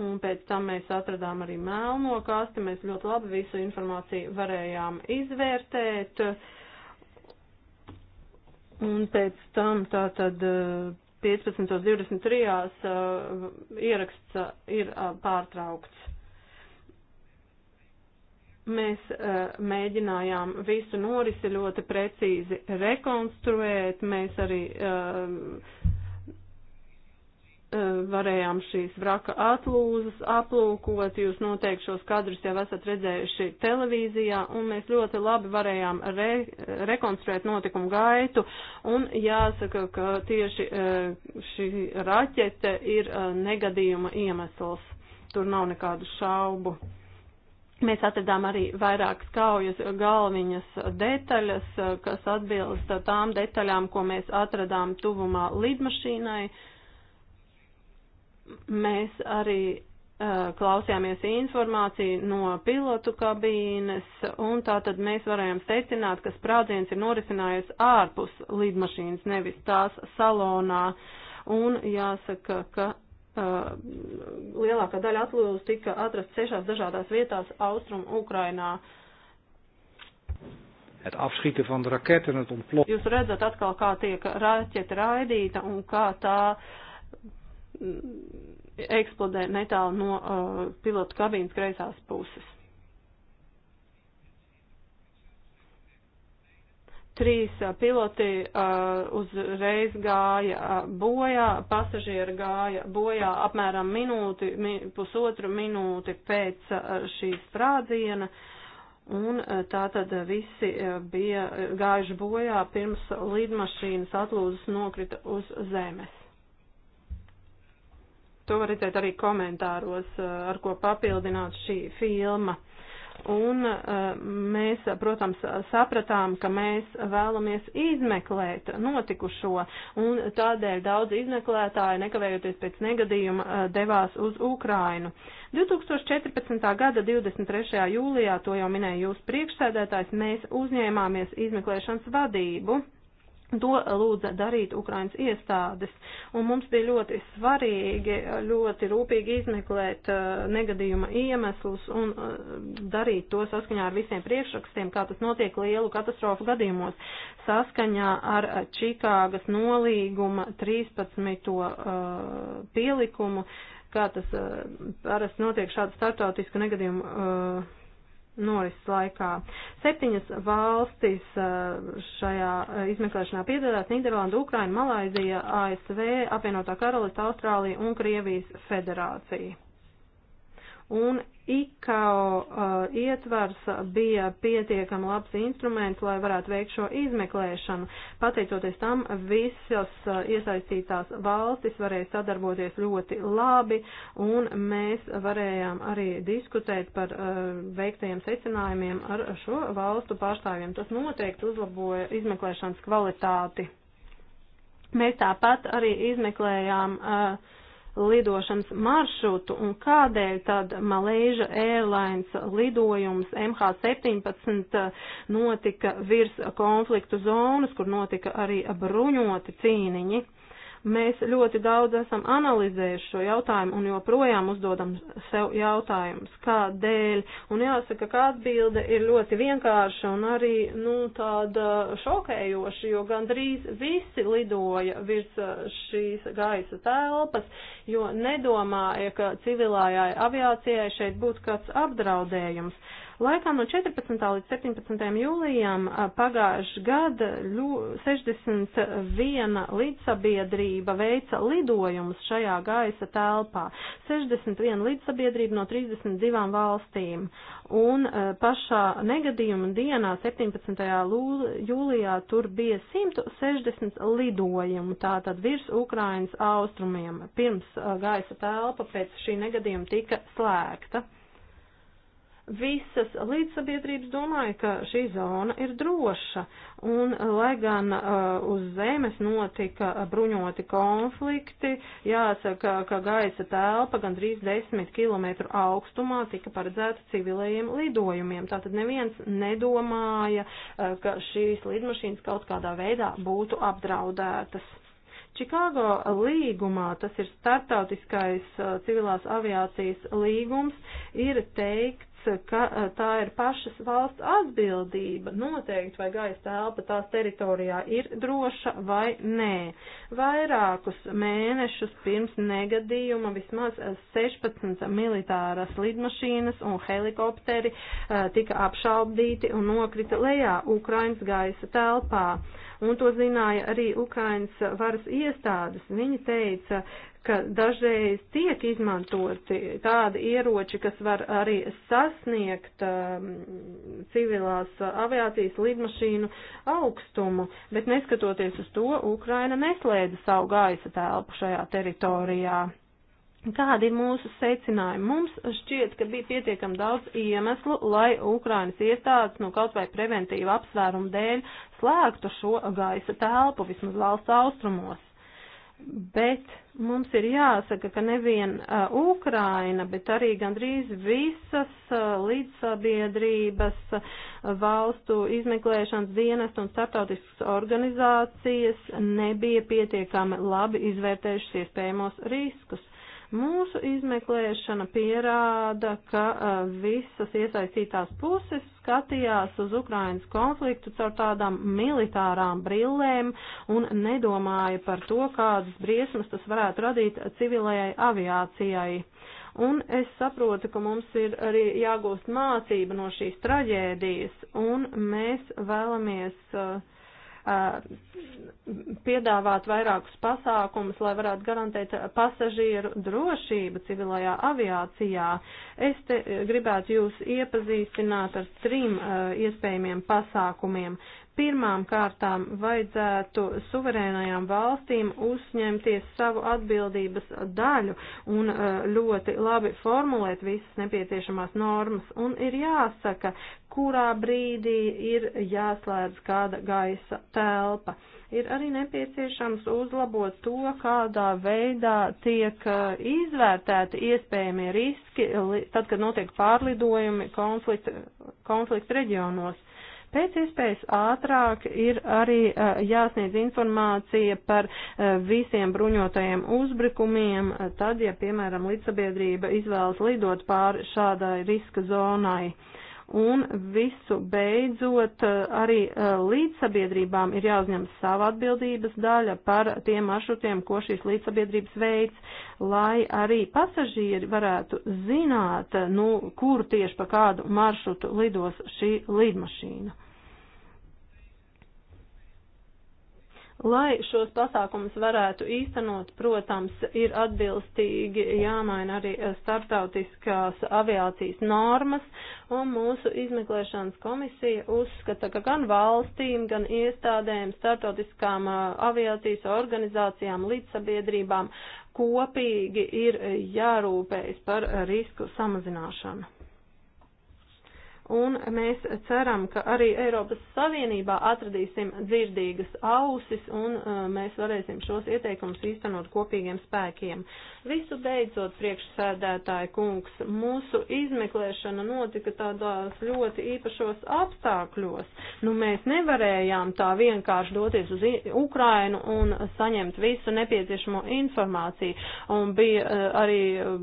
Un pēc tam mēs atradām arī melno kasti, mēs ļoti labi visu informāciju varējām izvērtēt. Un pēc tam tā tad 15.23. Uh, ieraksts uh, ir uh, pārtraukts. Mēs uh, mēģinājām visu norisi ļoti precīzi rekonstruēt, mēs arī uh, Eh, varējām šīs vraka atlūzas aplūkot, jūs noteikti šos kadrus jau esat redzējuši televīzijā, un mēs ļoti labi varējām re, rekonstruēt notikumu gaitu, un jāsaka, ka tieši eh, šī raķete ir eh, negadījuma iemesls, tur nav nekādu šaubu. Mēs atradām arī vairākas kaujas galviņas detaļas, kas atbilst tām detaļām, ko mēs atradām tuvumā lidmašīnai. Uh, Mēs arī uh, klausījāmies informāciju no pilotu kabīnes, un tā tad mēs varējām secināt, ka sprādziens ir norisinājies ārpus lidmašīnas, nevis tās salonā. Un jāsaka, ka uh, lielākā daļa atlūdus tika atrast sešās dažādās vietās Austrum Ukrainā. Het afschieten van de raket en het ontploffen. Jūs redzat atkal, kā tiek raķeta raidīta un kā tā eksplodē netālu no uh, pilotu kabīnas kreisās puses. Trīs uh, piloti uh, uzreiz gāja uh, bojā, pasažieri gāja bojā apmēram minūti, mi, pusotru minūti pēc uh, šīs sprādziena. Uh, Un tā tad visi uh, bija gājuši bojā pirms lidmašīnas atlūzas nokrita uz zemes. To var redzēt arī komentāros, eh, ar ko papildināt šī filma. Un eh, mēs, protams, sapratām, ka mēs vēlamies izmeklēt notikušo, un tādēļ daudz izmeklētāji, nekavējoties pēc negadījuma, eh, devās uz Ukrainu. 2014. gada 23. jūlijā, to jau minēja jūsu priekšsēdētājs, mēs uzņēmāmies izmeklēšanas vadību To lūdza darīt Ukrainas iestādes, un mums bija ļoti svarīgi ļoti rūpīgi izmeklēt uh, negadījuma iemeslus un uh, darīt to saskaņā ar visiem priekšrakstiem, kā tas notiek lielu katastrofu gadījumos, saskaņā ar uh, Čikāgas nolīguma 13. Uh, pielikumu, kā tas uh, parasti notiek šādu startautisku negadījumu uh, norises laikā. Septiņas valstis uh, šajā uh, izmeklēšanā piedalās - Nīderlanda, Ukraina, Malaizija, ASV, apvienotā karalista, Austrālija un Krievijas federācija un IKO uh, ietvars bija pietiekami labs instruments, lai varētu veikt šo izmeklēšanu. Pateicoties tam, visas uh, iesaistītās valstis varēja sadarboties ļoti labi, un mēs varējām arī diskutēt par uh, veiktajiem secinājumiem ar šo valstu pārstāvjiem. Tas noteikti uzlaboja izmeklēšanas kvalitāti. Mēs tāpat arī izmeklējām uh, lidošanas maršrutu un kādēļ tad Malaysia Airlines lidojums MH17 notika virs konfliktu zonas, kur notika arī bruņoti cīniņi. Mēs ļoti daudz esam analizējuši šo jautājumu un joprojām uzdodam sev jautājumus, kādēļ. Un jāsaka, ka atbilde ir ļoti vienkārša un arī, nu, tāda šokējoša, jo gandrīz visi lidoja virs uh, šīs gaisa telpas, jo nedomāja, ka civilājai aviācijai šeit būtu kāds apdraudējums. Laikā no 14. līdz 17. jūlijam pagājuši gada 61 līdzsabiedrība veica lidojumus šajā gaisa telpā. 61 līdzsabiedrība no 32 valstīm. Un pašā negadījuma dienā 17. jūlijā tur bija 160 lidojumu, tātad virs Ukrainas austrumiem, pirms gaisa telpa pēc šī negadījuma tika slēgta visas līdzsabiedrības domāja, ka šī zona ir droša, un lai gan uh, uz zemes notika bruņoti konflikti, jāsaka, ka gaisa telpa gan 30 km augstumā tika paredzēta civilējiem lidojumiem. Tātad neviens nedomāja, uh, ka šīs lidmašīnas kaut kādā veidā būtu apdraudētas. Čikāgo līgumā, tas ir startautiskais uh, civilās aviācijas līgums, ir teikt, teikts, ka eh, tā ir pašas valsts atbildība noteikt, vai gaisa telpa tās teritorijā ir droša vai nē. Vairākus mēnešus pirms negadījuma vismaz 16 eh, militāras lidmašīnas un helikopteri eh, tika apšaubdīti un nokrita lejā Ukrainas gaisa telpā un to zināja arī Ukrainas varas iestādes. Viņi teica, ka dažreiz tiek izmantoti tādi ieroči, kas var arī sasniegt um, civilās aviācijas lidmašīnu augstumu, bet neskatoties uz to, Ukraina neslēdza savu gaisa telpu šajā teritorijā. Kādi ir mūsu secinājumi? Mums šķiet, ka bija pietiekami daudz iemeslu, lai Ukrainas iestādes, nu kaut vai preventīva apsvērumu dēļ, slēgtu šo gaisa telpu vismaz valsts austrumos. Bet mums ir jāsaka, ka nevien uh, Ukraina, bet arī gandrīz visas uh, līdzsabiedrības, uh, valstu izmeklēšanas dienas un startautiskas organizācijas nebija pietiekami labi izvērtējušas iespējamos riskus. Mūsu izmeklēšana pierāda, ka uh, visas iesaistītās puses skatījās uz Ukrainas konfliktu caur tādām militārām brillēm un nedomāja par to, kādas briesmas tas varētu radīt civilajai aviācijai. Un es saprotu, ka mums ir arī jāgūst mācība no šīs traģēdijas, un mēs vēlamies uh, piedāvāt vairākus pasākumus, lai varētu garantēt pasažieru drošību civilajā aviācijā. Es te gribētu jūs iepazīstināt ar trim iespējamiem pasākumiem. Pirmām kārtām vajadzētu suverēnajām valstīm uzņemties savu atbildības daļu un uh, ļoti labi formulēt visas nepieciešamās normas. Un ir jāsaka, kurā brīdī ir jāslēdz kāda gaisa telpa. Ir arī nepieciešams uzlabot to, kādā veidā tiek uh, izvērtēti iespējamie riski, tad, kad notiek pārlidojumi konflikta, konflikta reģionos Pēc iespējas ātrāk ir arī jāsniedz informācija par visiem bruņotajiem uzbrukumiem, tad, ja, piemēram, līdzsabiedrība izvēlas lidot pāri šādai riska zonai. Un visu beidzot eh, arī eh, līdzsabiedrībām ir jāuzņem sava atbildības daļa par tiem maršrutiem, ko šīs līdzsabiedrības veids, lai arī pasažieri varētu zināt, eh, nu, kur tieši pa kādu maršrutu lidos šī līdmašīna. Lai šos pasākumus varētu īstenot, protams, ir atbilstīgi jāmaina arī eh, startautiskās aviācijas normas, un mūsu izmeklēšanas komisija uzskata, ka gan valstīm, gan iestādēm, startautiskām eh, aviācijas organizācijām, līdzsabiedrībām kopīgi ir eh, jārūpējas par risku samazināšanu un mēs ceram, ka arī Eiropas Savienībā atradīsim dzirdīgas ausis un uh, mēs varēsim šos ieteikumus īstenot kopīgiem spēkiem. Visu beidzot, priekšsēdētāji kungs, mūsu izmeklēšana notika tādās ļoti īpašos apstākļos. Nu, mēs nevarējām tā vienkārši doties uz Ukrainu un saņemt visu nepieciešamo informāciju. Un bija uh, arī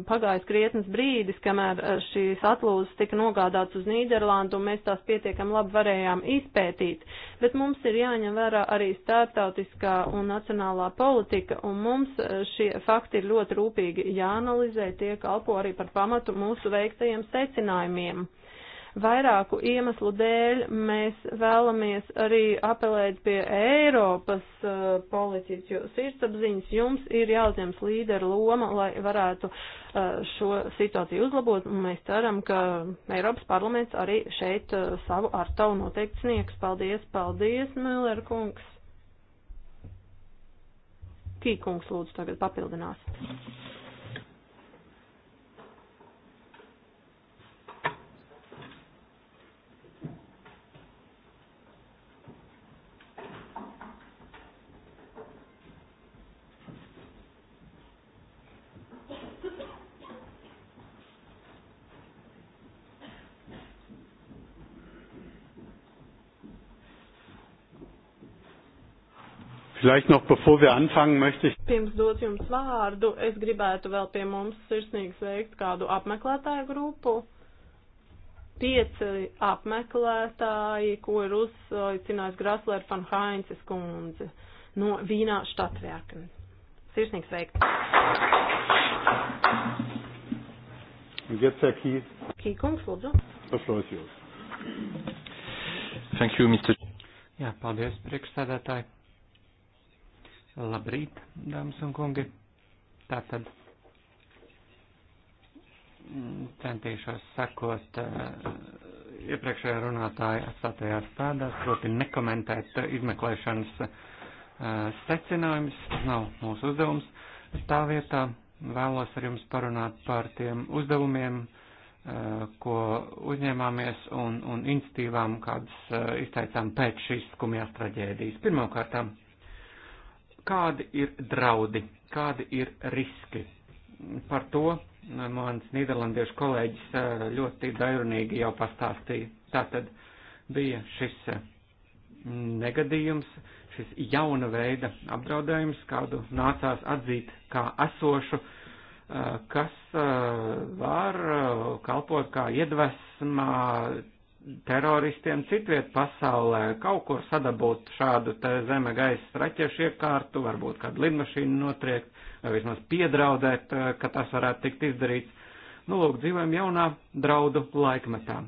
pagājis krietnes brīdis, kamēr uh, šīs atlūzas tika nogādāts uz Nīderlandes Nīderlandu, mēs tās pietiekam labi varējām izpētīt, bet mums ir jāņem vērā arī starptautiskā un nacionālā politika, un mums e, šie fakti ir ļoti rūpīgi jāanalizē, tie kalpo arī par pamatu mūsu veiktajiem secinājumiem. Vairāku iemeslu dēļ mēs vēlamies arī apelēt pie Eiropas uh, policijas, jo sirdsapziņas jums ir jāuzņems līderu loma, lai varētu uh, šo situāciju uzlabot. Mēs ceram, ka Eiropas parlaments arī šeit uh, savu ar tavu noteikti sniegs. Paldies, paldies, Miller kungs! Kīkungs lūdzu tagad papildinās. Vielleicht noch bevor wir anfangen, möchte ich. Pirms dot jums vārdu, es gribētu vēl pie mums sirsnīgi sveikt kādu apmeklētāju grupu. Pieci apmeklētāji, ko ir uzsaicinājis Graslēra van Hainces kundze no Vīnā štatverken. Sirsnīgi sveikt. Jetzt, Herr Kies. Kīkungs, lūdzu. Das los jūs. Thank you, Mr. Jā, paldies, priekšsēdētāji. Labrīt, dāmas un kungi. Tātad mm, centīšos sekot uh, iepriekšējā runātāja atstātajās pēdās, proti nekomentēt izmeklēšanas uh, secinājumus. Tas nav mūsu uzdevums. Tā vietā vēlos ar jums parunāt par tiem uzdevumiem, uh, ko uzņēmāmies un, un institīvām, kādas izteicām pēc šīs skumjās traģēdijas. Pirmkārtām kādi ir draudi, kādi ir riski. Par to mans nīderlandiešu kolēģis eh, ļoti dairunīgi jau pastāstīja. Tātad bija šis eh, negadījums, šis jauna veida apdraudējums, kādu nācās atzīt kā esošu, eh, kas var kalpot kā iedvesmā teroristiem citviet pasaulē kaut kur sadabūt šādu zeme gaisa raķešu iekārtu, varbūt kādu lidmašīnu notriekt, vai vismaz piedraudēt, eh, ka tas varētu tikt izdarīts. Nu, lūk, dzīvojam jaunā draudu laikmetā.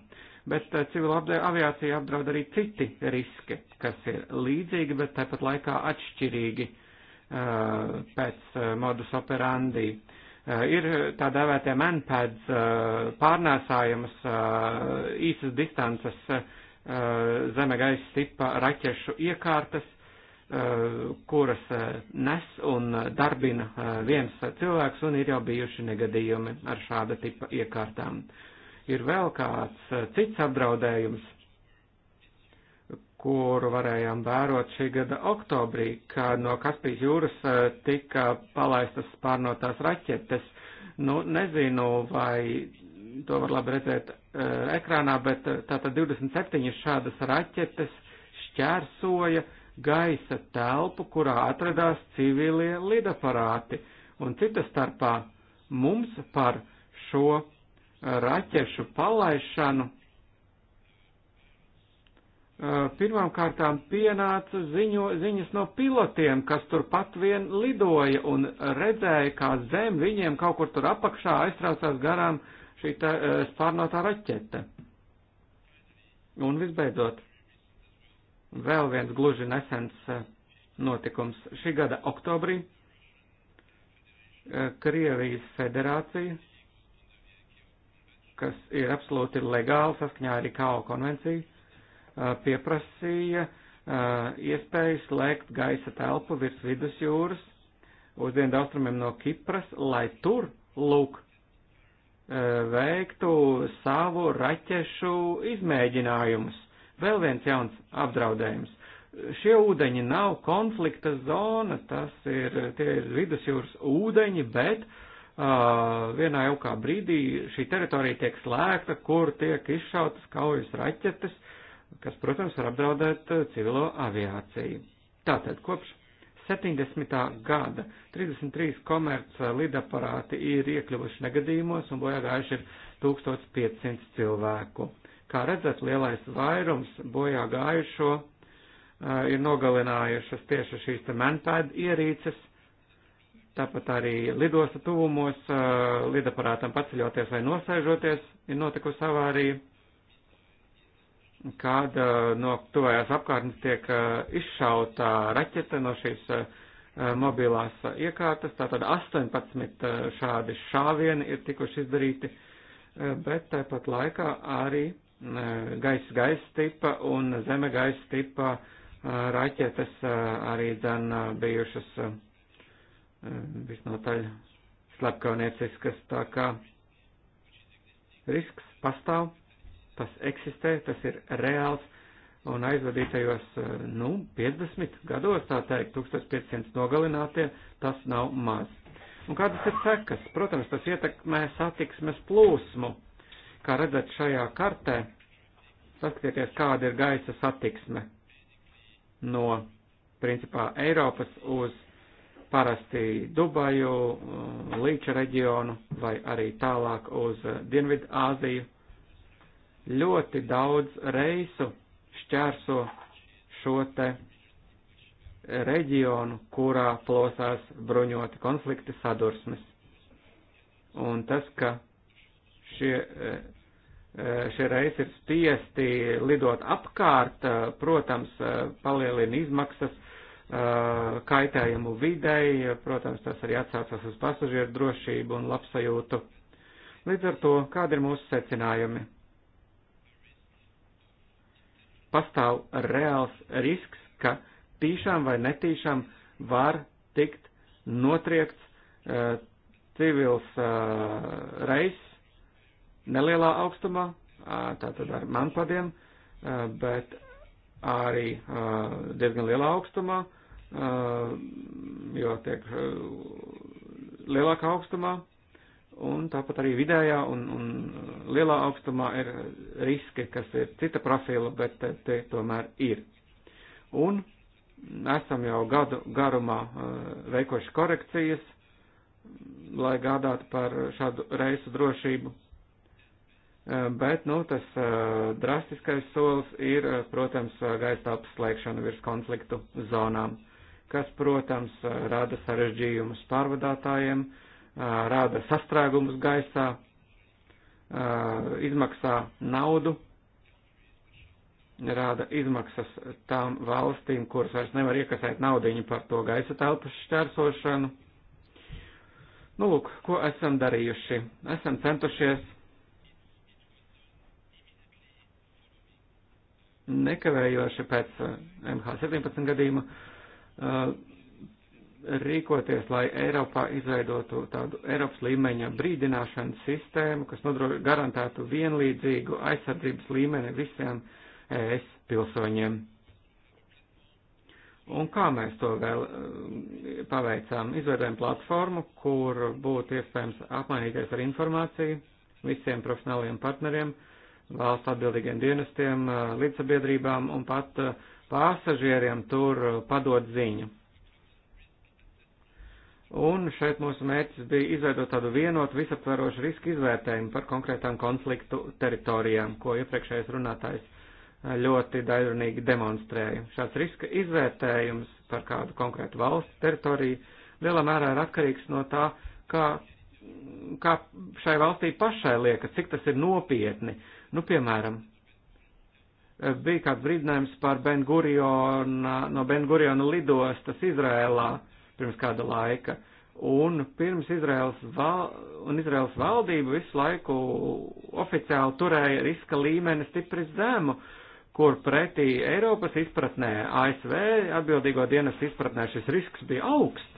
Bet eh, civila aviācija apdraud arī citi riski, kas ir līdzīgi, bet tāpat laikā atšķirīgi eh, pēc modus operandi. Uh, Eh, ir eh, tā dēvētie manpads, eh, pārnēsājamas īsas distances zeme gaisa tipa raķešu iekārtas, kuras nes un darbina viens cilvēks, un ir jau bijuši negadījumi ar šāda tipa iekārtām. Ir vēl kāds cits apdraudējums kuru varējām vērot šī gada oktobrī, kad no Kaspijas jūras eh, tika palaistas pārnotās raķetes. Nu, nezinu, vai to var labi redzēt eh, ekrānā, bet eh, tātad 27 šādas raķetes šķērsoja gaisa telpu, kurā atradās civilie lidaparāti. Un cita starpā mums par šo raķešu palaišanu Eh, pirmām kārtām pienāca ziņo, ziņas no pilotiem, kas turpat vien lidoja un redzēja, kā zem viņiem kaut kur tur apakšā aiztraucās garām šī tā, eh, spārnotā raķete. Un visbeidzot, vēl viens gluži nesens eh, notikums. Šī gada oktobrī Krievijas federācija, kas ir absolūti legāli saskaņā ar IKO konvenciju, pieprasīja iespēju slēgt gaisa telpu virs vidusjūras uz dienvidaustrumiem no Kipras, lai tur, lūk, veiktu savu raķešu izmēģinājumus. Vēl viens jauns apdraudējums. Šie ūdeņi nav konflikta zona, tas ir, tie ir vidusjūras ūdeņi, bet uh, vienā jau kā brīdī šī teritorija tiek slēgta, kur tiek izšautas kaujas raķetes, uh, kas, protams, var apdraudēt eh, civilo aviāciju. Tātad kopš 70. gada 33 komerc eh, lidaparāti ir iekļuvuši negadījumos un bojā gājuši ir 1500 cilvēku. Kā redzat, lielais vairums bojā gājušo uh, ir nogalinājušas tieši šīs te manpēd ierīces, tāpat arī lidosta tuvumos uh, lidaparātam paceļoties vai nosēžoties ir notikusi avārija kāda uh, no tuvējās apkārtnes tiek uh, izšauta raķete no šīs uh, mobilās iekārtas. Tātad 18 šādi šāvieni ir tikuši izdarīti, bet tāpat laikā arī gaisa gaisa tipa un zeme gaisa tipa raķetes arī dzen bijušas visnotaļ slepkavnieciskas, tā kā risks pastāv tas eksistē, tas ir reāls, un aizvadītajos, eh, nu, 50 gados, tā teikt, 1500 nogalinātie, tas nav maz. Un kādas ir sekas? Protams, tas ietekmē satiksmes plūsmu. Kā redzat šajā kartē, paskatieties, kāda ir gaisa satiksme no, principā, Eiropas uz parasti Dubaju, eh, Līča reģionu vai arī tālāk uz eh, Dienvidu Āziju ļoti daudz reisu šķērso šo te reģionu, kurā plosās bruņoti konflikti sadursmes. Un tas, ka šie, eh, eh, šie reisi ir spiesti lidot apkārt, eh, protams, palielina izmaksas kaitējumu videi, protams, tas arī atsācās uz pasažieru drošību un labsajūtu. Līdz ar to, kādi ir mūsu secinājumi? pastāv reāls risks, ka tīšām vai netīšām var tikt notriekts uh, civils uh, reis nelielā augstumā, uh, tātad ar manpadiem, uh, bet arī uh, diezgan lielā augstumā, uh, jo tiek uh, lielākā augstumā Un tāpat arī vidējā un, un uh, lielā augstumā ir uh, riski, kas ir cita profila, bet te, te tomēr ir. Un esam jau gadu garumā uh, veikoši korekcijas, lai gādātu par šādu reisu drošību. Bet, nu, tas drastiskais solis ir, protams, gaisa apslēgšana virs konfliktu zonām, kas, protams, rada sarežģījumus pārvadātājiem rada sastrēgumus gaisā, izmaksā naudu, rāda izmaksas tām valstīm, kuras vairs nevar iekasēt naudiņu par to gaisa telpas šķērsošanu. Nu, lūk, ko esam darījuši. Esam centušies nekavējoši pēc MH17 gadījuma rīkoties, lai Eiropā izveidotu tādu Eiropas līmeņa brīdināšanas sistēmu, kas garantētu vienlīdzīgu aizsardzības līmeni visiem ES pilsoņiem. Un kā mēs to vēl eh, paveicām? Izveidojam platformu, kur būtu iespējams apmainīties ar informāciju visiem profesionāliem partneriem, valsts atbildīgiem dienestiem, eh, līdzsabiedrībām un pat eh, pasažieriem tur padot ziņu Un šeit mūsu mērķis bija izveidot tādu vienotu visaptverošu risku izvērtējumu par konkrētām konfliktu teritorijām, ko iepriekšējais runātājs eh, ļoti daļrunīgi demonstrēja. Šāds riska izvērtējums par kādu konkrētu valsts teritoriju lielā mērā ir atkarīgs no tā, kā, kā šai valstī pašai liekas, cik tas ir nopietni. Nu, piemēram, eh, bija kāds brīdinājums par Ben Guriona, no Ben Guriona lidostas Izrēlā pirms kāda laika. Un pirms Izraels, val, un Izraels valdība visu laiku oficiāli turēja riska līmeni stipri zemu, kur pretī Eiropas izpratnē, ASV atbildīgo dienas izpratnē šis risks bija augsts.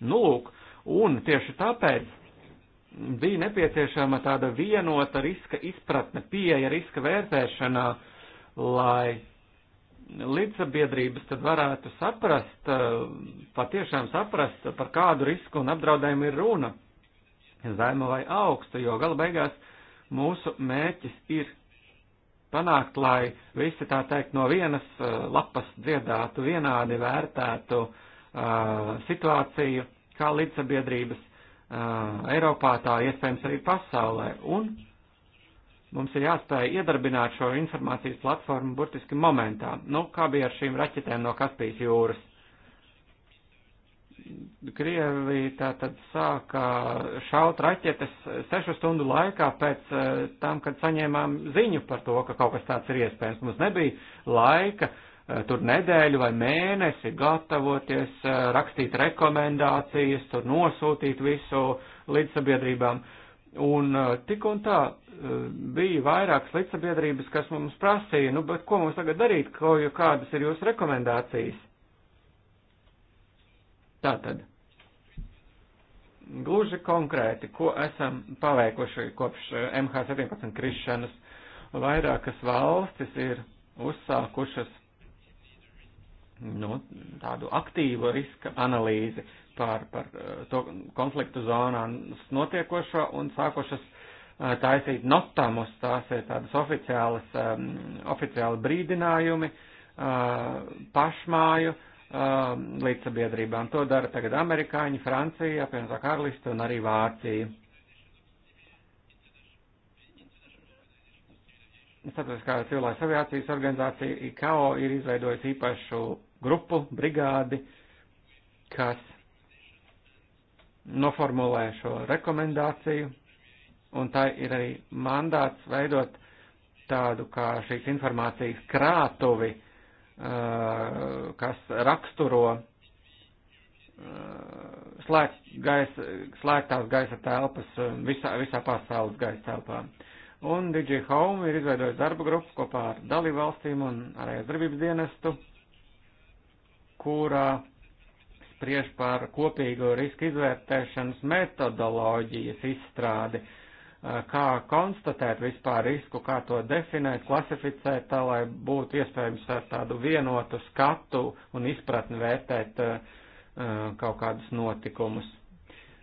Nu, lūk, un tieši tāpēc bija nepieciešama tāda vienota riska izpratne, pieeja riska vērtēšanā, lai līdzsabiedrības tad varētu saprast, eh, patiešām saprast, par kādu risku un apdraudējumu ir runa, zemu vai augstu, jo gala beigās mūsu mērķis ir panākt, lai visi tā teikt no vienas eh, lapas dziedātu, vienādi vērtētu uh, situāciju, kā līdzsabiedrības uh, Eiropā, tā iespējams arī pasaulē. Un Mums ir jāspēj iedarbināt šo informācijas platformu burtiski momentā. Nu, kā bija ar šīm raķetēm no Kaspijas jūras? Krievi tātad sāka šaut raķetes sešu stundu laikā pēc eh, tam, kad saņēmām ziņu par to, ka kaut kas tāds ir iespējams. Mums nebija laika eh, tur nedēļu vai mēnesi gatavoties, eh, rakstīt rekomendācijas, tur nosūtīt visu līdz sabiedrībām. Un tik un tā bija vairākas līdzsabiedrības, kas mums prasīja, nu, bet ko mums tagad darīt, ko, jo kādas ir jūsu rekomendācijas? Tātad, gluži konkrēti, ko esam paveikuši kopš eh, MH17 krišanas, vairākas valstis ir uzsākušas nu, tādu aktīvu riska analīzi par, par eh, to konfliktu zonā notiekošo un sākušas taisīt notamus, tās ir tādas oficiālas, um, oficiāli brīdinājumi uh, pašmāju uh, līdzsabiedrībām. To dara tagad amerikāņi, Francija, apvienotā karalista un arī Vācija. Starptautiskā cilvēks aviācijas organizācija ICAO ir izveidojusi īpašu grupu, brigādi, kas noformulē šo rekomendāciju un tā ir arī mandāts veidot tādu kā šīs informācijas krātuvi, kas raksturo slēgt gaisa, slēgtās gaisa telpas visā, visā pasaules gaisa telpā. Un DJ Home ir izveidojis darba grupu kopā ar dalībvalstīm un arī aizdarbības dienestu, kurā spriež par kopīgu riska izvērtēšanas metodoloģijas izstrādi uh, kā konstatēt vispār risku, kā to definēt, klasificēt, tā lai būtu iespējams ar tādu vienotu skatu un izpratni vērtēt kaut kādus notikumus.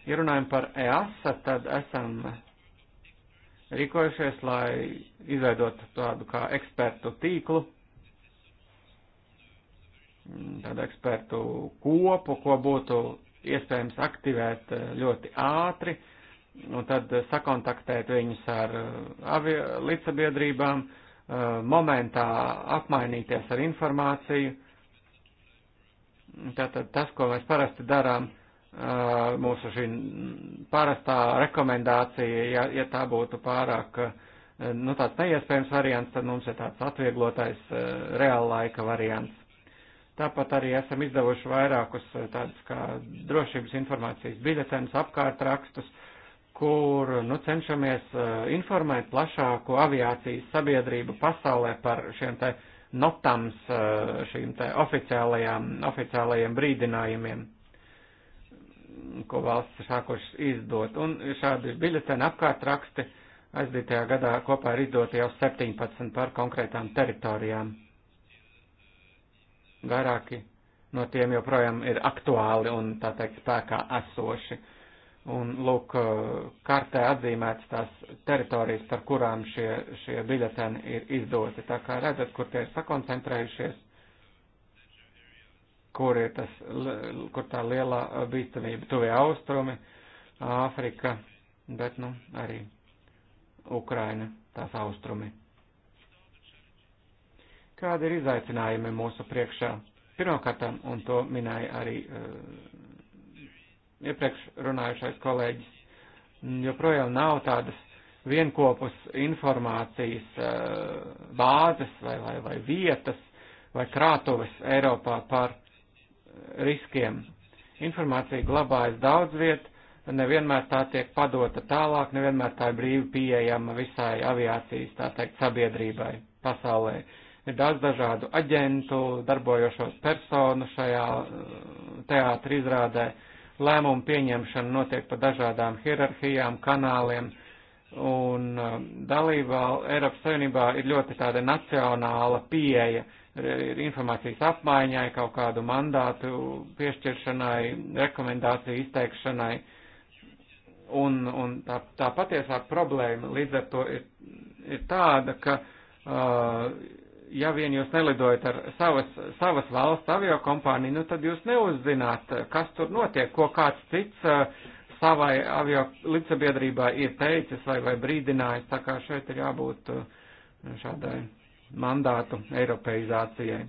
Ja runājam par EASA, tad esam rīkojušies, lai izveidotu tādu kā ekspertu tīklu, tādu ekspertu kopu, ko būtu iespējams aktivēt ļoti ātri, uh, un tad eh, sakontaktēt viņus ar eh, līdzsabiedrībām, eh, momentā apmainīties ar informāciju. Tātad tas, ko mēs parasti darām, mūsu šī parastā rekomendācija, ja, ja tā būtu pārāk, nu tāds neiespējams variants, tad mums ir tāds atvieglotais reāla laika variants. Tāpat arī esam izdevuši vairākus tādus kā drošības informācijas biļetenus, apkārtrakstus, rakstus, kur nu, cenšamies eh, informēt plašāko aviācijas sabiedrību pasaulē par šiem te notams, eh, šīm te oficiālajām, oficiālajiem brīdinājumiem, ko valsts sākušas izdot. Un šādi biļeteni apkārt raksti aizdītajā gadā kopā ir izdoti jau 17 par konkrētām teritorijām. Vairāki no tiem joprojām ir aktuāli un, tā teikt, spēkā esoši. Uh, Un, lūk, kartē atzīmētas tās teritorijas, par kurām šie, šie biļeteni ir izdoti. Tā kā redzat, kur tie ir sakoncentrējušies, kur ir tas, kur tā lielā bīstamība, tuvie austrumi, Āfrika, bet, nu, arī Ukraina, tās austrumi. Kādi ir izaicinājumi mūsu priekšā? Pirmkārt, un to minēja arī uh, iepriekš runājušais kolēģis, joprojām nav tādas vienkopus informācijas eh, bāzes vai, vai, vai vietas vai krātuves Eiropā par eh, riskiem. Informācija glabājas daudz viet, nevienmēr tā tiek padota tālāk, nevienmēr tā ir brīvi pieejama visai aviācijas, tā teikt, sabiedrībai pasaulē. Ir daudz dažādu aģentu, darbojošos personu šajā eh, teātra izrādē, uh, Lēmumu pieņemšana notiek pa dažādām hierarhijām, kanāliem, un um, dalībā Eiropas Savienībā ir ļoti tāda nacionāla pieeja informācijas apmaiņai, kaut kādu mandātu piešķiršanai, rekomendāciju izteikšanai. Un, un tā, tā patiesā problēma līdz ar to ir, ir tāda, ka uh, ja vien jūs nelidojat ar savas, savas valsts avio kompāniju, nu tad jūs neuzzināt, kas tur notiek, ko kāds cits uh, savai avio līdzsabiedrībā ir teicis vai, vai brīdinājis, tā kā šeit ir jābūt uh, šādai mandātu eiropeizācijai.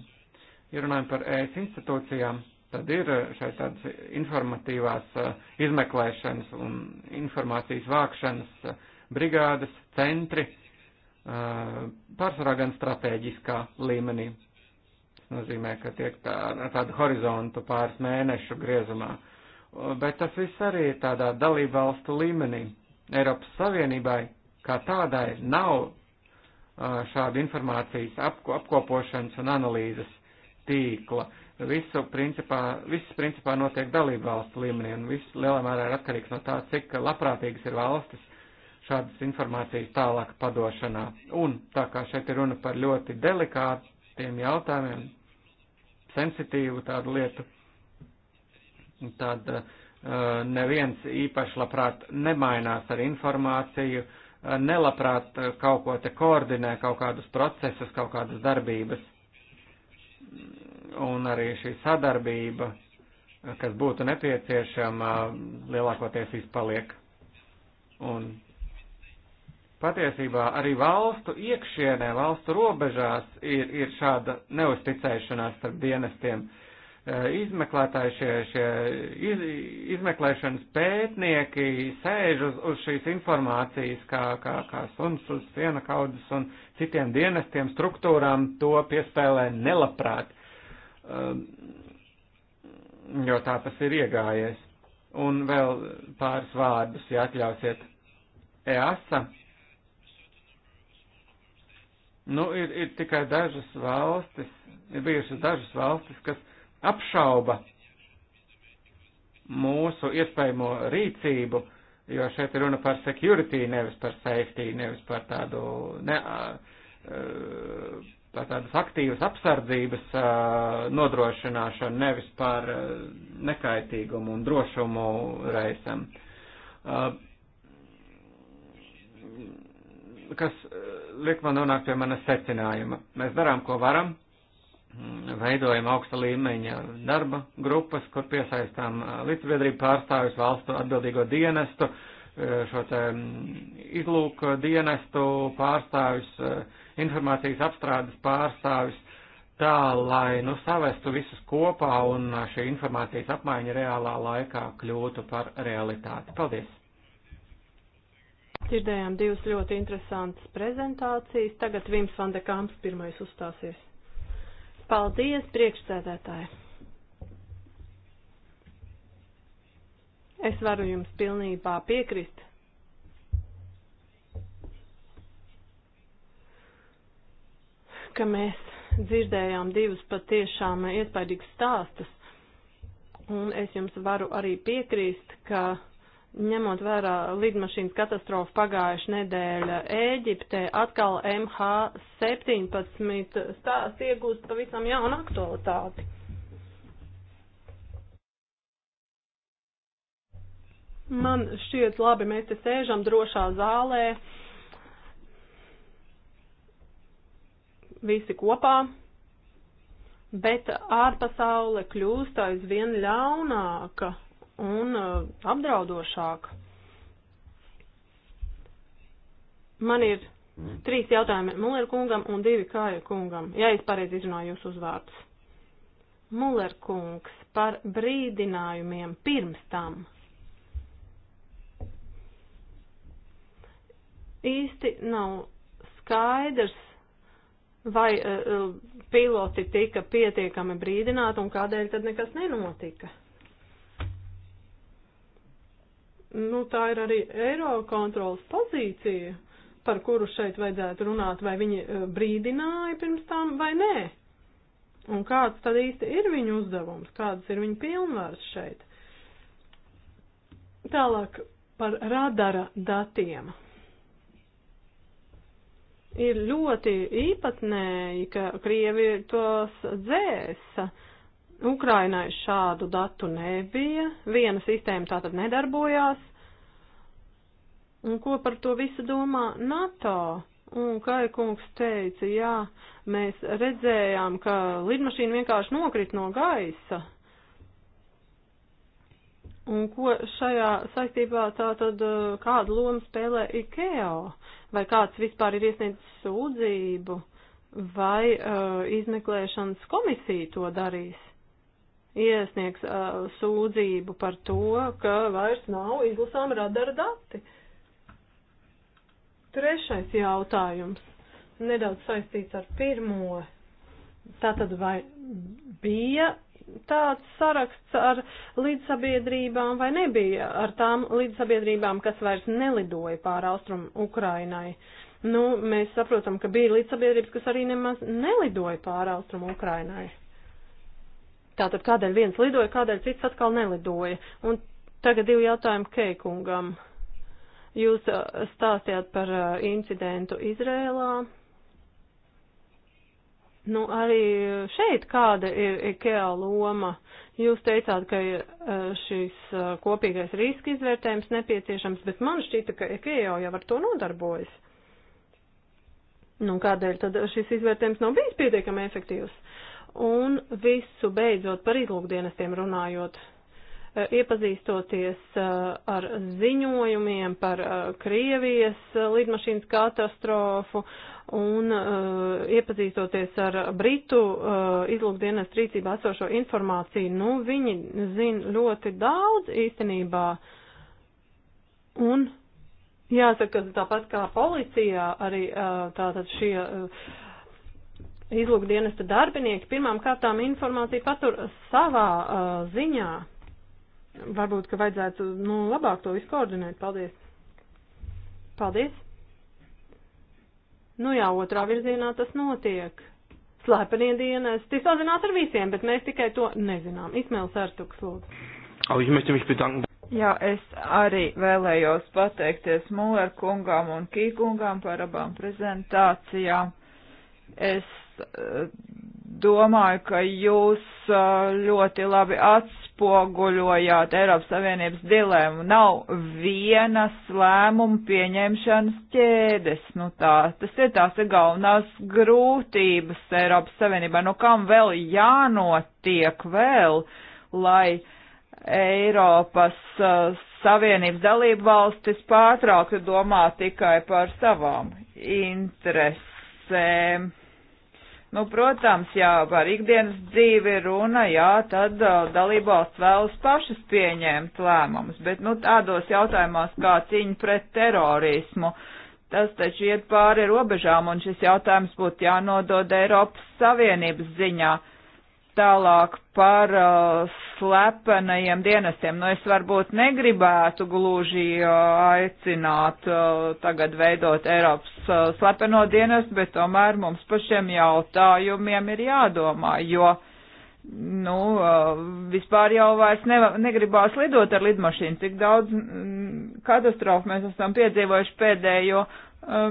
Ja runājam par ES institūcijām, tad ir uh, šeit tādas informatīvās izmeklēšanas un informācijas vākšanas brigādes, centri, Eh, pārsvarā gan strateģiskā līmenī. Tas nozīmē, ka tiek tā, tāda horizonta pāris mēnešu griezumā. Bet tas viss arī ir tādā dalībvalstu līmenī. Eiropas Savienībai kā tādai nav eh, šāda informācijas apko, apkopošanas un analīzes tīkla. Visu principā, viss principā notiek dalībvalstu līmenī un viss lielā mērā ir atkarīgs no tā, cik labprātīgas ir valstis šādas informācijas tālāk padošanā. Un tā kā šeit ir runa par ļoti delikātiem jautājumiem, sensitīvu tādu lietu, tad uh, neviens īpaši labprāt nemainās ar informāciju, uh, nelabprāt uh, kaut ko te koordinē, kaut kādus procesus, kaut kādas darbības. Un arī šī sadarbība, kas būtu nepieciešama, lielākoties izpaliek. Un patiesībā arī valstu iekšienē, valstu robežās ir, ir šāda neusticēšanās starp dienestiem. E, izmeklētāji šie, šie iz, izmeklēšanas pētnieki sēž uz, uz šīs informācijas kā, kā, kā suns uz siena kaudzes un citiem dienestiem struktūrām to piespēlē nelabprāt, e, jo tā tas ir iegājies. Un vēl pāris vārdus, ja atļausiet. EASA Nu, ir, ir tikai dažas valstis, ir bijušas dažas valstis, kas apšauba mūsu iespējamo rīcību, jo šeit ir runa par security, nevis par safety, nevis par tādu, ne, par tādas aktīvas apsardzības nodrošināšanu, nevis par nekaitīgumu un drošumu reisam kas eh, liek man nonākt pie manas secinājuma. Mēs darām, ko varam, mm, veidojam augsta līmeņa darba grupas, kur piesaistām eh, līdzsabiedrību pārstāvis valstu atbildīgo dienestu, eh, šo te mm, izlūku dienestu pārstāvis, informācijas apstrādes pārstāvis, tā, lai nu savestu visus kopā un šī informācijas apmaiņa reālā laikā kļūtu par realitāti. Paldies! Dzirdējām divas ļoti interesantas prezentācijas. Tagad Vims Vandekāms pirmais uzstāsies. Paldies, priekšsēdētāji! Es varu jums pilnībā piekrist. ka mēs dzirdējām divus patiešām iespaidīgus stāstus, un es jums varu arī piekrist, ka ņemot vērā lidmašīnas katastrofu pagājuši nedēļa Ēģiptē, atkal MH17 stāsts iegūst pavisam jaunu aktualitāti. Man šķiet labi, mēs te sēžam drošā zālē, visi kopā, bet ārpasaule kļūst aizvien ļaunāka un uh, apdraudošāk. Man ir trīs jautājumi Muller kungam un divi Kāja kungam, ja es pareizi izrunāju jūsu uzvārdus. Muller kungs par brīdinājumiem pirms tam. Īsti nav skaidrs, vai uh, uh piloti tika pietiekami brīdināti un kādēļ tad nekas nenotika. nu, tā ir arī Eirokontrolas pozīcija, par kuru šeit vajadzētu runāt, vai viņi eh, brīdināja pirms tam vai nē. Un kāds tad īsti ir viņu uzdevums, kādas ir viņa pilnvaras šeit. Tālāk par radara datiem. Ir ļoti īpatnēji, ka Krievi tos dzēsa. Ukrainai šādu datu nebija, viena sistēma tātad nedarbojās, Un ko par to visu domā NATO? Un Kaikungs teica, jā, mēs redzējām, ka lidmašīna vienkārši nokrit no gaisa. Un ko šajā saistībā tā tad eh, kādu lomu spēlē IKEA? Vai kāds vispār ir iesniedzis sūdzību? Vai uh, izmeklēšanas komisija to darīs? Iesniegs uh, sūdzību par to, ka vairs nav izlasām radara dati. Uh, Trešais jautājums nedaudz saistīts ar pirmo. Tātad vai bija tāds saraksts ar līdzsabiedrībām vai nebija ar tām līdzsabiedrībām, kas vairs nelidoja pāri austrumu Ukrainai? Nu, mēs saprotam, ka bija līdzsabiedrības, kas arī nemaz nelidoja pāri austrumu Ukrainai. Tātad kādēļ viens lidoja, kādēļ cits atkal nelidoja? Un tagad divi jautājumi Keikungam. Uh, Jūs uh, stāstījāt par uh, incidentu Izrēlā. Nu, arī šeit kāda ir IKEA loma? Jūs teicāt, ka ir uh, šis kopīgais riska izvērtējums nepieciešams, bet man šķita, ka IKEA jau ar to nodarbojas. Nu, kādēļ tad šis izvērtējums nav bijis pietiekami efektīvs? Un visu beidzot par izlūkdienestiem runājot, Eh, iepazīstoties eh, ar ziņojumiem par eh, Krievijas lidmašīnas katastrofu un iepazīstoties ar Britu izlūkdienas rīcībā esošo informāciju, nu, viņi zina ļoti daudz īstenībā. Un jāsaka, tāpat kā policijā, arī tātad šie izlūkdienesta darbinieki pirmām kārtām informāciju patur savā uh, ziņā. Varbūt, ka vajadzētu nu, labāk to visu koordinēt. Paldies! Paldies! Nu jā, otrā virzienā tas notiek. Slēpenie dienesti sazinās ar visiem, bet mēs tikai to nezinām. Ismēls Ertuks, lūdzu. Au, ich möchte mich bedanken. Jā, es arī vēlējos pateikties Muller kungām un Kīkungām par abām prezentācijām. Es eh, domāju, ka jūs ļoti labi atspoguļojāt Eiropas Savienības dilēmu. Nav vienas lēmumu pieņemšanas ķēdes. Nu tā, tas ir tās ir galvenās grūtības Eiropas Savienībā. Nu kam vēl jānotiek vēl, lai Eiropas Savienības dalību valstis pārtrauktu domāt tikai par savām interesēm? Nu, protams, jā, par ikdienas dzīvi runa, jā, tad uh, dalībvalsts vēlas pašas pieņemt lēmumus, bet, nu, tādos jautājumos kā cīņa pret terorismu, tas taču iet pāri robežām, un šis jautājums būtu jānodod Eiropas Savienības ziņā. Uh, Tālāk par uh, slepenajiem dienestiem. Nu, es varbūt negribētu gluži uh, aicināt uh, tagad veidot Eiropas uh, slepeno dienestu, bet tomēr mums par šiem jautājumiem ir jādomā, jo, nu, uh, vispār jau vairs ne, negribās lidot ar lidmašīnu, cik daudz mm, katastrofu mēs esam piedzīvojuši pēdējo uh,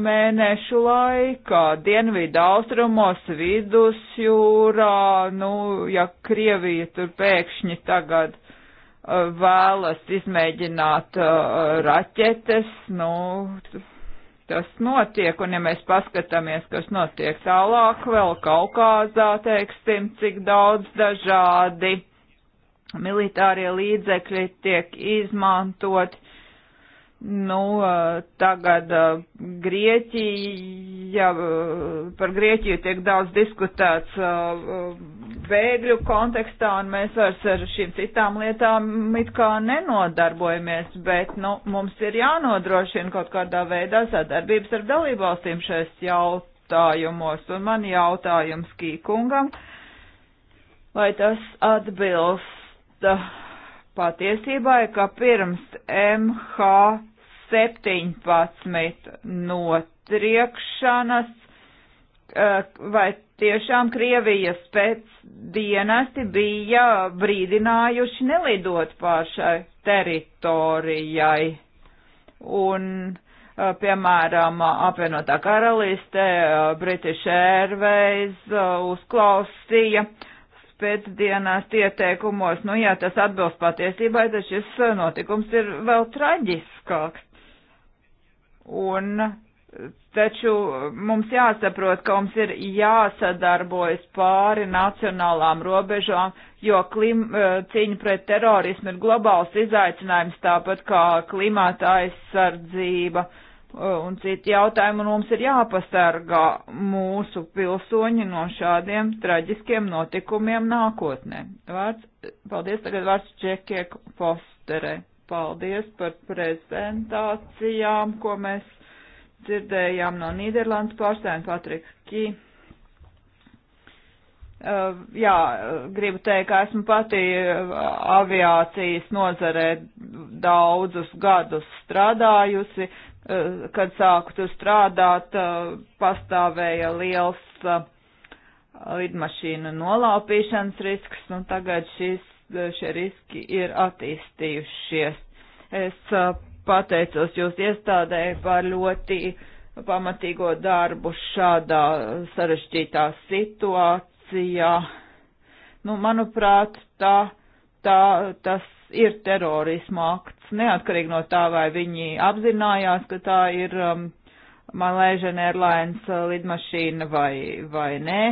mēnešu laikā, dienvidu austrumos, vidusjūrā, nu, ja Krievija tur pēkšņi tagad uh, vēlas izmēģināt uh, raķetes, nu, tas notiek, un ja mēs paskatāmies, kas notiek tālāk vēl Kaukāzā, teiksim, cik daudz dažādi militārie līdzekļi tiek izmantoti, Nu, tagad Grieķija, par Grieķiju tiek daudz diskutēts bēgļu kontekstā, un mēs vairs ar šīm citām lietām it kā nenodarbojamies, bet, nu, mums ir jānodrošina kaut kādā veidā sadarbības ar dalībvalstīm šais jautājumos, un man jautājums Kīkungam, vai tas atbilst patiesībai, ka pirms MH 17 notriekšanas, eh, vai tiešām Krievijas pēc dienesti bija brīdinājuši nelidot pār šai teritorijai. Un, eh, piemēram, apvienotā karaliste, eh, British Airways uzklausīja pēcdienās ieteikumos, nu jā, tas atbilst patiesībai, tad šis notikums ir vēl traģiskāks. Un taču mums jāsaprot, ka mums ir jāsadarbojas pāri nacionālām robežām, jo klim, e, cīņa pret terorismu ir globāls izaicinājums, tāpat kā klimata aizsardzība e, un citi jautājumi, un mums ir jāpasargā mūsu pilsoņi no šādiem traģiskiem notikumiem nākotnē. Vārds, paldies, tagad vārds Džekiek Fosterei paldies par prezentācijām, ko mēs dzirdējām no Nīderlandes pārstāvjiem Patriks Kī. Uh, jā, gribu teikt, ka esmu pati uh, aviācijas nozarē daudzus gadus strādājusi. Uh, kad sāku tur strādāt, uh, pastāvēja liels uh, lidmašīnu nolaupīšanas risks, un nu, tagad šis Eh, šie riski ir attīstījušies. Es eh, pateicos jūs iestādēji par ļoti pamatīgo darbu šādā sarežģītā situācijā. Nu, manuprāt, tā, tā, tas ir terorisma akts, neatkarīgi no tā, vai viņi apzinājās, ka tā ir um, Malaysian Airlines uh, lidmašīna vai, vai nē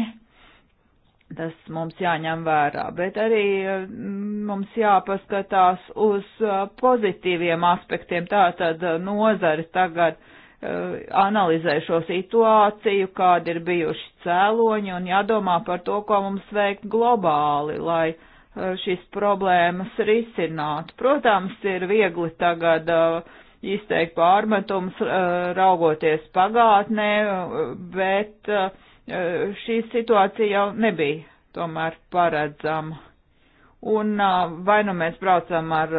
Tas mums jāņem vērā, bet arī mm, mums jāpaskatās uz uh, pozitīviem aspektiem. Tātad uh, nozari tagad uh, analizē šo situāciju, kādi ir bijuši cēloņi un jādomā par to, ko mums veikt globāli, lai šīs problēmas risinātu. Protams, ir viegli tagad izteikt pārmetums raugoties pagātnē, bet šī situācija jau nebija tomēr paredzama. Un vai nu mēs braucam ar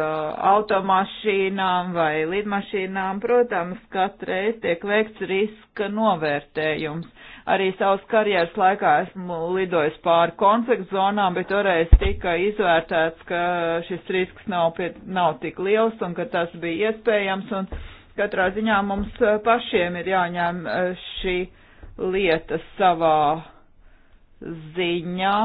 automašīnām vai lidmašīnām, protams, katreiz tiek veikts riska novērtējums. Arī savas karjeras laikā esmu lidojis pāri konflikta zonām, bet toreiz tika izvērtēts, ka šis risks nav, pie, nav tik liels un ka tas bija iespējams. Un katrā ziņā mums pašiem ir jāņem šī. Uh, lietas savā ziņā,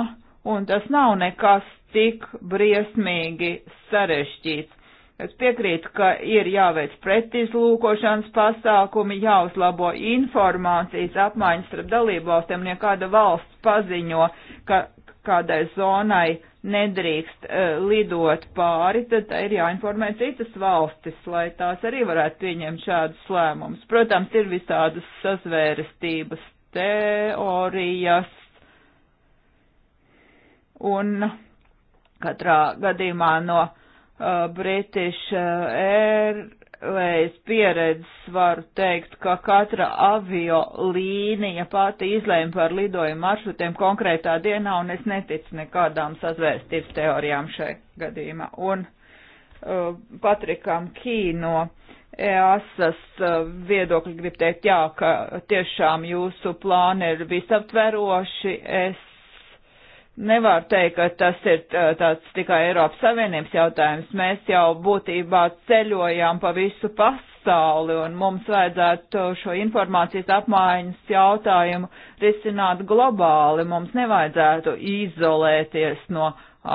un tas nav nekas tik briesmīgi sarežģīts. Es piekrītu, ka ir jāveic pretizlūkošanas pasākumi, jāuzlabo informācijas apmaiņas starp dalībvalstiem, ja kāda valsts paziņo, ka kādai zonai nedrīkst uh, lidot pāri, tad ir jāinformē citas valstis, lai tās arī varētu pieņemt šādus lēmumus. Protams, ir visādas sazvērestības teorijas, un katrā gadījumā no uh, British Air Vējas pieredzes varu teikt, ka katra avio līnija pati izlēma par lidojumu maršrutiem konkrētā dienā, un es neticu nekādām sazvērstības teorijām šai gadījumā. Un uh, Patrikam Kīno EASAS uh, viedokļi grib teikt, jā, ka tiešām jūsu plāni ir visaptveroši. Es nevar teikt, ka tas ir tāds tikai Eiropas Savienības jautājums. Mēs jau būtībā ceļojām pa visu pasauli un mums vajadzētu šo informācijas apmaiņas jautājumu risināt globāli. Mums nevajadzētu izolēties no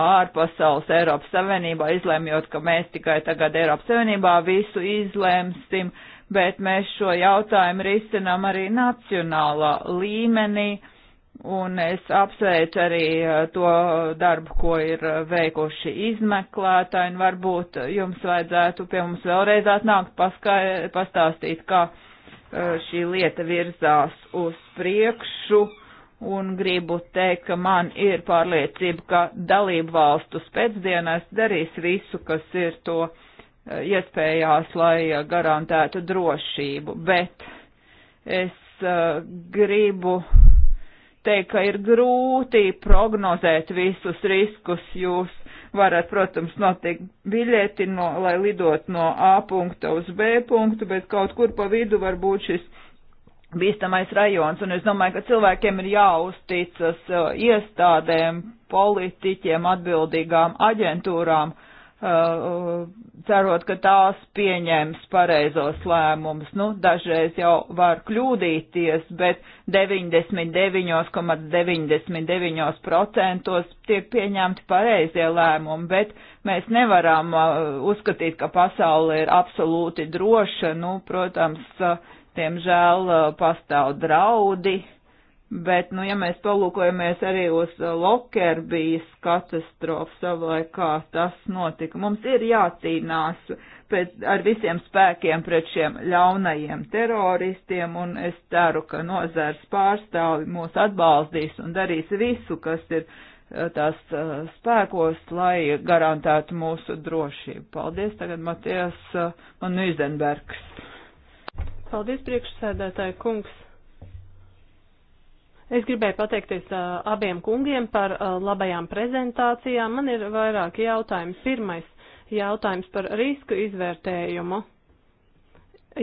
ārpasaules Eiropas Savienībā, izlēmjot, ka mēs tikai tagad Eiropas Savienībā visu izlēmsim, bet mēs šo jautājumu risinām arī nacionālā līmenī Un es apsveicu arī eh, to darbu, ko ir eh, veikuši izmeklētāji, un varbūt jums vajadzētu pie mums vēlreiz atnākt paskai, pastāstīt, kā eh, šī lieta virzās uz priekšu un gribu teikt, ka man ir pārliecība, ka dalību valstu spēcdienās darīs visu, kas ir to iespējās, lai garantētu drošību, bet es gribu teikt, ka ir grūti prognozēt visus riskus. Jūs varat, protams, noteikt biļeti, no, lai lidot no A punkta uz B punktu, bet kaut kur pa vidu var būt šis bīstamais rajons. Un es domāju, ka cilvēkiem ir jāuzticas uh, iestādēm, politiķiem, atbildīgām aģentūrām Uh, cerot, ka tās pieņems pareizos lēmumus. Nu, dažreiz jau var kļūdīties, bet 99,99% ,99 tiek pieņemti pareizie lēmumi, bet mēs nevaram uh, uzskatīt, ka pasaule ir absolūti droša. Nu, protams, diemžēl uh, pastāv draudi Bet, nu, ja mēs palūkojamies arī uz Lokerbijas katastrofu savulaik, kā tas notika, mums ir jācīnās pēc, ar visiem spēkiem pret šiem ļaunajiem teroristiem, un es ceru, ka nozars pārstāvi mūs atbalstīs un darīs visu, kas ir eh, tās eh, spēkos, lai garantētu mūsu drošību. Paldies, tagad Matijas Manuizenbergs. Eh, Paldies, priekšsēdētāji kungs. Es gribēju pateikties uh, abiem kungiem par uh, labajām prezentācijām. Man ir vairāki jautājumi. Pirmais jautājums par risku izvērtējumu.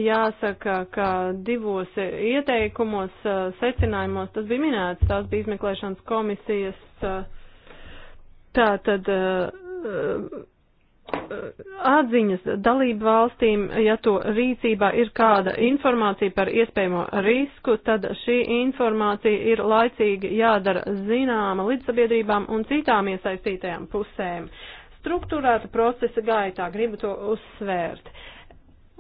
Jāsaka, ka divos ieteikumos, uh, secinājumos tas bija minēts, tās bija izmeklēšanas komisijas. Uh, tā tad. Uh, atziņas dalību valstīm, ja to rīcībā ir kāda informācija par iespējamo risku, tad šī informācija ir laicīgi jādara zināma līdz sabiedrībām un citām iesaistītajām pusēm. Struktūrēta procesa gaitā gribu to uzsvērt. Uh,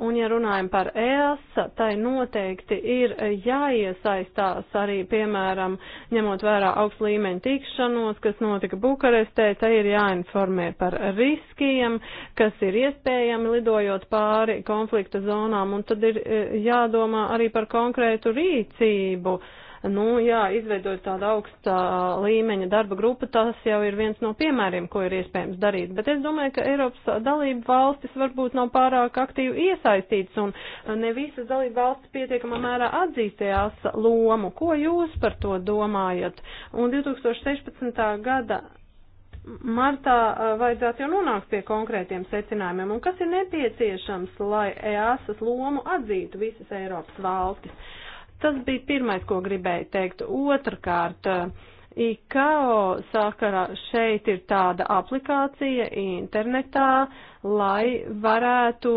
Un, ja runājam par EASA, tai noteikti ir jāiesaistās arī, piemēram, ņemot vērā augstu līmeņu tikšanos, kas notika Bukarestē, tai ir jāinformē par riskiem, kas ir iespējami lidojot pāri konflikta zonām, un tad ir e, jādomā arī par konkrētu rīcību. Uh, Nu, jā, izveidot tādu augstā līmeņa darba grupu, tas jau ir viens no piemēriem, ko ir iespējams darīt. Bet es domāju, ka Eiropas dalība valstis varbūt nav pārāk aktīvi iesaistīts un ne visas dalība valstis pietiekamā mērā atzīstējās lomu. Ko jūs par to domājat? Un 2016. gada martā vajadzētu jau nonākt pie konkrētiem secinājumiem, un kas ir nepieciešams, lai EASAS lomu atzītu visas Eiropas valstis. Tas bija pirmais, ko gribēju teikt. Otrakārt, IKO sakara šeit ir tāda aplikācija internetā, lai varētu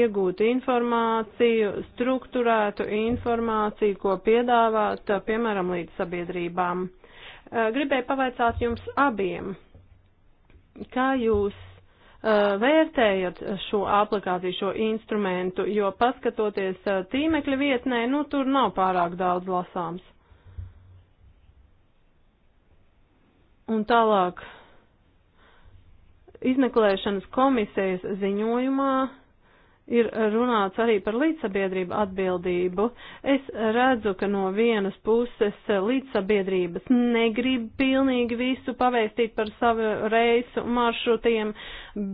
iegūt informāciju, struktūrētu informāciju, ko piedāvāt, piemēram, līdz sabiedrībām. Gribēju pavaicāt jums abiem, kā jūs Uh, vērtējat šo aplikāciju, šo instrumentu, jo paskatoties uh, tīmekļa vietnē, nu tur nav pārāk daudz lasāms. Un tālāk, izmeklēšanas komisijas ziņojumā ir runāts arī par līdzsabiedrību atbildību. Es redzu, ka no vienas puses līdzsabiedrības negrib pilnīgi visu pavēstīt par savu reisu maršrutiem,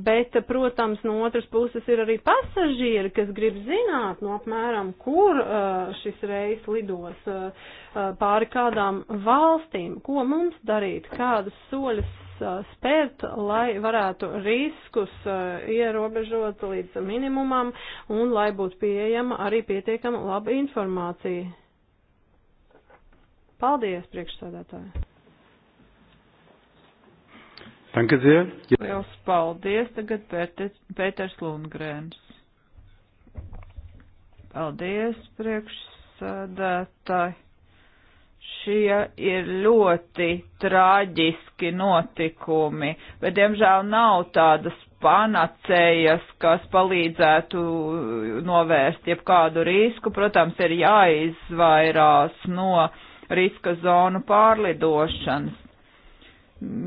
bet, protams, no otras puses ir arī pasažieri, kas grib zināt, no apmēram, kur uh, šis reis lidos uh, uh, pāri kādām valstīm, ko mums darīt, kādus soļus Uh, spērt, lai varētu riskus uh, ierobežot līdz minimumam un lai būtu pieejama arī pietiekama laba informācija. Paldies, priekšsādātāji! Danke sehr. Ja. Liels paldies. Tagad Pēters, Pēters Lundgrēns. Paldies, priekšsādātāji. Šie ir ļoti traģiski notikumi, bet diemžēl nav tādas panacējas, kas palīdzētu novērst jebkādu risku. Protams, ir jāizvairās no riska zonu pārlidošanas.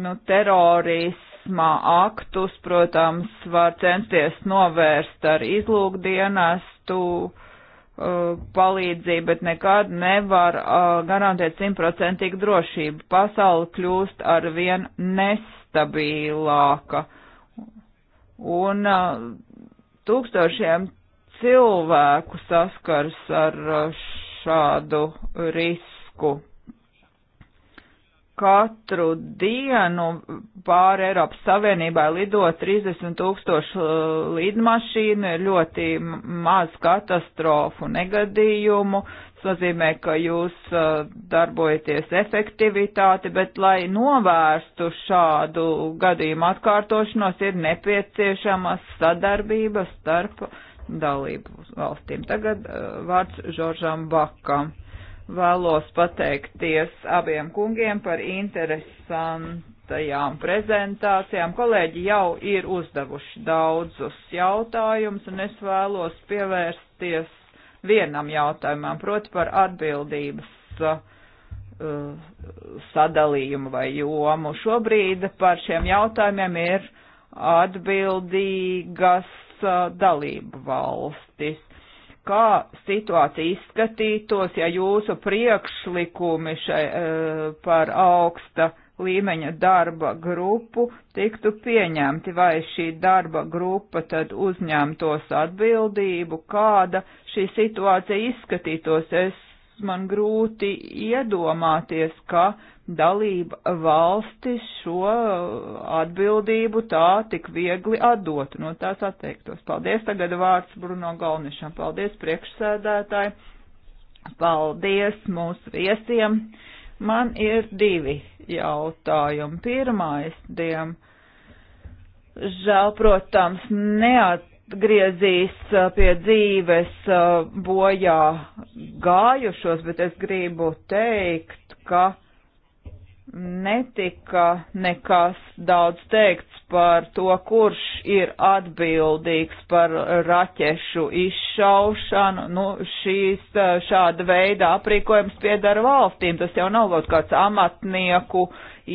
Nu, terorisma aktus, protams, var censties novērst ar izlūkdienestu Uh, palīdzību, bet nekad nevar uh, garantēt simtprocentīgu drošību. Pasauli kļūst ar vien nestabilāka. Un uh, tūkstošiem cilvēku saskars ar šādu risku katru dienu pāri Eiropas Savienībai lido 30 tūkstošu uh, lidmašīnu, ir ļoti maz katastrofu negadījumu. Tas nozīmē, ka jūs uh, darbojaties efektivitāti, bet lai novērstu šādu gadījumu atkārtošanos, ir nepieciešama sadarbība starp dalību valstīm. Tagad uh, vārds Žoržam Bakam. Vēlos pateikties abiem kungiem par interesantajām prezentācijām. Kolēģi jau ir uzdevuši daudzus jautājumus, un es vēlos pievērsties vienam jautājumam, proti par atbildības uh, sadalījumu vai jomu. Šobrīd par šiem jautājumiem ir atbildīgas uh, dalību valstis kā situācija izskatītos, ja jūsu priekšlikumi šai, e, par augsta līmeņa darba grupu tiktu pieņemti, vai šī darba grupa tad uzņemtos atbildību, kāda šī situācija izskatītos. Es man grūti iedomāties, ka uh, dalība valstis šo atbildību tā tik viegli atdotu, no tās atteiktos. Paldies, tagad vārds Bruno Galnišam, paldies priekšsēdētāji, paldies mūsu viesiem. Man ir divi jautājumi. Pirmais, diem, žēl, protams, neat atgriezīs uh, pie dzīves uh, bojā gājušos, bet es gribu teikt, ka netika nekas daudz teikts par to, kurš ir atbildīgs par raķešu izšaušanu. Nu, šīs šāda veida aprīkojums piedara valstīm, tas jau nav kaut kāds amatnieku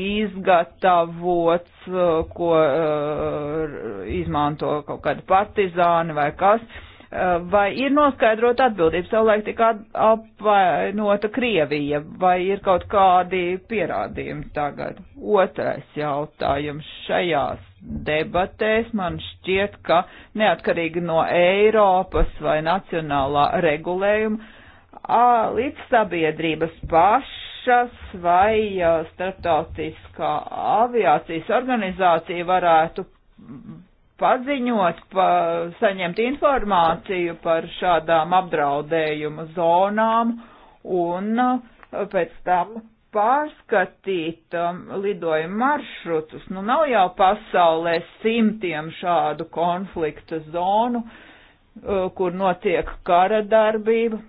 izgatavots, ko uh, izmanto kaut kādi partizāni vai kas. Uh, Eh, vai ir noskaidrota atbildība? Savulaik tika apvainota Krievija, vai ir kaut kādi pierādījumi tagad? Otrais jautājums šajās debatēs man šķiet, ka neatkarīgi no Eiropas vai nacionālā regulējuma, līdz sabiedrības pašas vai starptautiskā aviācijas organizācija varētu paziņot, pa, saņemt informāciju par šādām apdraudējumu zonām un uh, pēc tam pārskatīt um, lidojumu maršrutus. Nu, nav jau pasaulē simtiem šādu konflikta zonu, uh, kur notiek kara darbība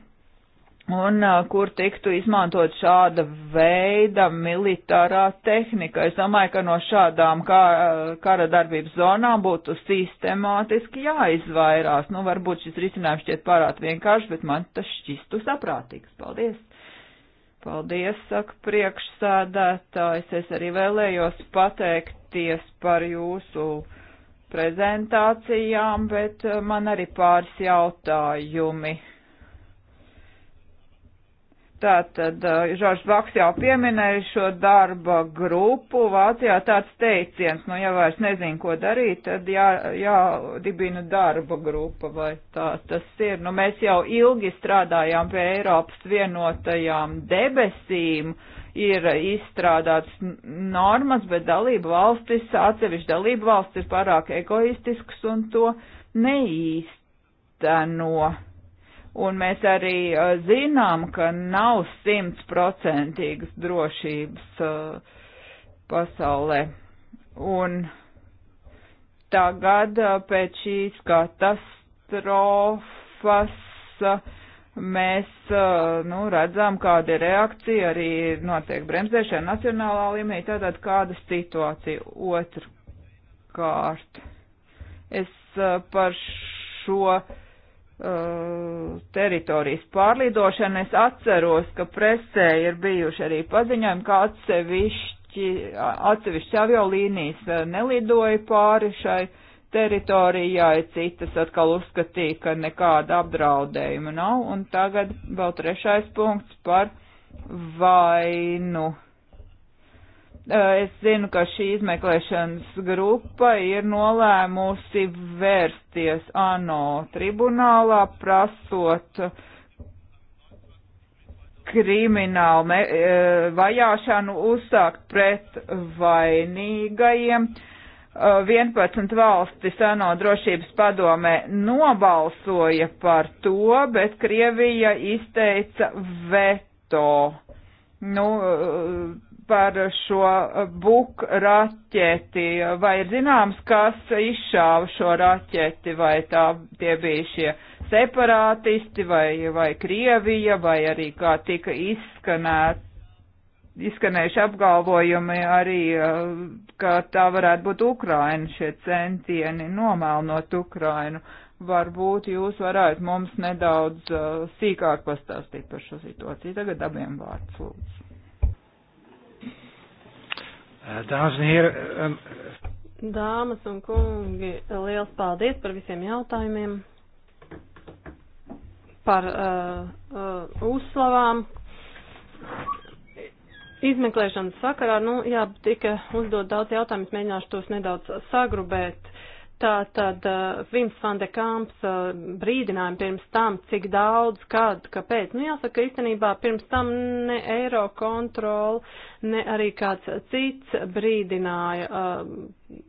un uh, kur tiktu izmantot šāda veida militārā tehnika. Es domāju, ka no šādām kā, kara darbības zonām būtu sistemātiski jāizvairās. Nu, varbūt šis risinājums šķiet pārāk vienkāršs, bet man tas šķistu saprātīgs. Paldies! Paldies, saka priekšsādātājs. Es arī vēlējos pateikties par jūsu prezentācijām, bet man arī pāris jautājumi Tātad uh, Žoržs Baks jau pieminēja šo darba grupu. Vācijā tāds teiciens, nu ja vairs nezinu, ko darīt, tad jā, jādibina darba grupa vai tā tas ir. Nu mēs jau ilgi strādājām pie Eiropas vienotajām debesīm, ir izstrādāts normas, bet dalība valstis, atsevišķi dalība valstis ir pārāk egoistisks un to neīsteno. No Un mēs arī zinām, ka nav simtprocentīgas drošības pasaulē. Un tagad pēc šīs katastrofas mēs nu, redzam, kāda ir reakcija, arī notiek bremzēšana nacionālā līmenī, tātad kāda situācija otrkārt. Es par šo Uh, teritorijas pārlidošana. Es atceros, ka presē ir bijuši arī paziņojumi, ka atsevišķi, atsevišķi aviolīnijas uh, nelidoja pāri šai teritorijai, citas atkal uzskatīja, ka nekāda apdraudējuma nav. Un tagad vēl trešais punkts par vainu. Eh, es zinu, ka šī izmeklēšanas grupa ir nolēmusi vērsties ANO tribunālā, prasot kriminālu eh, vajāšanu uzsākt pret vainīgajiem. 11 eh, valstis ANO drošības padomē nobalsoja par to, bet Krievija izteica veto. Nu, par šo buk raķeti. Vai ir zināms, kas izšāva šo raķeti, vai tā tie bija šie separātisti, vai, vai Krievija, vai arī kā tika izskanēt, izskanējuši apgalvojumi arī, ka tā varētu būt Ukraina, šie centieni nomēlnot Ukrainu. Varbūt jūs varētu mums nedaudz uh, sīkāk pastāstīt par šo situāciju. Tagad abiem vārds lūdzu. Dāmas un hēra. Dāmas un kungi, liels paldies par visiem jautājumiem, par uh, uh, uzslavām. Izmeklēšanas sakarā, nu, jā, tika uzdot daudz jautājumus, mēģināšu tos nedaudz sagrubēt. Uh, Tā tad uh, Vims van de Kamps uh, brīdināja pirms tam, cik daudz, kad, kāpēc. Nu, jāsaka, īstenībā pirms tam ne eiro kontrola, ne arī kāds cits brīdināja. Uh,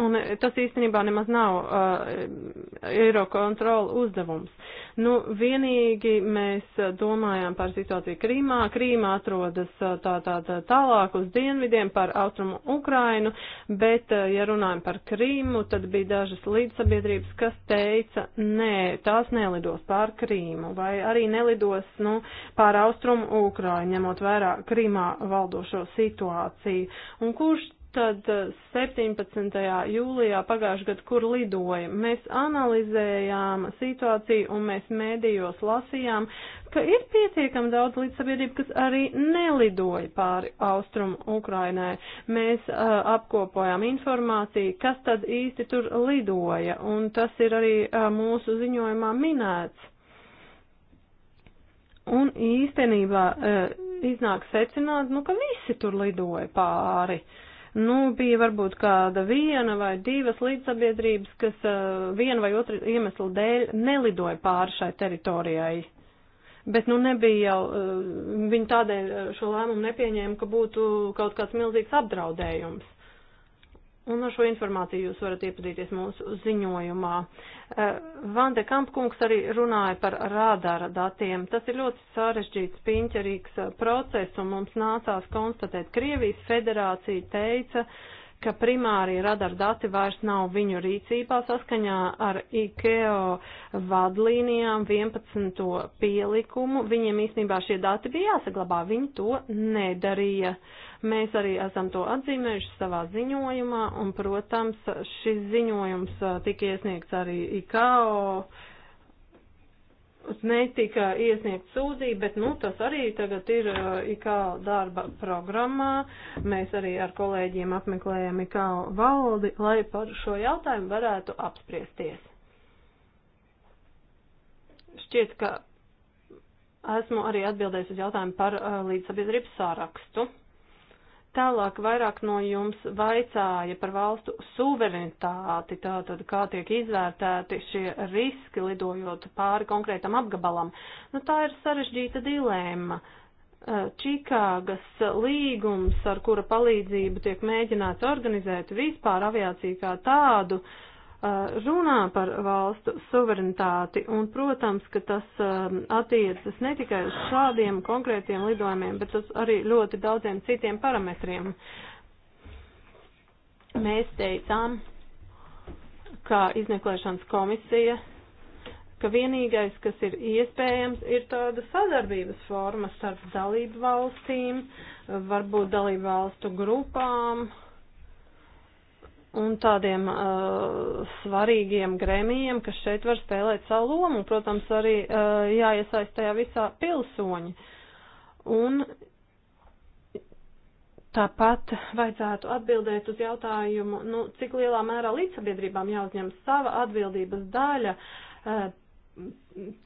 Un tas īstenībā nemaz nav uh, Eirokontrola uzdevums. Nu, vienīgi mēs uh, domājām par situāciju Krīmā. Krīma atrodas uh, tā, tā, tā, tālāk uz dienvidiem par austrumu Ukrainu, bet, uh, ja runājam par Krīmu, tad bija dažas līdzsabiedrības, kas teica, nē, tās nelidos pār Krīmu vai arī nelidos nu, pār austrumu Ukrainu, ņemot vērā Krīmā valdošo situāciju. Un kurš tad 17. Eh, jūlijā pagājušajā gadā, kur lidoja, mēs analizējām situāciju un mēs mēdījos lasījām, ka ir pietiekami daudz līdzsabiedrību, kas arī nelidoja pāri austrumu Ukrainai. Mēs uh, apkopojām informāciju, kas tad īsti tur lidoja, un tas ir arī uh, mūsu ziņojumā minēts. Un īstenībā uh, iznāk secināt, nu, ka visi tur lidoja pāri. Uh, Nu, bija varbūt kāda viena vai divas līdzsabiedrības, kas uh, viena vai otra iemesla dēļ nelidoja pāri šai teritorijai. Bet, nu, nebija jau, uh, viņi tādēļ eh, šo lēmumu nepieņēma, ka būtu kaut kāds milzīgs apdraudējums. Un ar šo informāciju jūs varat iepazīties mūsu ziņojumā. Eh, Vande Kampkungs arī runāja par rādāra datiem. Tas ir ļoti sarežģīts, piņķerīgs eh, process, un mums nācās konstatēt, Krievijas federācija teica, uh, ka primārie radar dati vairs nav viņu rīcībā saskaņā ar IKEO vadlīnijām 11. pielikumu. Viņiem īstenībā šie dati bija jāsaglabā, viņi to nedarīja. Mēs arī esam to atzīmējuši savā ziņojumā, un, protams, šis ziņojums tika iesniegts arī IKO netika iesniegt sūdzību, bet nu, tas arī tagad ir IKO darba programmā. Mēs arī ar kolēģiem apmeklējam IKO valdi, lai par šo jautājumu varētu apspriesties. Šķiet, ka esmu arī atbildējis uz jautājumu par līdzsabiedrības sārakstu. Tālāk vairāk no jums vaicāja par valstu suverenitāti, tātad kā tiek izvērtēti šie riski lidojot pāri konkrētam apgabalam. Nu, tā ir sarežģīta dilēma. Eh, Čikāgas līgums, ar kura palīdzību tiek mēģināts organizēt vispār aviāciju kā tādu, uh, Uh, runā par valstu suverenitāti, un, protams, ka tas um, attiecas ne tikai uz šādiem konkrētiem lidojumiem, bet uz arī ļoti daudziem citiem parametriem. Mēs teicām, ka izmeklēšanas komisija, ka vienīgais, kas ir iespējams, ir tāda sadarbības forma starp dalību valstīm, varbūt dalību valstu grupām, uh, un tādiem uh, svarīgiem grēmijiem, kas šeit var spēlēt savu lomu, un, protams, arī uh, jāiesaist tajā visā pilsoņi. Un tāpat vajadzētu atbildēt uz jautājumu, nu, cik lielā mērā līdzsabiedrībām jāuzņem sava atbildības daļa, uh,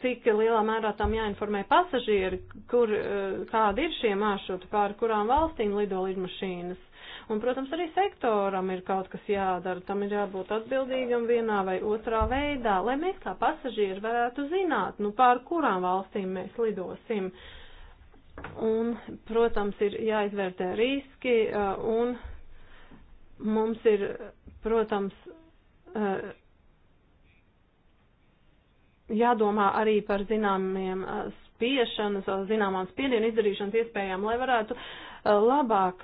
cik lielā mērā tam jāinformē pasažieri, kur, uh, kādi ir šie maršruti, pāri kurām valstīm lido lidmašīnas Un, protams, arī sektoram ir kaut kas jādara, tam ir jābūt atbildīgam vienā vai otrā veidā, lai mēs kā pasažieri varētu zināt, nu, pār kurām valstīm mēs lidosim. Un, protams, ir jāizvērtē riski uh, un mums ir, protams, uh, jādomā arī par zināmiem uh, spiešanas, zināmām spiedienu izdarīšanas iespējām, lai varētu uh, labāk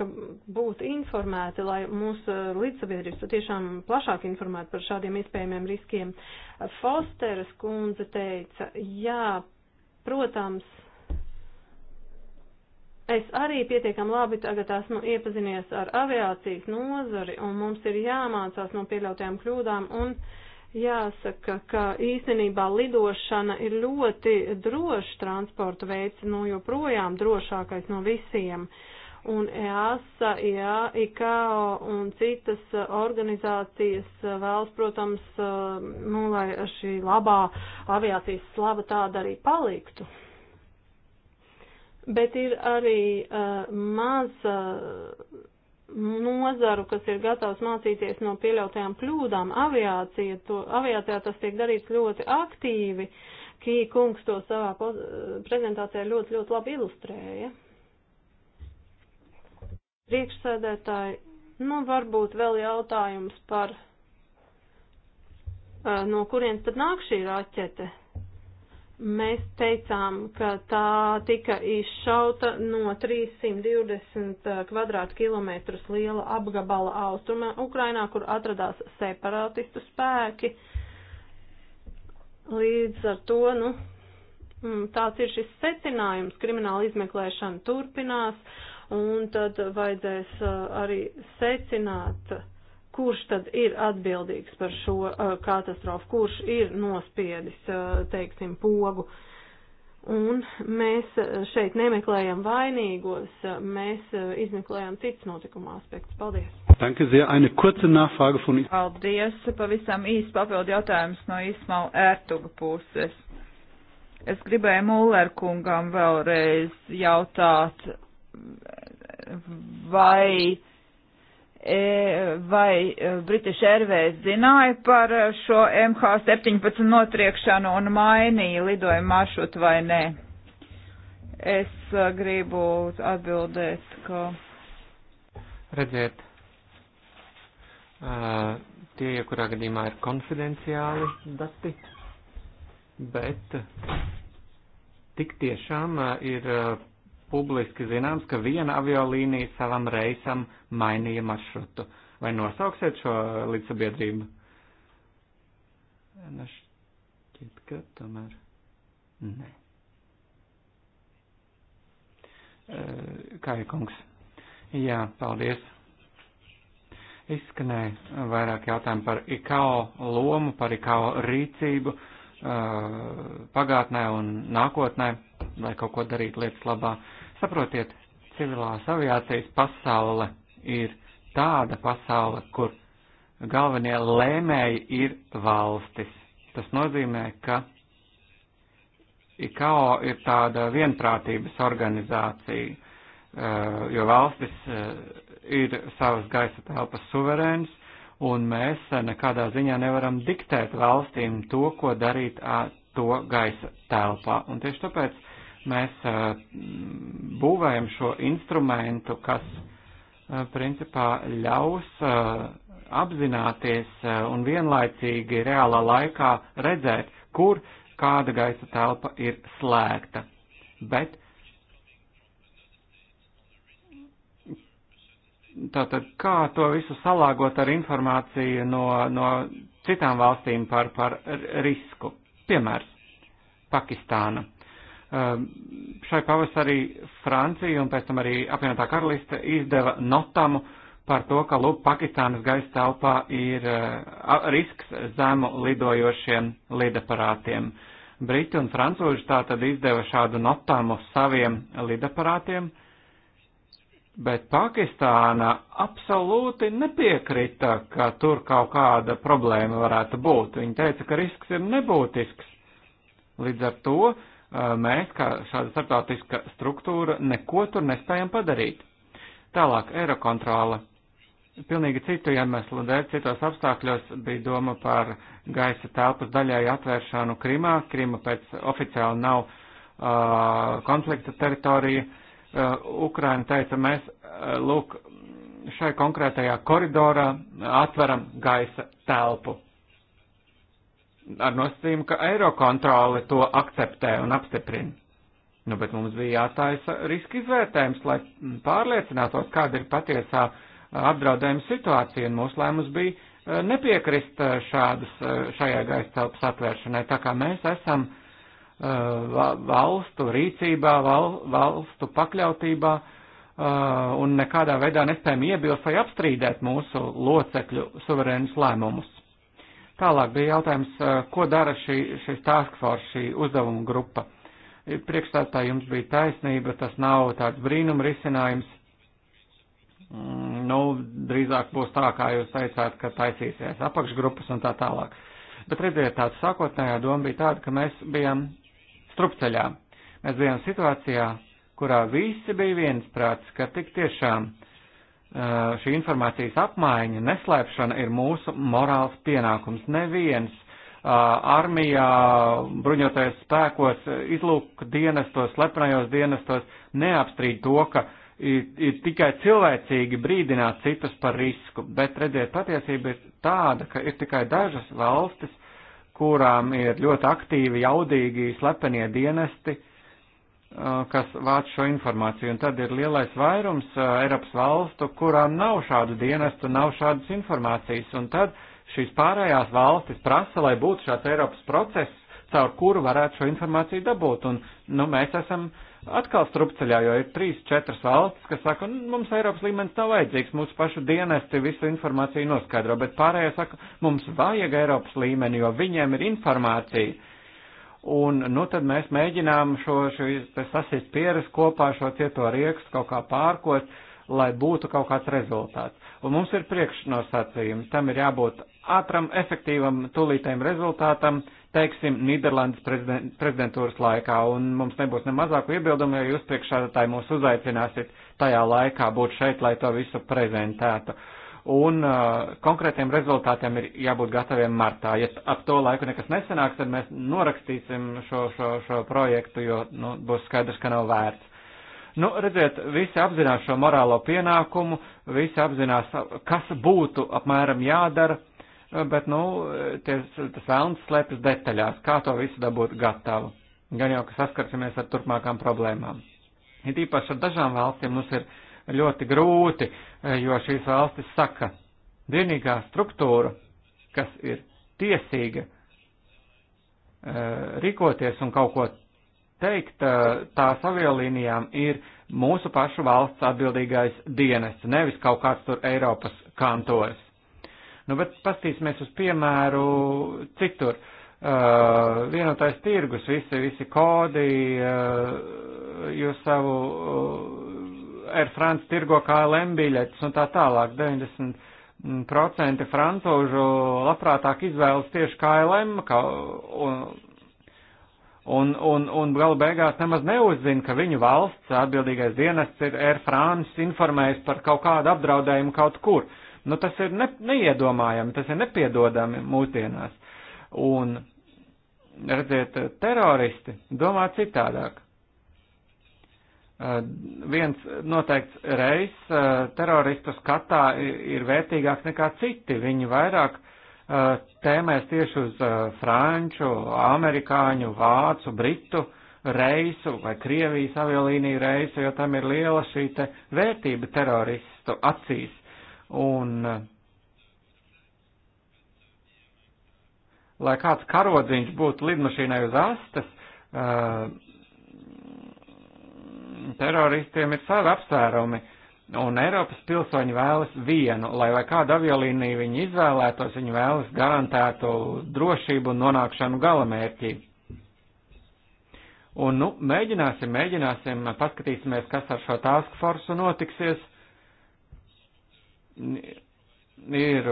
būt informēti, lai mūsu eh, līdzsabiedrības patiešām plašāk informētu par šādiem iespējamiem riskiem. Fosteras kundze teica, jā, protams, Es arī pietiekam labi tagad esmu iepazinies ar aviācijas nozari, un mums ir jāmācās no pieļautajām kļūdām, un jāsaka, ka īstenībā lidošana ir ļoti drošs transporta veids, no nu, joprojām drošākais no visiem. Uh, un EASA, jā, e IKO un citas organizācijas vēlas, protams, nu, lai šī labā aviācijas slava tāda arī paliktu. Bet ir arī uh, maz uh, nozaru, kas ir gatavs mācīties no pieļautajām kļūdām. Aviācija, to, aviācijā tas tiek darīts ļoti aktīvi. Kī kungs to savā eh, prezentācijā ļoti, ļoti labi ilustrēja. Priekšsēdētāji, nu varbūt vēl jautājums par, no kurienes tad nāk šī raķete? Mēs teicām, ka tā tika izšauta no 320 kvadrātkilometrus liela apgabala austruma Ukrainā, kur atradās separātistu spēki. Līdz ar to, nu, mm, tāds ir šis secinājums. Krimināla izmeklēšana turpinās un tad vajadzēs uh, arī secināt, kurš tad ir atbildīgs par šo uh, katastrofu, kurš ir nospiedis, uh, teiksim, pogu. Un mēs šeit nemeklējam vainīgos, mēs izmeklējam citas notikuma aspektus. Paldies! Danke sehr. Eine kurze Nachfrage von Ihnen. Paldies. Pavisam īsts papildu jautājums no Ismail Ertuga puses. Es gribēju Mullerkungam vēlreiz jautāt, vai, e, vai e, British Airways zināja par e, šo MH17 notriekšanu un mainīja lidojumu maršrutu vai nē? Es gribu atbildēt, ka. Redziet, uh, tie, kurā gadījumā ir konfidenciāli dati, bet tik tiešām ir publiski zināms, ka viena aviolīnija savam reisam mainīja maršrutu. Vai nosauksiet šo līdzsabiedrību? Nu, šķiet, ka tomēr nē. Eh, kā ir kungs? Jā, paldies. Izskanēja vairāk jautājumu par IKO lomu, par IKO rīcību eh, pagātnē un nākotnē, lai kaut ko darītu lietas labā. Uh, Saprotiet, civilās aviācijas pasaule ir tāda pasaule, kur galvenie lēmēji ir valstis. Tas nozīmē, ka ICAO ir tāda vienprātības organizācija, eh, jo valstis eh, ir savas gaisa telpas suverēns, un mēs eh, nekādā ziņā nevaram diktēt valstīm to, ko darīt to gaisa telpā. Un tieši tāpēc Mēs būvējam šo instrumentu, kas principā ļaus apzināties un vienlaicīgi reālā laikā redzēt, kur kāda gaisa telpa ir slēgta. Bet tātad kā to visu salāgot ar informāciju no, no citām valstīm par, par risku? Piemērs - Pakistāna. Um, šai pavasarī Francija un pēc tam arī apvienotā karaliste izdeva notamu par to, ka lūk Pakistānas gaisa telpā ir uh, risks zemu lidojošiem lidaparātiem. Briti un francūži tā tad izdeva šādu notamu saviem lidaparātiem, bet Pakistāna absolūti nepiekrita, ka tur kaut kāda problēma varētu būt. Viņa teica, ka risks ir nebūtisks. Līdz ar to Uh, mēs, kā šāda starptautiska struktūra, neko tur nespējam padarīt. Tālāk, aerokontrola. Pilnīgi citu iemeslu dēļ, citos apstākļos bija doma par gaisa telpas daļai atvēršanu Krimā. Krima pēc oficiāli nav uh, konflikta teritorija. Uh, Ukraina teica, mēs, uh, lūk, šai konkrētajā koridorā atveram gaisa telpu ar nosacījumu, ka Eirokontrole to akceptē un apstiprina. Nu, bet mums bija jātājas riska izvērtējums, lai pārliecinātos, kāda ir patiesā apdraudējuma situācija, un mūsu lēmums bija eh, nepiekrist eh, šādas, eh, šajā gaisa telpas atvēršanai, tā kā mēs esam valstu rīcībā, val, valstu pakļautībā, un nekādā veidā nespējam iebilst vai apstrīdēt mūsu locekļu suverēnus lēmumus. Tālāk bija jautājums, eh, ko dara šī, šis task force, šī uzdevuma grupa. Priekšstādā jums bija taisnība, tas nav tāds brīnuma risinājums. Mm, nu, drīzāk būs tā, kā jūs teicāt, ka taisīsies apakšgrupas un tā tālāk. Bet redziet, tāds sākotnējā doma bija tāda, ka mēs bijām strupceļā. Mēs bijām situācijā, kurā visi bija viensprāts, ka tik tiešām uh, Eh, šī informācijas apmaiņa, neslēpšana ir mūsu morāls pienākums. Neviens eh, armijā, bruņotajos spēkos, izlūk dienestos, slepenajos dienestos neapstrīd to, ka ir, ir tikai cilvēcīgi brīdināt citus par risku, bet redziet, patiesība ir tāda, ka ir tikai dažas valstis, kurām ir ļoti aktīvi, jaudīgi slepenie dienesti, uh, Uh, kas vāc šo informāciju. Un tad ir lielais vairums uh, Eiropas valstu, kurām nav šādu dienestu, nav šādas informācijas. Un tad šīs pārējās valstis prasa, lai būtu šāds Eiropas process, caur kuru varētu šo informāciju dabūt. Un, nu, mēs esam atkal strupceļā, jo ir trīs, četras valstis, kas saka, nu, mums Eiropas līmenis nav vajadzīgs, mūsu pašu dienesti visu informāciju noskaidro, bet pārējie saka, mums vajag Eiropas līmeni, jo viņiem ir informācija Un, nu, tad mēs mēģinām šo, šo sasist pieres kopā, šo cieto riekstu kaut kā pārkot, lai būtu kaut kāds rezultāts. Un mums ir priekšnosacījumi, tam ir jābūt ātram, efektīvam, tūlītējam rezultātam, teiksim, Nīderlandes prezident, prezidentūras laikā, un mums nebūs ne mazāku iebildumu, ja jūs priekšādātāji mūs uzaicināsiet tajā laikā būt šeit, lai to visu prezentētu. Uh, un uh, konkrētiem rezultātiem ir jābūt gataviem martā. Ja ap to laiku nekas nesanāks, tad mēs norakstīsim šo, šo, šo projektu, jo nu, būs skaidrs, ka nav vērts. Nu, redziet, visi apzinās šo morālo pienākumu, visi apzinās, kas būtu apmēram jādara, bet, nu, ties, tas vēlns slēpjas detaļās, kā to visu dabūt gatavu. Gan jau, ka saskarsimies ar turpmākām problēmām. Ir īpaši ar dažām valstīm mums ir ļoti grūti, eh, jo šīs valstis saka, vienīgā struktūra, kas ir tiesīga eh, rīkoties un kaut ko teikt, eh, tā aviolīnijām ir mūsu pašu valsts atbildīgais dienests, nevis kaut kāds tur Eiropas kantors. Nu, bet pastīsimies uz piemēru citur. Uh, vienotais tirgus, visi, visi kodi, uh, jūs savu uh, Air France tirgo KLM biļetes un tā tālāk. 90% francūžu labprātāk izvēlas tieši KLM ka, un, un, un, un gala beigās nemaz neuzzina, ka viņu valsts atbildīgais dienests ir Air France informējis par kaut kādu apdraudējumu kaut kur. Nu, tas ir ne, neiedomājami, tas ir nepiedodami mūsdienās. Un, redziet, teroristi domā citādāk. Eh, viens noteikts reis eh, teroristu skatā ir vērtīgāks nekā citi. Viņi vairāk eh, tēmēs tieši uz franču, amerikāņu, vācu, britu reisu vai Krievijas aviolīniju reisu, jo tam ir liela šī te vērtība teroristu acīs. Un, lai kāds karodziņš būtu lidmašīnai uz astes, uh, teroristiem ir savi apsvērumi, un Eiropas pilsoņi vēlas vienu, lai vai kādu aviolīniju viņi izvēlētos, viņi vēlas garantētu drošību un nonākšanu galamērķī. Un, nu, mēģināsim, mēģināsim, paskatīsimies, kas ar šo task force notiksies. Ir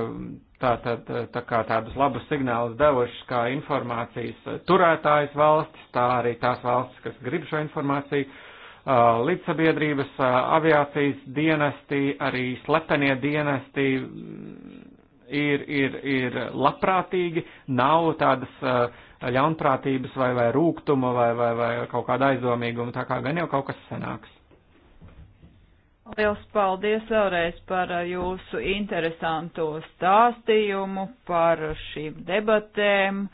tā, tā, tā kā tādus labus signālus devušas kā informācijas turētājas valstis, tā arī tās valstis, kas grib šo informāciju. Uh, līdzsabiedrības, aviācijas dienesti, arī slepenie dienesti mm, ir, ir, ir labprātīgi, nav tādas ļaunprātības vai, vai rūkuma vai, vai, vai kaut kāda aizdomīguma, tā kā gan jau kaut kas sanāks. Liels paldies vēlreiz par jūsu interesanto stāstījumu, par šīm debatēm.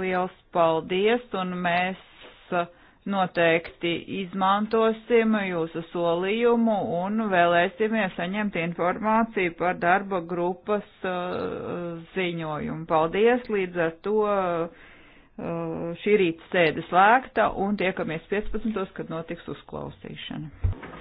Liels paldies un mēs. Uh, Noteikti izmantosim jūsu solījumu un vēlēsimies saņemt informāciju par darba grupas uh, ziņojumu. Paldies, līdz ar to uh, šī rīta sēde slēgta un tiekamies 15. kad notiks uzklausīšana.